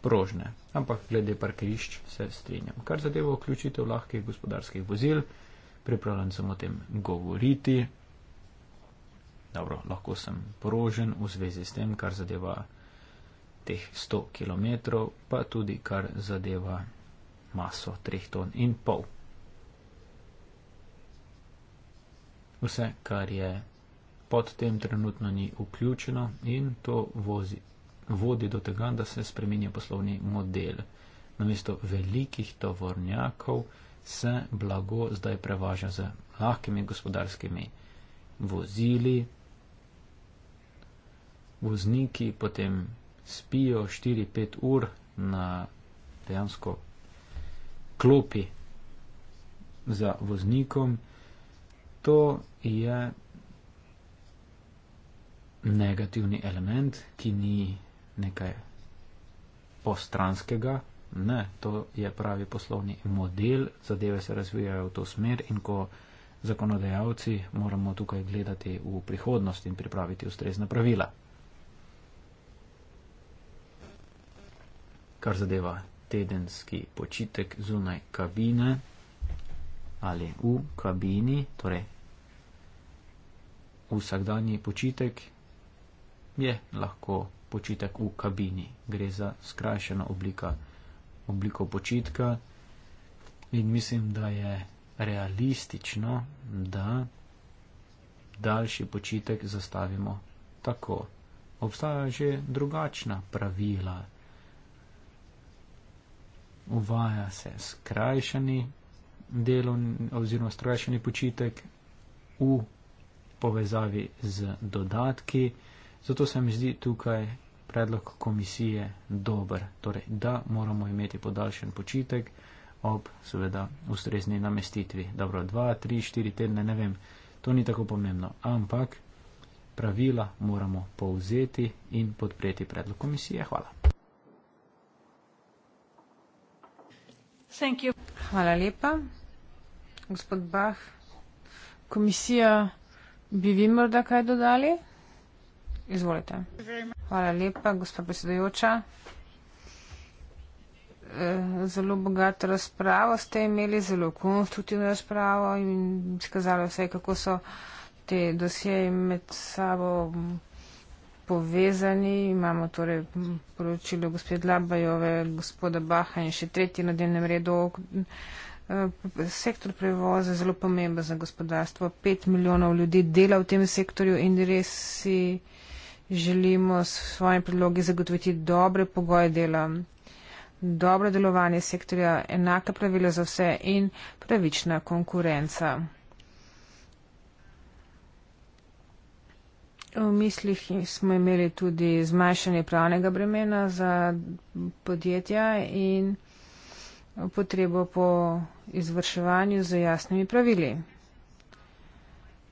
prožne. Ampak glede parkirišč se strinjam. Kar zadeva vključitev lahkih gospodarskih vozil, pripravljam sem o tem govoriti. Dobro, lahko sem porožen v zvezi s tem, kar zadeva teh 100 km, pa tudi kar zadeva maso 3 ton in pol. Vse, kar je pod tem trenutno ni vključeno in to vozi vodi do tega, da se spremenja poslovni model. Namesto velikih tovornjakov se blago zdaj prevaža z lahkimi gospodarskimi vozili. Vozniki potem spijo 4-5 ur na dejansko klopi za voznikom. To je negativni element, ki ni nekaj postranskega. Ne, to je pravi poslovni model, zadeve se razvijajo v to smer in ko zakonodajalci moramo tukaj gledati v prihodnost in pripraviti ustrezna pravila. Kar zadeva tedenski počitek zunaj kabine ali v kabini, torej vsakdanji počitek je lahko počitek v kabini. Gre za skrajšana oblika, obliko počitka in mislim, da je realistično, da daljši počitek zastavimo tako. Obstajajo že drugačna pravila. Uvaja se skrajšani delovni oziroma skrajšani počitek v povezavi z dodatki. Zato se mi zdi tukaj predlog komisije dober, torej da moramo imeti podaljšen počitek ob seveda ustrezni namestitvi. Dobro, dva, tri, štiri tedne, ne vem, to ni tako pomembno, ampak pravila moramo povzeti in podpreti predlog komisije. Hvala. Hvala lepa. Gospod Bah, komisija, bi vi morda kaj dodali? Izvolite. Hvala lepa, gospod predsedujoča. Eh, zelo bogato razpravo ste imeli, zelo konstruktivno razpravo in skazalo vse, kako so te dosjeje med sabo povezani. Imamo torej poročilo gospod Labajove, gospoda Baha in še tretji na dnevnem redu. Eh, sektor prevoza je zelo pomemben za gospodarstvo. Pet milijonov ljudi dela v tem sektorju in res si želimo s svojimi predlogi zagotoviti dobre pogoje dela, dobro delovanje sektorja, enaka pravila za vse in pravična konkurenca. V mislih smo imeli tudi zmanjšanje pravnega bremena za podjetja in potrebo po izvrševanju z jasnimi pravili.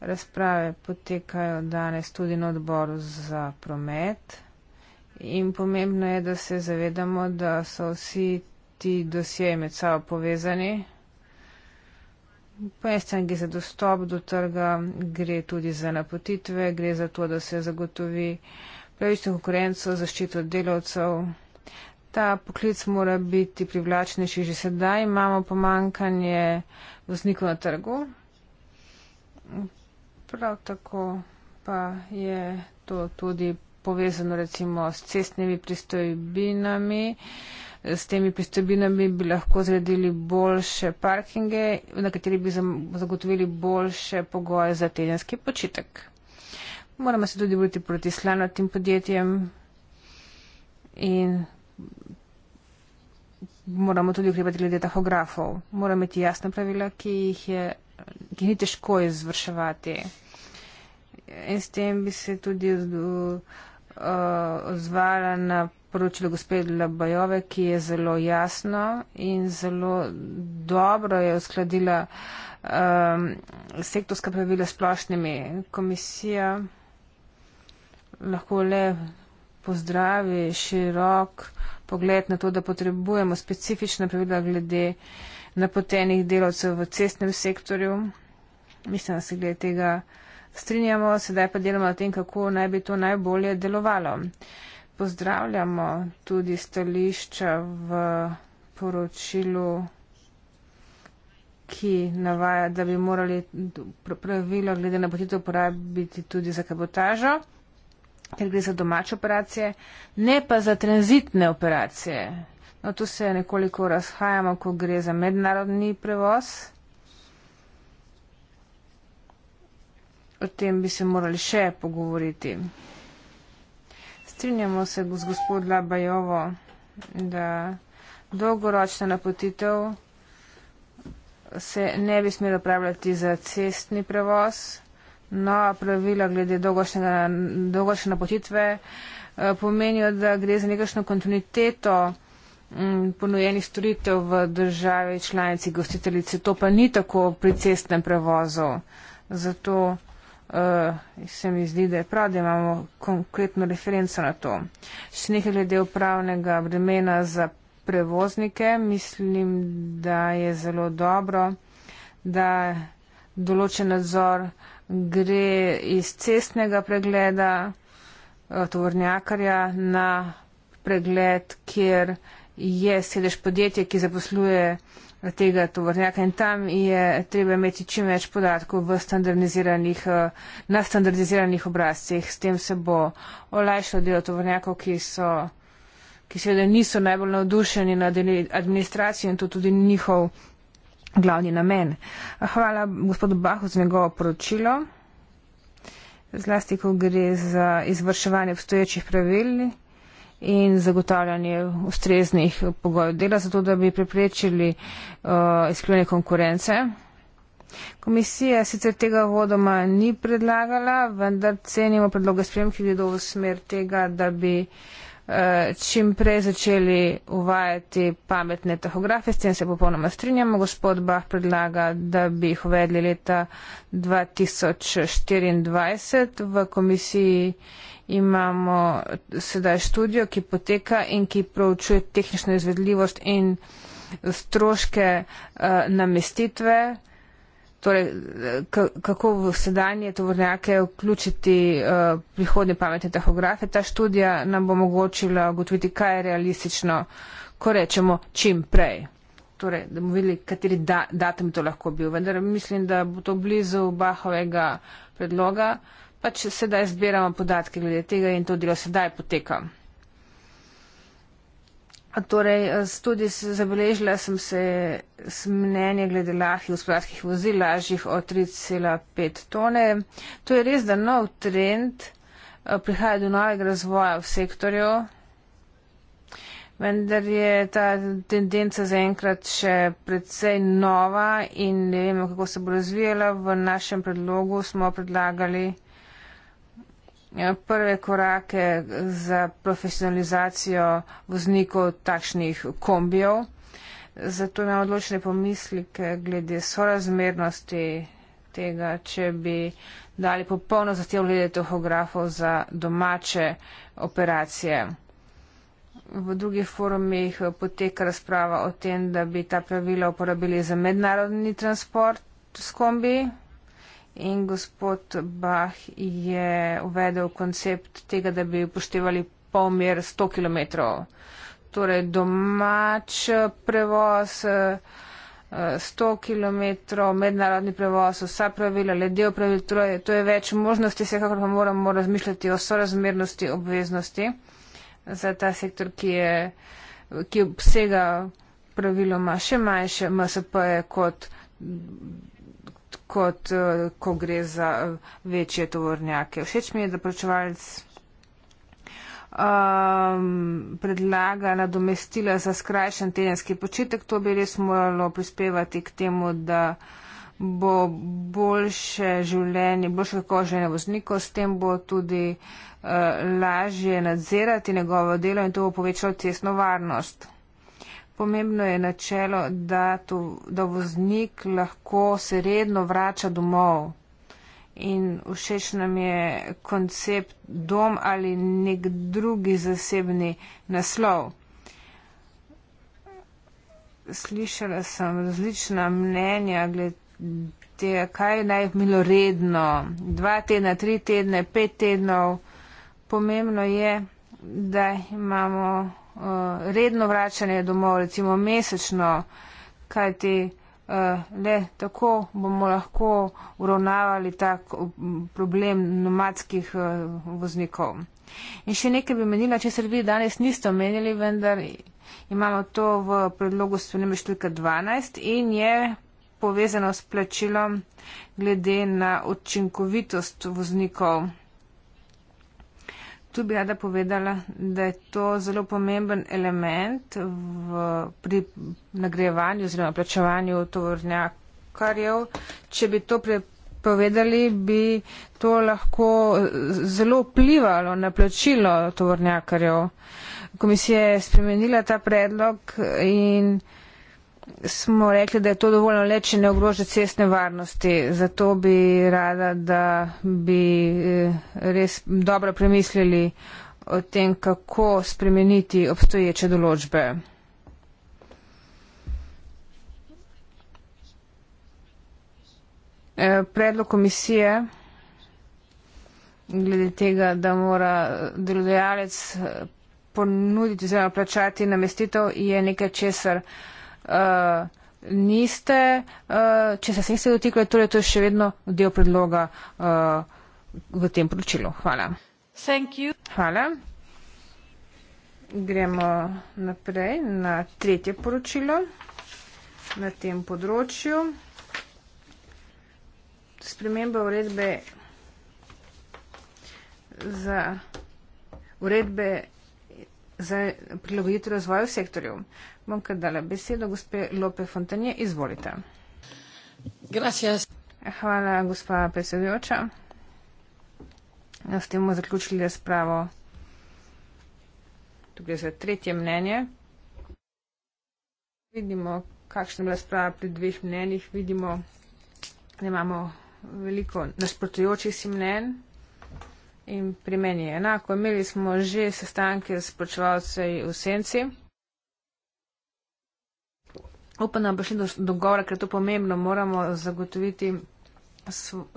Razprave potekajo danes tudi na odboru za promet in pomembno je, da se zavedamo, da so vsi ti dosjeji med sabo povezani. Po eni strani gre za dostop do trga, gre tudi za napotitve, gre za to, da se zagotovi pravično konkurenco, zaščito delavcev. Ta poklic mora biti privlačnejši. Že sedaj imamo pomankanje vzniku na trgu. Prav tako pa je to tudi povezano recimo s cestnimi pristojbinami. S temi pristojbinami bi lahko zredili boljše parkinge, na kateri bi zagotovili boljše pogoje za tedenski počitek. Moramo se tudi boriti proti slanotim podjetjem in moramo tudi ukrepati glede tahografov. Moramo imeti jasne pravila, ki jih je ki ni težko izvrševati. In s tem bi se tudi uh, odzvala na poročilo gospod Labajove, ki je zelo jasno in zelo dobro je uskladila um, sektorska pravila s splošnimi. Komisija lahko le pozdravi širok pogled na to, da potrebujemo specifična pravila glede uh, napotenih delavcev v cestnem sektorju. Mislim, da se glede tega strinjamo, sedaj pa delamo na tem, kako naj bi to najbolje delovalo. Pozdravljamo tudi stališča v poročilu, ki navaja, da bi morali pravilo glede na potitev uporabiti tudi za kabotažo, ker gre za domače operacije, ne pa za tranzitne operacije. No, tu se nekoliko razhajamo, ko gre za mednarodni prevoz. O tem bi se morali še pogovoriti. Strinjamo se z gospod Labajovo, da dolgoročna napotitev se ne bi smela upravljati za cestni prevoz. No, pravila glede dolgoročne napotitve eh, pomenijo, da gre za nekakšno kontinuiteto. Mm, ponujenih storitev v državi članici gostiteljice. To pa ni tako pri cestnem prevozu. Zato uh, se mi zdi, da je prav, da imamo konkretno referenco na to. Še nekaj glede upravnega bremena za prevoznike. Mislim, da je zelo dobro, da določen nadzor gre iz cestnega pregleda uh, tovornjakarja na pregled, kjer je sedež podjetja, ki zaposluje tega tovornjaka in tam je treba imeti čim več podatkov v standardiziranih, eh, na standardiziranih obrazcih. S tem se bo olajšalo delo tovornjakov, ki so ki seveda niso najbolj navdušeni nad administracijo in to tudi njihov glavni namen. Hvala gospodu Bahu za njegovo poročilo, zlasti ko gre za izvrševanje obstoječih pravil in zagotavljanje ustreznih pogojev dela, zato da bi preprečili uh, izkljuvanje konkurence. Komisija sicer tega vodoma ni predlagala, vendar cenimo predloge sprem, ki gredo v smer tega, da bi uh, čim prej začeli uvajati pametne tahografe, s tem se popolnoma strinjamo. Gospod Bah predlaga, da bi jih uvedli leta 2024. V komisiji imamo sedaj študijo, ki poteka in ki proučuje tehnično izvedljivost in stroške uh, namestitve, torej eh, kako v sedanje tovornjake vključiti uh, eh, prihodne pametne tahografe. Ta študija nam bo omogočila ugotoviti, kaj je realistično, ko rečemo čim prej. Torej, da bomo videli, kateri da, datum to lahko bil. Vendar mislim, da bo to blizu Bahovega predloga pač sedaj zbiramo podatke glede tega in to delo sedaj poteka. Torej, eh, tudi zabeležila sem se s mnenje glede lahkih gospodarskih vozil, lažjih od 3,5 tone. To je res, da nov trend eh, prihaja do novega razvoja v sektorju, vendar je ta tendenca zaenkrat še predvsej nova in ne vemo, kako se bo razvijala. V našem predlogu smo predlagali prve korake za profesionalizacijo voznikov takšnih kombijev. Zato imam odločne pomislike glede sorazmernosti tega, če bi dali popolno zahtev glede tohografov za domače operacije. V drugih forumih poteka razprava o tem, da bi ta pravila uporabili za mednarodni transport s kombi, in gospod Bach je uvedel koncept tega, da bi upoštevali polmer 100 km. Torej domač prevoz 100 eh, eh, km, mednarodni prevoz, vsa pravila, le del pravil, torej to je več možnosti, vsekakor pa moramo razmišljati o sorazmernosti obveznosti za ta sektor, ki, je, ki obsega praviloma še manjše MSP-je kot kot eh, ko gre za eh, večje tovornjake. Všeč mi je, da plačevalc um, ehm, predlaga nadomestila za skrajšan tedenski počitek. To bi res moralo prispevati k temu, da bo boljše življenje, boljše koženje vozniko, s tem bo tudi uh, lažje nadzirati njegovo delo in to bo povečalo cestno varnost pomembno je načelo, da, to, da voznik lahko se redno vrača domov. In všeč nam je koncept dom ali nek drugi zasebni naslov. Slišala sem različna mnenja glede tega, kaj je najmilo redno. Dva tedna, tri tedne, pet tednov. Pomembno je, da imamo. Eh, redno vračanje domov, recimo mesečno, kajti eh, le tako bomo lahko uravnavali tak problem nomadskih eh, voznikov. In še nekaj bi menila, če se vi danes niste omenili, vendar imamo to v predlogu spremembe številka 12 in je povezano s plačilom glede na učinkovitost voznikov tu bi rada povedala, da je to zelo pomemben element v, pri nagrevanju oziroma plačevanju tovornjakarjev. Če bi to prepovedali, bi to lahko zelo vplivalo na plačilo tovornjakarjev. Komisija je spremenila ta predlog in smo rekli, da je to dovoljno le, če ne ogroža cestne varnosti. Zato bi rada, da bi eh, res dobro premislili o tem, kako spremeniti obstoječe določbe. Eh, predlog komisije glede tega, da mora delodajalec eh, ponuditi oziroma plačati namestitev, je nekaj česar uh, niste, uh, če se s niste dotikli, torej to je še vedno del predloga uh, v tem poročilu. Hvala. Hvala. Gremo naprej na tretje poročilo na tem področju. Sprememba uredbe za uredbe za prilagoditev razvoju v sektorju. Bom kar dala besedo gospe Lope Fontanje, izvolite. Gracias. Hvala, gospa predsedujoča. S tem bomo zaključili razpravo. Tu gre za tretje mnenje. Vidimo, kakšna je bila sprava pri dveh mnenjih. Vidimo, da imamo veliko nasprotujočih si mnen, in pri meni je enako. Imeli smo že sestanke s počevalci v senci. Upam, da bo šli do dogovora, ker je to pomembno. Moramo zagotoviti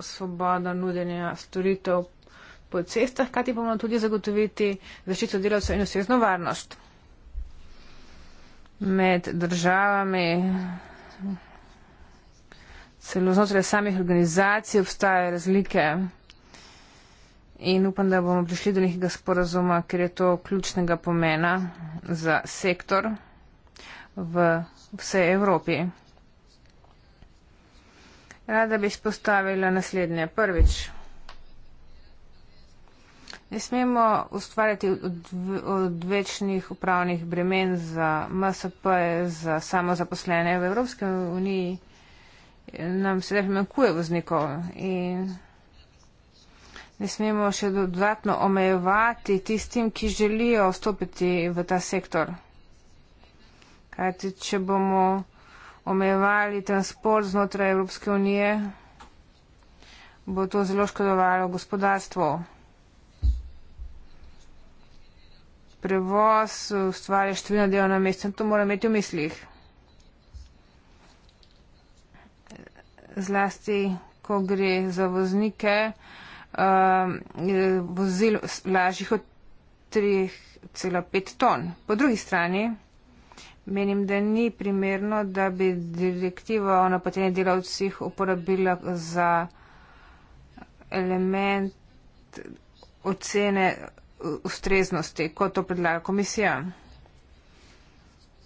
svobodo nudenja storitev po cestah, kajti bomo tudi zagotoviti zaščito delavcev in ustrezno varnost. Med državami, celo znotraj samih organizacij obstajajo razlike in upam, da bomo prišli do nekega sporazuma, ker je to ključnega pomena za sektor v vsej Evropi. Rada bi spostavila naslednje. Prvič, ne smemo ustvarjati odvečnih upravnih bremen za MSP, za samozaposlene v Evropske uniji. Nam se da primankuje voznikov in ne smemo še dodatno omejevati tistim, ki želijo vstopiti v ta sektor. Kajti, če bomo omejevali transport znotraj Evropske unije, bo to zelo škodovalo gospodarstvo. Prevoz ustvarja številna delovna mesta in to moramo imeti v mislih. Zlasti, ko gre za voznike, uh, vozil lažjih od 3,5 ton. Po drugi strani menim, da ni primerno, da bi direktiva o napotenju delavcih uporabila za element ocene ustreznosti, kot to predlaga komisija.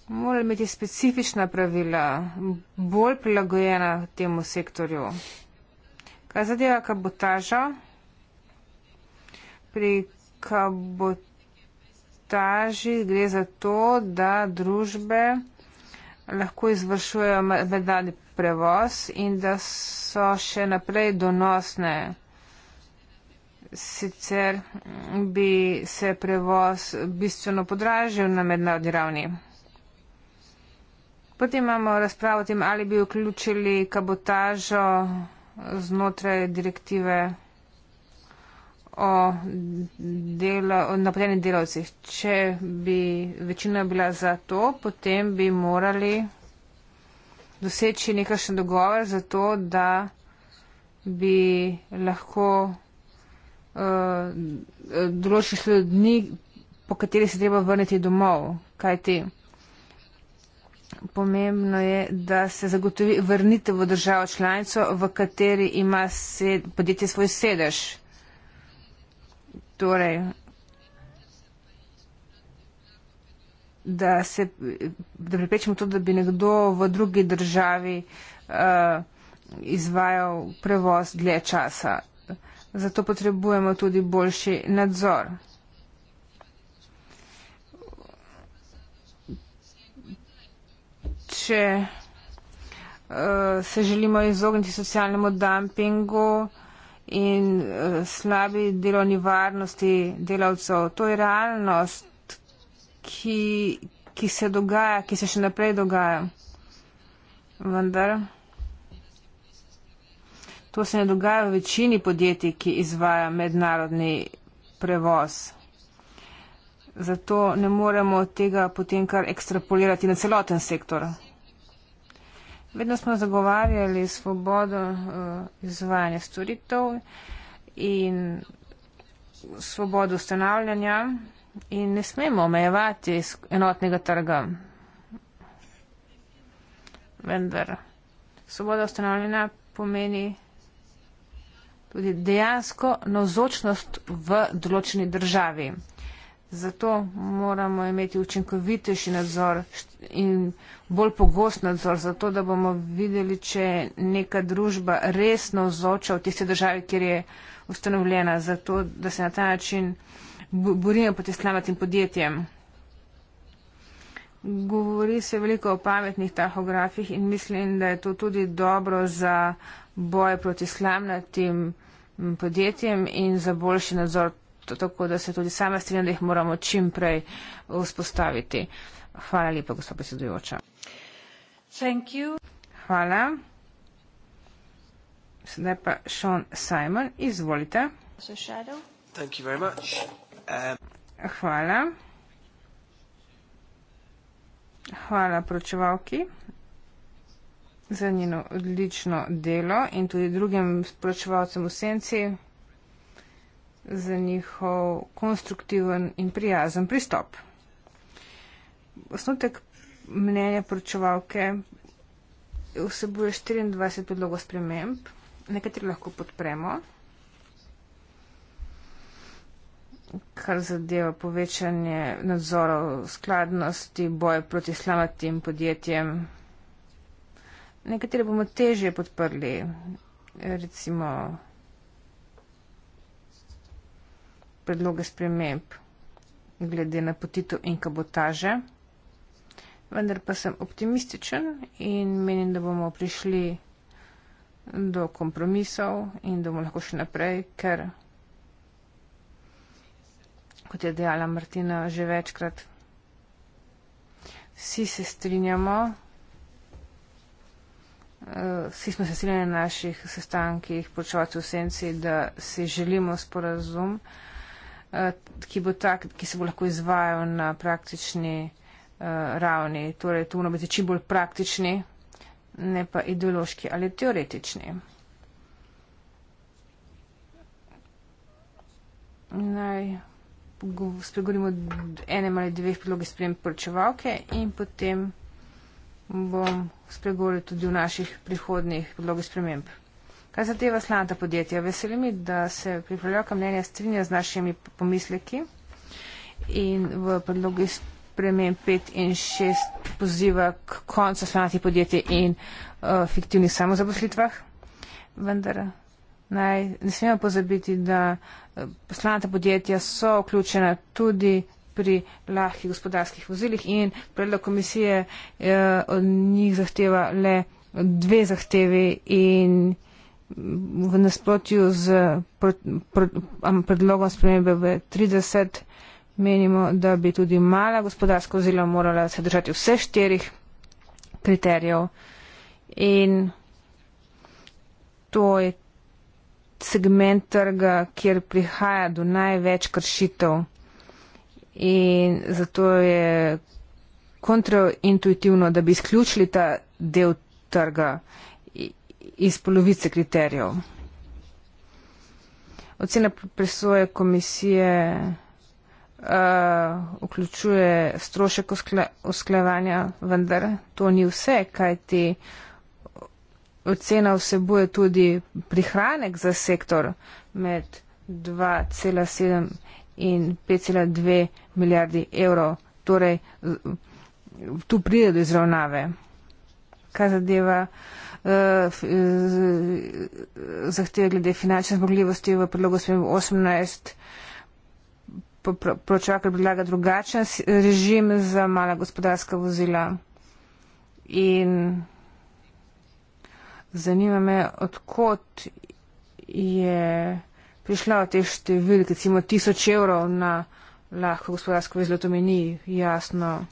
Mora imeti specifična pravila, bolj prilagojena temu sektorju. Kaj zadeva kabotaža? Ka pri kabotaži gre za to, da družbe lahko izvršujejo medaljni prevoz in da so še naprej donosne. Sicer bi se prevoz bistveno podražil na mednarodni ravni. Potem imamo razpravo o tem, ali bi vključili kabotažo znotraj direktive o delo, napredenih delavcih. Če bi večina bila za to, potem bi morali doseči nekakšen dogovor za to, da bi lahko uh, določili dni, po kateri se treba vrniti domov. Kaj ti? Pomembno je, da se zagotovi vrnitev v državo članico, v kateri ima sed, podjetje svoj sedež torej, da, se, da preprečimo to, da bi nekdo v drugi državi uh, izvajal prevoz dlje časa. Zato potrebujemo tudi boljši nadzor. Če uh, se želimo izogniti socialnemu dumpingu, in eh, slabi delovni varnosti delavcev. To je realnost, ki, ki se dogaja, ki se še naprej dogaja. Vendar to se ne dogaja v večini podjetij, ki izvaja mednarodni prevoz. Zato ne moremo tega potem kar ekstrapolirati na celoten sektor. Vedno smo zagovarjali svobodo uh, izvajanja storitev in svobodo ustanavljanja in ne smemo omejevati enotnega trga. Vendar svoboda ustanavljanja pomeni tudi dejansko navzočnost v določeni državi. Zato moramo imeti učinkovitejši nadzor in bolj pogost nadzor, zato da bomo videli, če neka družba resno vzoča v tiste države, kjer je ustanovljena, zato da se na ta način borijo proti slamatim podjetjem. Govori se veliko o pametnih tahografih in mislim, da je to tudi dobro za boj proti slamnatim podjetjem in za boljši nadzor, tako da se tudi sama strinjam, da jih moramo čim prej vzpostaviti. Hvala lepa, gospod predsedujoča. Thank you. Hvala. Sedaj pa Sean Simon, izvolite. Thank you very much. Um... Hvala. Hvala poročevalki za njeno odlično delo in tudi drugim poročevalcem v senci za njihov konstruktiven in prijazen pristop. Osnutek mnenje poročevalke vsebuje 24 predlogov sprememb, nekateri lahko podpremo, kar zadeva povečanje nadzorov skladnosti, boje proti slamatim podjetjem. Nekatere bomo težje podprli, recimo predloge sprememb glede napotitev in kabotaže vendar pa sem optimističen in menim, da bomo prišli do kompromisov in da bomo lahko še naprej, ker, kot je dejala Martina že večkrat, vsi se strinjamo, eh, vsi smo se strinjali na naših sestankih počovati v senci, da si želimo sporazum, eh, ki bo tak, ki se bo lahko izvajal na praktični način. Eh, ravni. Torej, to mora biti čim bolj praktični, ne pa ideološki ali teoretični. Naj spregovorimo ene ali dveh predlogih sprejem poročevalke in potem bom spregovoril tudi o naših prihodnih predlogih sprememb. Kaj zadeva slanta podjetja? Veseli mi, da se pripravljaka mnenja strinja z našimi pomisleki in v predlogih sprememb spremem 5 in 6 poziva k koncu slanati podjetje in uh, fiktivnih samozaposlitvah. Vendar naj, ne smemo pozabiti, da uh, slanata podjetja so vključena tudi pri lahkih gospodarskih vozilih in predlog komisije uh, od njih zahteva le dve zahtevi in v nasprotju z pr pr pr um, predlogom spremembe v 30 menimo, da bi tudi mala gospodarska vozila morala se držati vse štirih kriterijev in to je segment trga, kjer prihaja do največ kršitev in zato je kontraintuitivno, da bi izključili ta del trga iz polovice kriterijev. Ocena presoje komisije. Eh, vključuje strošek uskle, usklevanja, vendar to ni vse, kaj ti ocena vsebuje tudi prihranek za sektor med 2,7 in 5,2 milijardi evrov. Torej, tu pride do izravnave. Kaj zadeva eh, zahteve glede finančne zmogljivosti v predlogu 18 poročila, ker predlaga drugačen režim za mala gospodarska vozila. In zanima me, odkot je prišla od te številke, recimo tisoč evrov na lahko gospodarsko vozilo, to mi ni jasno.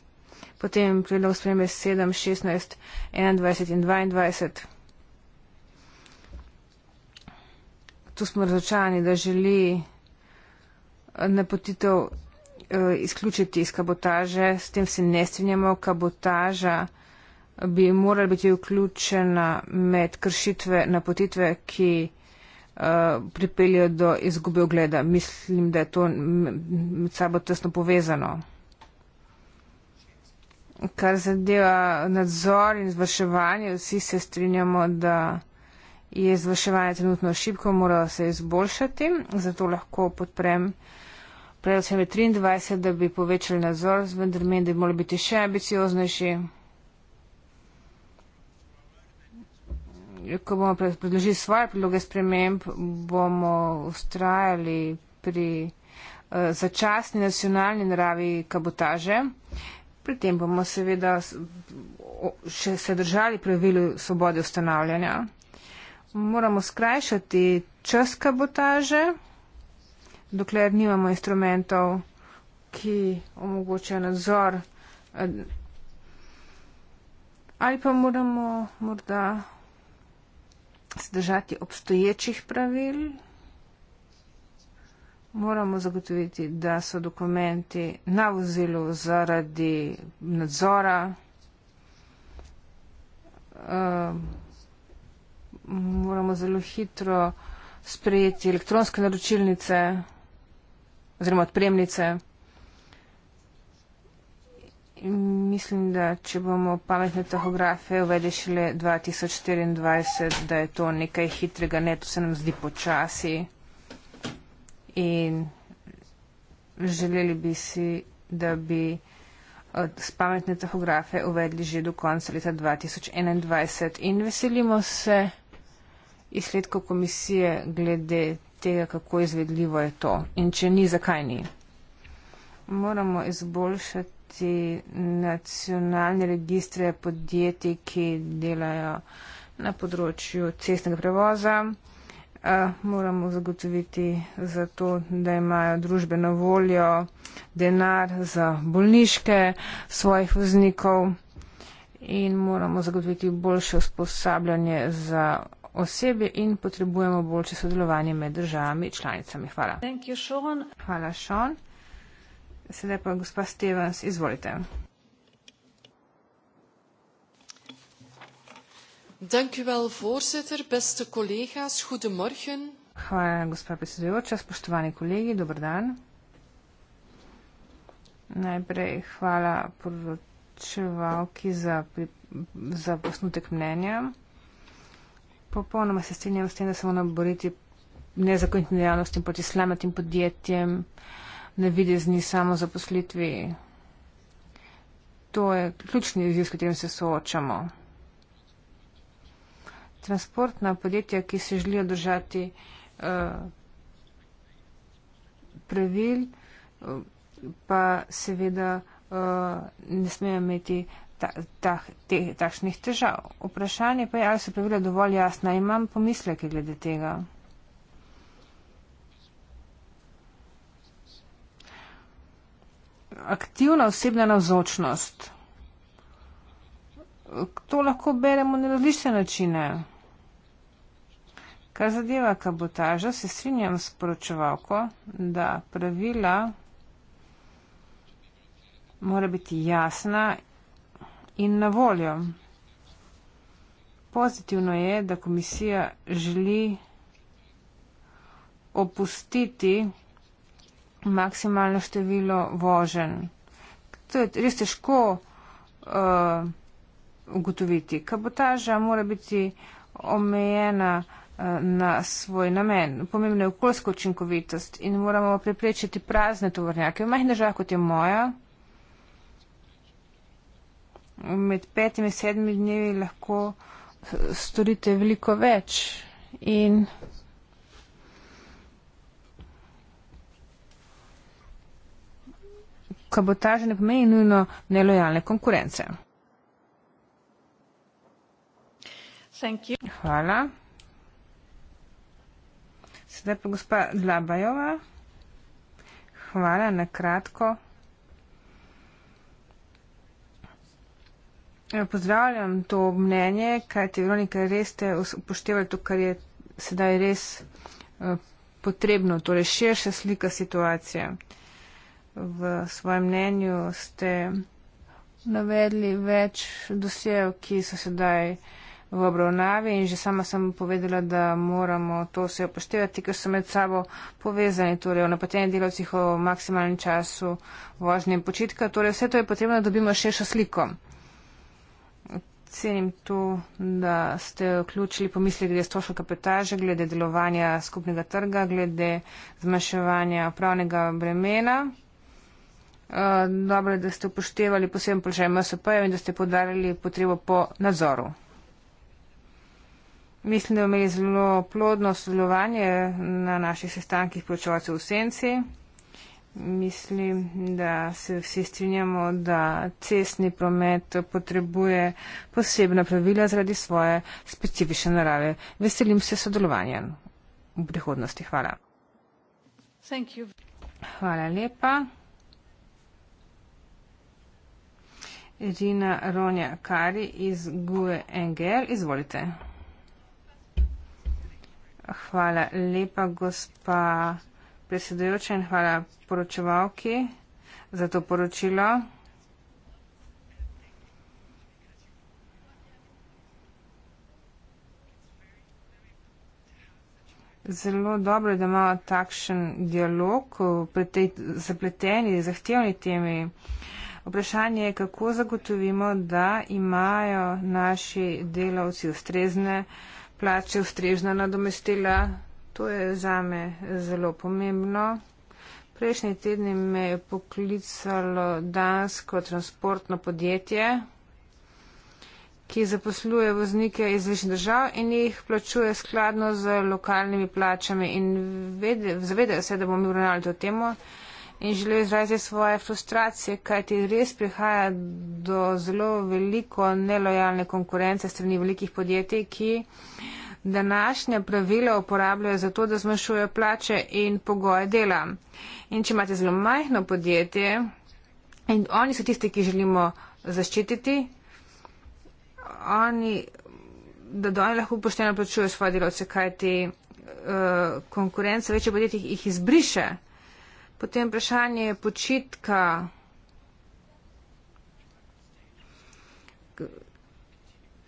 Potem predlog spremembe 7, 16, 21 in 22. Tu smo razočani, da želi napotitev eh, izključiti iz kabotaže, s tem se ne strinjamo, kabotaža bi morala biti vključena med kršitve napotitve, ki eh, pripeljejo do izgube ogleda. Mislim, da je to med sabo tesno povezano. Kar zadeva nadzor in izvrševanje, vsi se strinjamo, da je izvrševanje trenutno šibko, mora se izboljšati, zato lahko podprem uh, predvsem je 23, da bi povečali nadzor, vendar meni, da bi morali biti še ambicioznejši. Ko bomo predložili svoje predloge sprememb, bomo ustrajali pri uh, začasni nacionalni naravi kabotaže. Pri tem bomo seveda še se držali pravilu svobode ustanavljanja. Moramo skrajšati čas kabotaže dokler nimamo instrumentov, ki omogočajo nadzor. Eh, ali pa moramo morda zdržati obstoječih pravil, moramo zagotoviti, da so dokumenti na vozilu zaradi nadzora, eh, moramo zelo hitro sprejeti elektronske naročilnice oziroma odpremnice. In mislim, da če bomo pametne tahografe uvedli šele 2024, da je to nekaj hitrega, ne, to se nam zdi počasi. In želeli bi si, da bi pametne tahografe uvedli že do konca leta 2021. In veselimo se izsledkov komisije glede tega, kako izvedljivo je to. In če ni, zakaj ni? Moramo izboljšati nacionalne registre podjetij, ki delajo na področju cestnega prevoza. Moramo zagotoviti za to, da imajo družbe na voljo denar za bolniške svojih voznikov in moramo zagotoviti boljše usposabljanje za osebje in potrebujemo boljše sodelovanje med državami članicami. Hvala. You, Sean. Hvala, Sean. Sedaj pa gospa Stevens, izvolite. Dank u wel, voorzitter, beste collega's, goedemorgen. Hvala, gospa predsedujoča, spoštovani kolegi, dobr dan. Najprej hvala poročevalki za, za posnutek mnenja popolnoma se strinjam s tem, da se moramo boriti nezakonitim dejavnostim proti slamatim podjetjem, nevidezni samozaposlitvi. To je ključni izziv, s katerim se soočamo. Transportna podjetja, ki se želijo držati uh, pravil, uh, pa seveda uh, ne smejo imeti uh, ta, te, takšnih težav. Vprašanje pa je, ali so pravila dovolj jasna. Imam pomisleke glede tega. Aktivna osebna navzočnost. To lahko beremo na različne načine. Kar zadeva kabotažo, se strinjam s poročevalko, da pravila mora biti jasna in na voljo. Pozitivno je, da komisija želi opustiti maksimalno število vožen. To je res težko uh, ugotoviti. Kabotaža mora biti omejena uh, na svoj namen. Pomembna je okoljska učinkovitost in moramo preprečiti prazne tovornjake. V majhnih državah, kot je moja, med petimi in sedmimi dnevi lahko storite veliko več. In kabotaža ne pomeni nujno nelojalne konkurence. Hvala. Sedaj pa gospa Dlabajova. Hvala na kratko. Eh, pozdravljam to mnenje, kaj ti Veronika res ste upoštevali to, kar je sedaj res eh, potrebno, torej širša slika situacije. V svojem mnenju ste navedli več dosev, ki so sedaj v obravnavi in že sama sem povedala, da moramo to vse upoštevati, ker so med sabo povezani, torej o napotenih delavcih, o maksimalnem času vožnje in počitka, torej vse to je potrebno, da dobimo širšo sliko cenim to, da ste vključili pomisli glede stroška kapitaža, glede delovanja skupnega trga, glede zmanjševanja pravnega bremena. Eh, dobro, da ste upoštevali poseben položaj MSP in da ste podarili potrebo po nadzoru. Mislim, da imeli zelo plodno sodelovanje na naših sestankih pločevalcev v Senci. Mislim, da se vsi strinjamo, da cestni promet potrebuje posebna pravila zaradi svoje specifične narave. Veselim se sodelovanja v prihodnosti. Hvala. Hvala lepa. Irina Ronja Kari iz GUE NGL, izvolite. Hvala lepa, gospa predsedujoča in hvala poročevalki za to poročilo. Zelo dobro je, da imamo takšen dialog pri tej zapleteni, zahtevni temi. Vprašanje je, kako zagotovimo, da imajo naši delavci ustrezne plače, ustrezna nadomestila, To je zame zelo pomembno. Prejšnji teden me je poklicalo dansko transportno podjetje, ki zaposluje voznike iz višjih držav in jih plačuje skladno z lokalnimi plačami. In zavedajo se, da bomo obravnavali to temo in želijo izraziti svoje frustracije, kajti res prihaja do zelo veliko nelojalne konkurence strani velikih podjetij, ki. Uh, današnja pravila uporabljajo za to, da zmanjšujejo plače in pogoje dela. In če imate zelo majhno podjetje in oni so tisti, ki želimo zaščititi, oni, da oni lahko pošteno plačujejo svoje delovce, kajti uh, konkurenca večjih podjetij jih izbriše. Potem vprašanje počitka.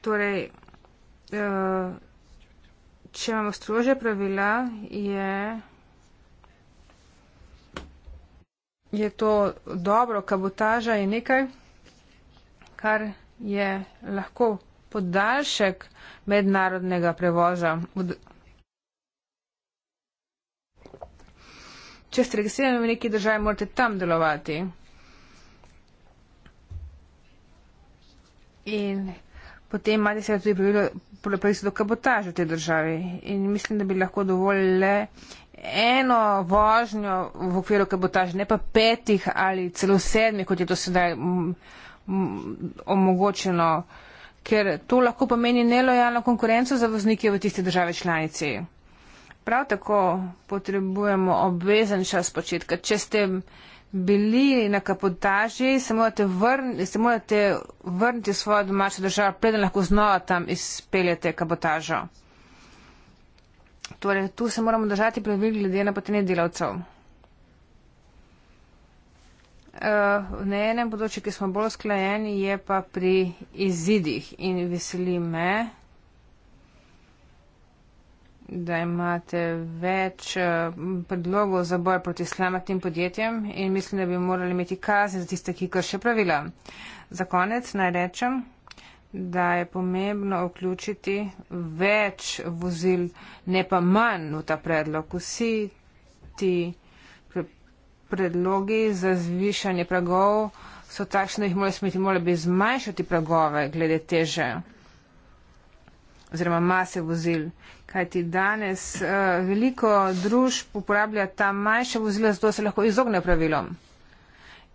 Torej, uh, če imamo strože pravila, je, je to dobro, kabotaža je nekaj, kar je lahko podaljšek mednarodnega prevoza. Če ste registrirani v neki državi, morate tam delovati. In potem imate seveda tudi pravico do kabotaže v tej državi. In mislim, da bi lahko dovolj le eno vožnjo v okviru kabotaže, ne pa petih ali celo sedmih, kot je do sedaj omogočeno, ker to lahko pomeni nelojalno konkurenco za voznike v tiste države članici. Prav tako potrebujemo obvezen čas početka. Če ste bili na kapotaži, se morate, vrn, se morate vrniti v svojo domačo državo, preden lahko znova tam izpeljete kapotažo. Torej, tu se moramo držati pravil glede na potenje delavcev. Uh, na enem področju, ki smo bolj sklajeni, je pa pri izidih in veseli me, da imate več eh, predlogov za boj proti slamatim podjetjem in mislim, da bi morali imeti kazni za tiste, ki krše pravila. Za konec naj rečem, da je pomembno vključiti več vozil, ne pa manj v ta predlog. Vsi ti predlogi za zvišanje pragov so takšni, da jih mora smeti, mora bi zmanjšati pragove glede teže oziroma mase vozil. Kajti danes uh, veliko družb uporablja ta manjša vozila, zato se lahko izogne pravilom.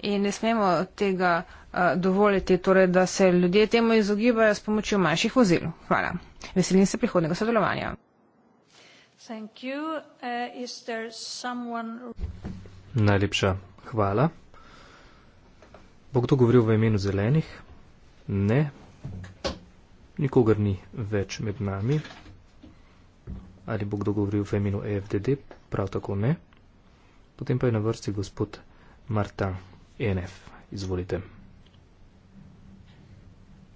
In ne smemo tega uh, dovoliti, torej, da se ljudje temu izogibajo s pomočjo manjših vozil. Hvala. Veselim se prihodnega sodelovanja. Uh, someone... Najlepša hvala. Bo kdo govoril v imenu zelenih? Ne nikogar ni več med nami. Ali bo kdo govoril v imenu EFDD? Prav tako ne. Potem pa je na vrsti gospod Marta e NF. Izvolite.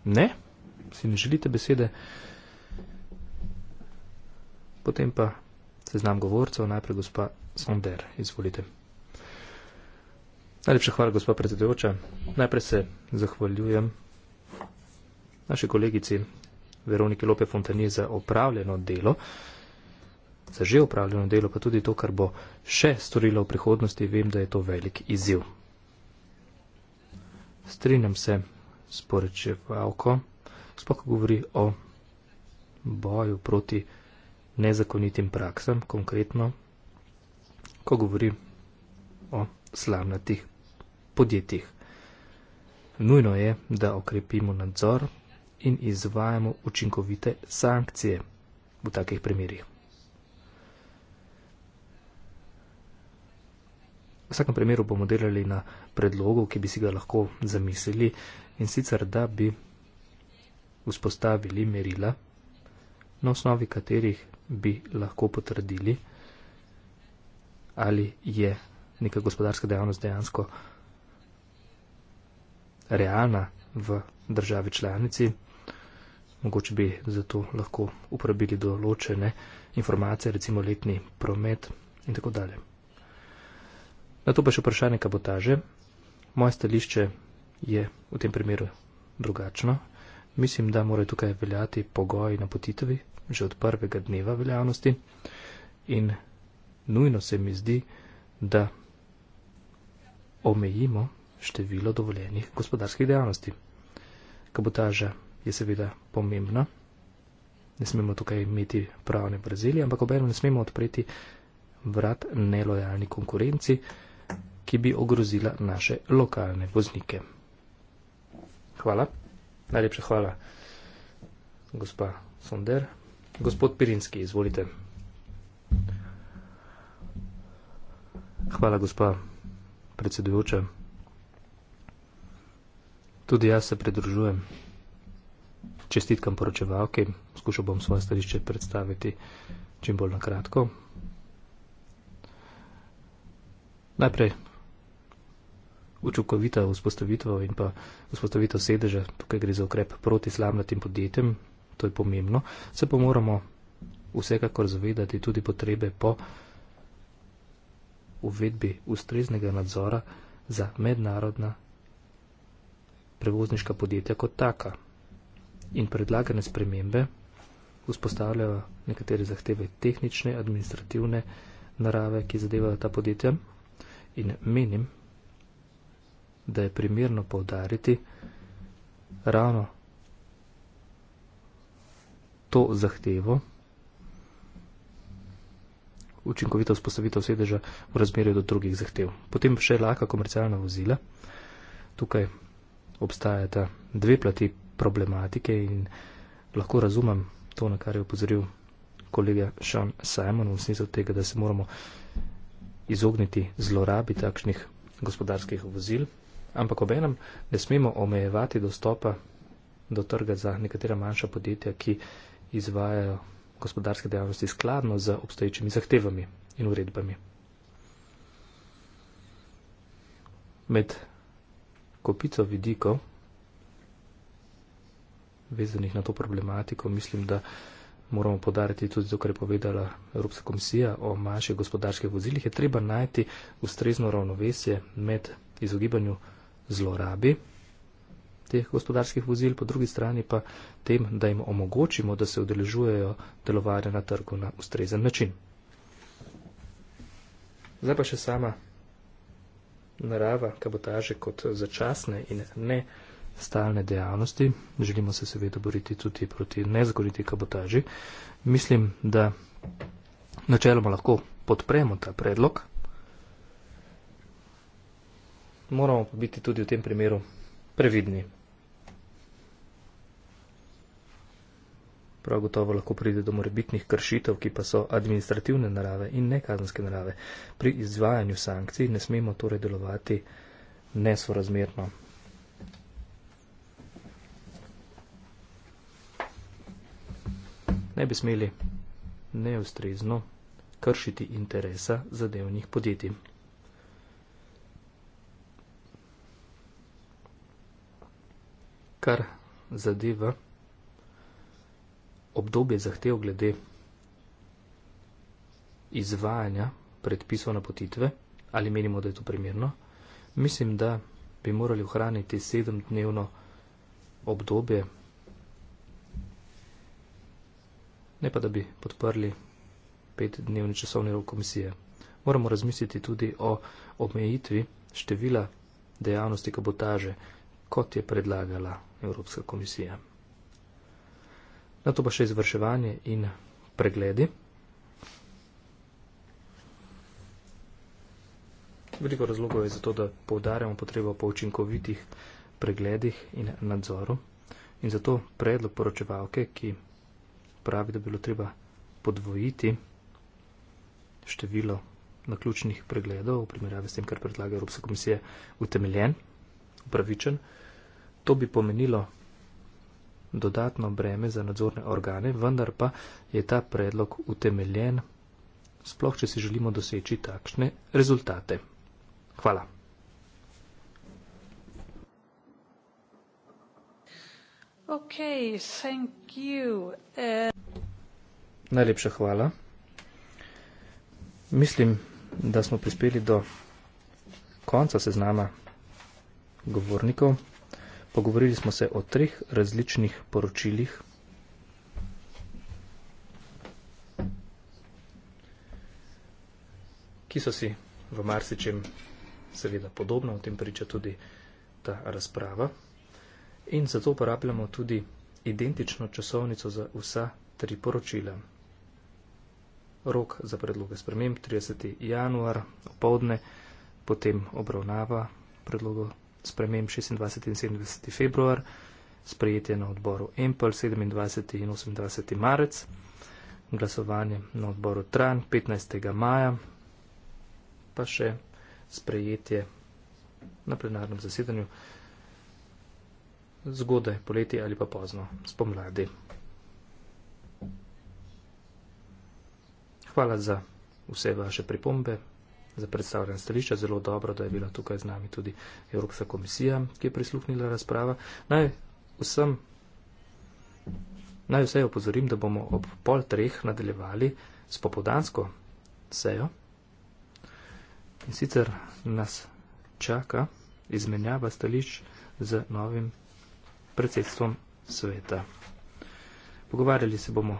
Ne? Si ne želite besede? Potem pa seznam govorcev, najprej gospa Sonder. Izvolite. Najlepša hvala, gospa predsedujoča. Najprej se zahvaljujem naši kolegici Veroniki Lope Fontanije za opravljeno delo, za že opravljeno delo, pa tudi to, kar bo še storila v prihodnosti, vem, da je to velik izziv. Strinjam se s poročevalko, spoko govori o boju proti nezakonitim praksam, konkretno, ko govori o slavnatih podjetjih. Nujno je, da okrepimo nadzor, in izvajamo učinkovite sankcije v takih primerih. V vsakem primeru bomo delali na predlogu, ki bi si ga lahko zamislili in sicer, da bi vzpostavili merila, na osnovi katerih bi lahko potrdili, ali je neka gospodarska dejavnost dejansko realna v državi članici mogoče bi zato lahko uporabili določene informacije, recimo letni promet in tako dalje. Na to pa še vprašanje kabotaže. Moje stališče je v tem primeru drugačno. Mislim, da morajo tukaj veljati pogoji na potitvi že od prvega dneva veljavnosti in nujno se mi zdi, da omejimo število dovoljenih gospodarskih dejavnosti. Kabotaža je seveda pomembna. Ne smemo tukaj imeti pravne Brazilije, ampak obenem ne smemo odpreti vrat nelojalni konkurenci, ki bi ogrozila naše lokalne voznike. Hvala. Najlepša hvala, gospa Sonder. Gospod Pirinski, izvolite. Hvala, gospa predsedujoča. Tudi jaz se pridružujem čestitkam poročevalki. Skušal bom svoje stališče predstaviti čim bolj na kratko. Najprej učinkovita vzpostavitev in pa vzpostavitev sedeža, tukaj gre za ukrep proti slamnatim podjetjem, to je pomembno, se pa moramo vsekakor zavedati tudi potrebe po uvedbi ustreznega nadzora za mednarodna prevozniška podjetja kot taka in predlagane spremembe vzpostavljajo nekatere zahteve tehnične, administrativne narave, ki zadevajo ta podjetja in menim, da je primerno povdariti ravno to zahtevo, učinkovito vzpostavitev sedeža v razmerju do drugih zahtev. Potem še lahka komercialna vozila. Tukaj obstajata dve plati problematike in lahko razumem to, na kar je upozoril kolega Sean Simon v smislu tega, da se moramo izogniti zlorabi takšnih gospodarskih vozil, ampak obenem ne smemo omejevati dostopa do trga za nekatera manjša podjetja, ki izvajajo gospodarske dejavnosti skladno z obstoječimi zahtevami in uredbami. Med kopico vidikov vezanih na to problematiko. Mislim, da moramo podariti tudi to, kar je povedala Evropska komisija o manjših gospodarskih vozilih. Je treba najti ustrezno ravnovesje med izogibanju zlorabi teh gospodarskih vozil, po drugi strani pa tem, da jim omogočimo, da se udeležujejo delovanja na trgu na ustrezen način. Zdaj pa še sama narava kabotaže kot začasne in ne stalne dejavnosti. Želimo se seveda boriti tudi proti nezakoniti kabotaži. Mislim, da načeloma lahko podpremo ta predlog. Moramo pa biti tudi v tem primeru previdni. Prav gotovo lahko pride do morebitnih kršitev, ki pa so administrativne narave in ne kazenske narave. Pri izvajanju sankcij ne smemo torej delovati nesorazmerno ne bi smeli neustrezno kršiti interesa zadevnih podjetij. Kar zadeva obdobje zahtev glede izvajanja predpisov na potitve, ali menimo, da je to primerno, mislim, da bi morali ohraniti sedemdnevno obdobje ne pa da bi podprli petdnevni časovni rok komisije. Moramo razmisliti tudi o omejitvi števila dejavnosti kabotaže, kot je predlagala Evropska komisija. Na to pa še izvrševanje in pregledi. Veliko razlogov je zato, da poudarjamo potrebo po učinkovitih pregledih in nadzoru. In zato predlog poročevalke, ki pravi, da bi bilo treba podvojiti število na ključnih pregledov v primerjavi s tem, kar predlaga Evropska komisija, utemeljen, upravičen. To bi pomenilo dodatno breme za nadzorne organe, vendar pa je ta predlog utemeljen, sploh če si želimo doseči takšne rezultate. Hvala. Okay, thank you. Uh... Najlepša hvala. Mislim, da smo prispeli do konca seznama govornikov. Pogovorili smo se o treh različnih poročilih. ki so si v marsičem seveda podobna, o tem priča tudi ta razprava. In zato uporabljamo tudi identično časovnico za vsa tri poročila. Rok za predloge sprememb 30. januar opovdne, potem obravnava predlogo sprememb 26. in 27. februar, sprejetje na odboru EMPL 27. in 28. marec, glasovanje na odboru TRAN 15. maja, pa še sprejetje na plenarnem zasedanju zgodaj poleti ali pa pozno spomladi. Hvala za vse vaše pripombe, za predstavljanje stališča. Zelo dobro, da je bila tukaj z nami tudi Evropska komisija, ki je prisluhnila razprava. Naj vsem, naj vse opozorim, da bomo ob pol treh nadaljevali s popodansko sejo. In sicer nas čaka izmenjava stališč z novim predsedstvom sveta. Pogovarjali se bomo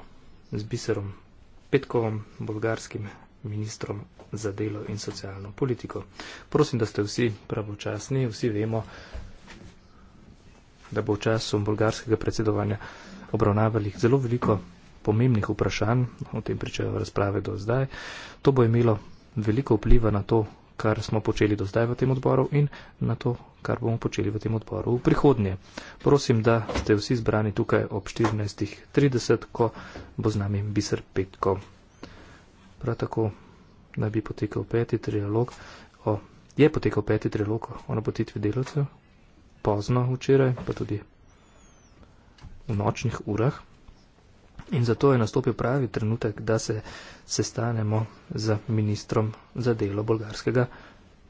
z biserom Petkovom, bolgarskim ministrom za delo in socialno politiko. Prosim, da ste vsi pravočasni, vsi vemo, da bo v času bolgarskega predsedovanja obravnavali zelo veliko pomembnih vprašanj, o tem pričajo razprave do zdaj. To bo imelo veliko vpliva na to, kar smo počeli do zdaj v tem odboru in na to, kar bomo počeli v tem odboru v prihodnje. Prosim, da ste vsi zbrani tukaj ob 14.30, ko bo z nami biser petko. Prav tako naj bi potekal peti trialog, o, je potekal peti trialog o napotitvi delavcev, pozno včeraj, pa tudi v nočnih urah. In zato je nastopil pravi trenutek, da se sestanemo z ministrom za delo bolgarskega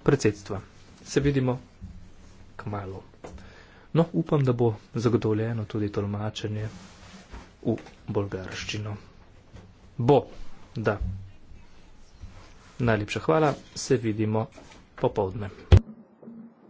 predsedstva. Se vidimo k malu. No, upam, da bo zagotovljeno tudi tolmačenje v bolgarščino. Bo, da. Najlepša hvala, se vidimo popovdne.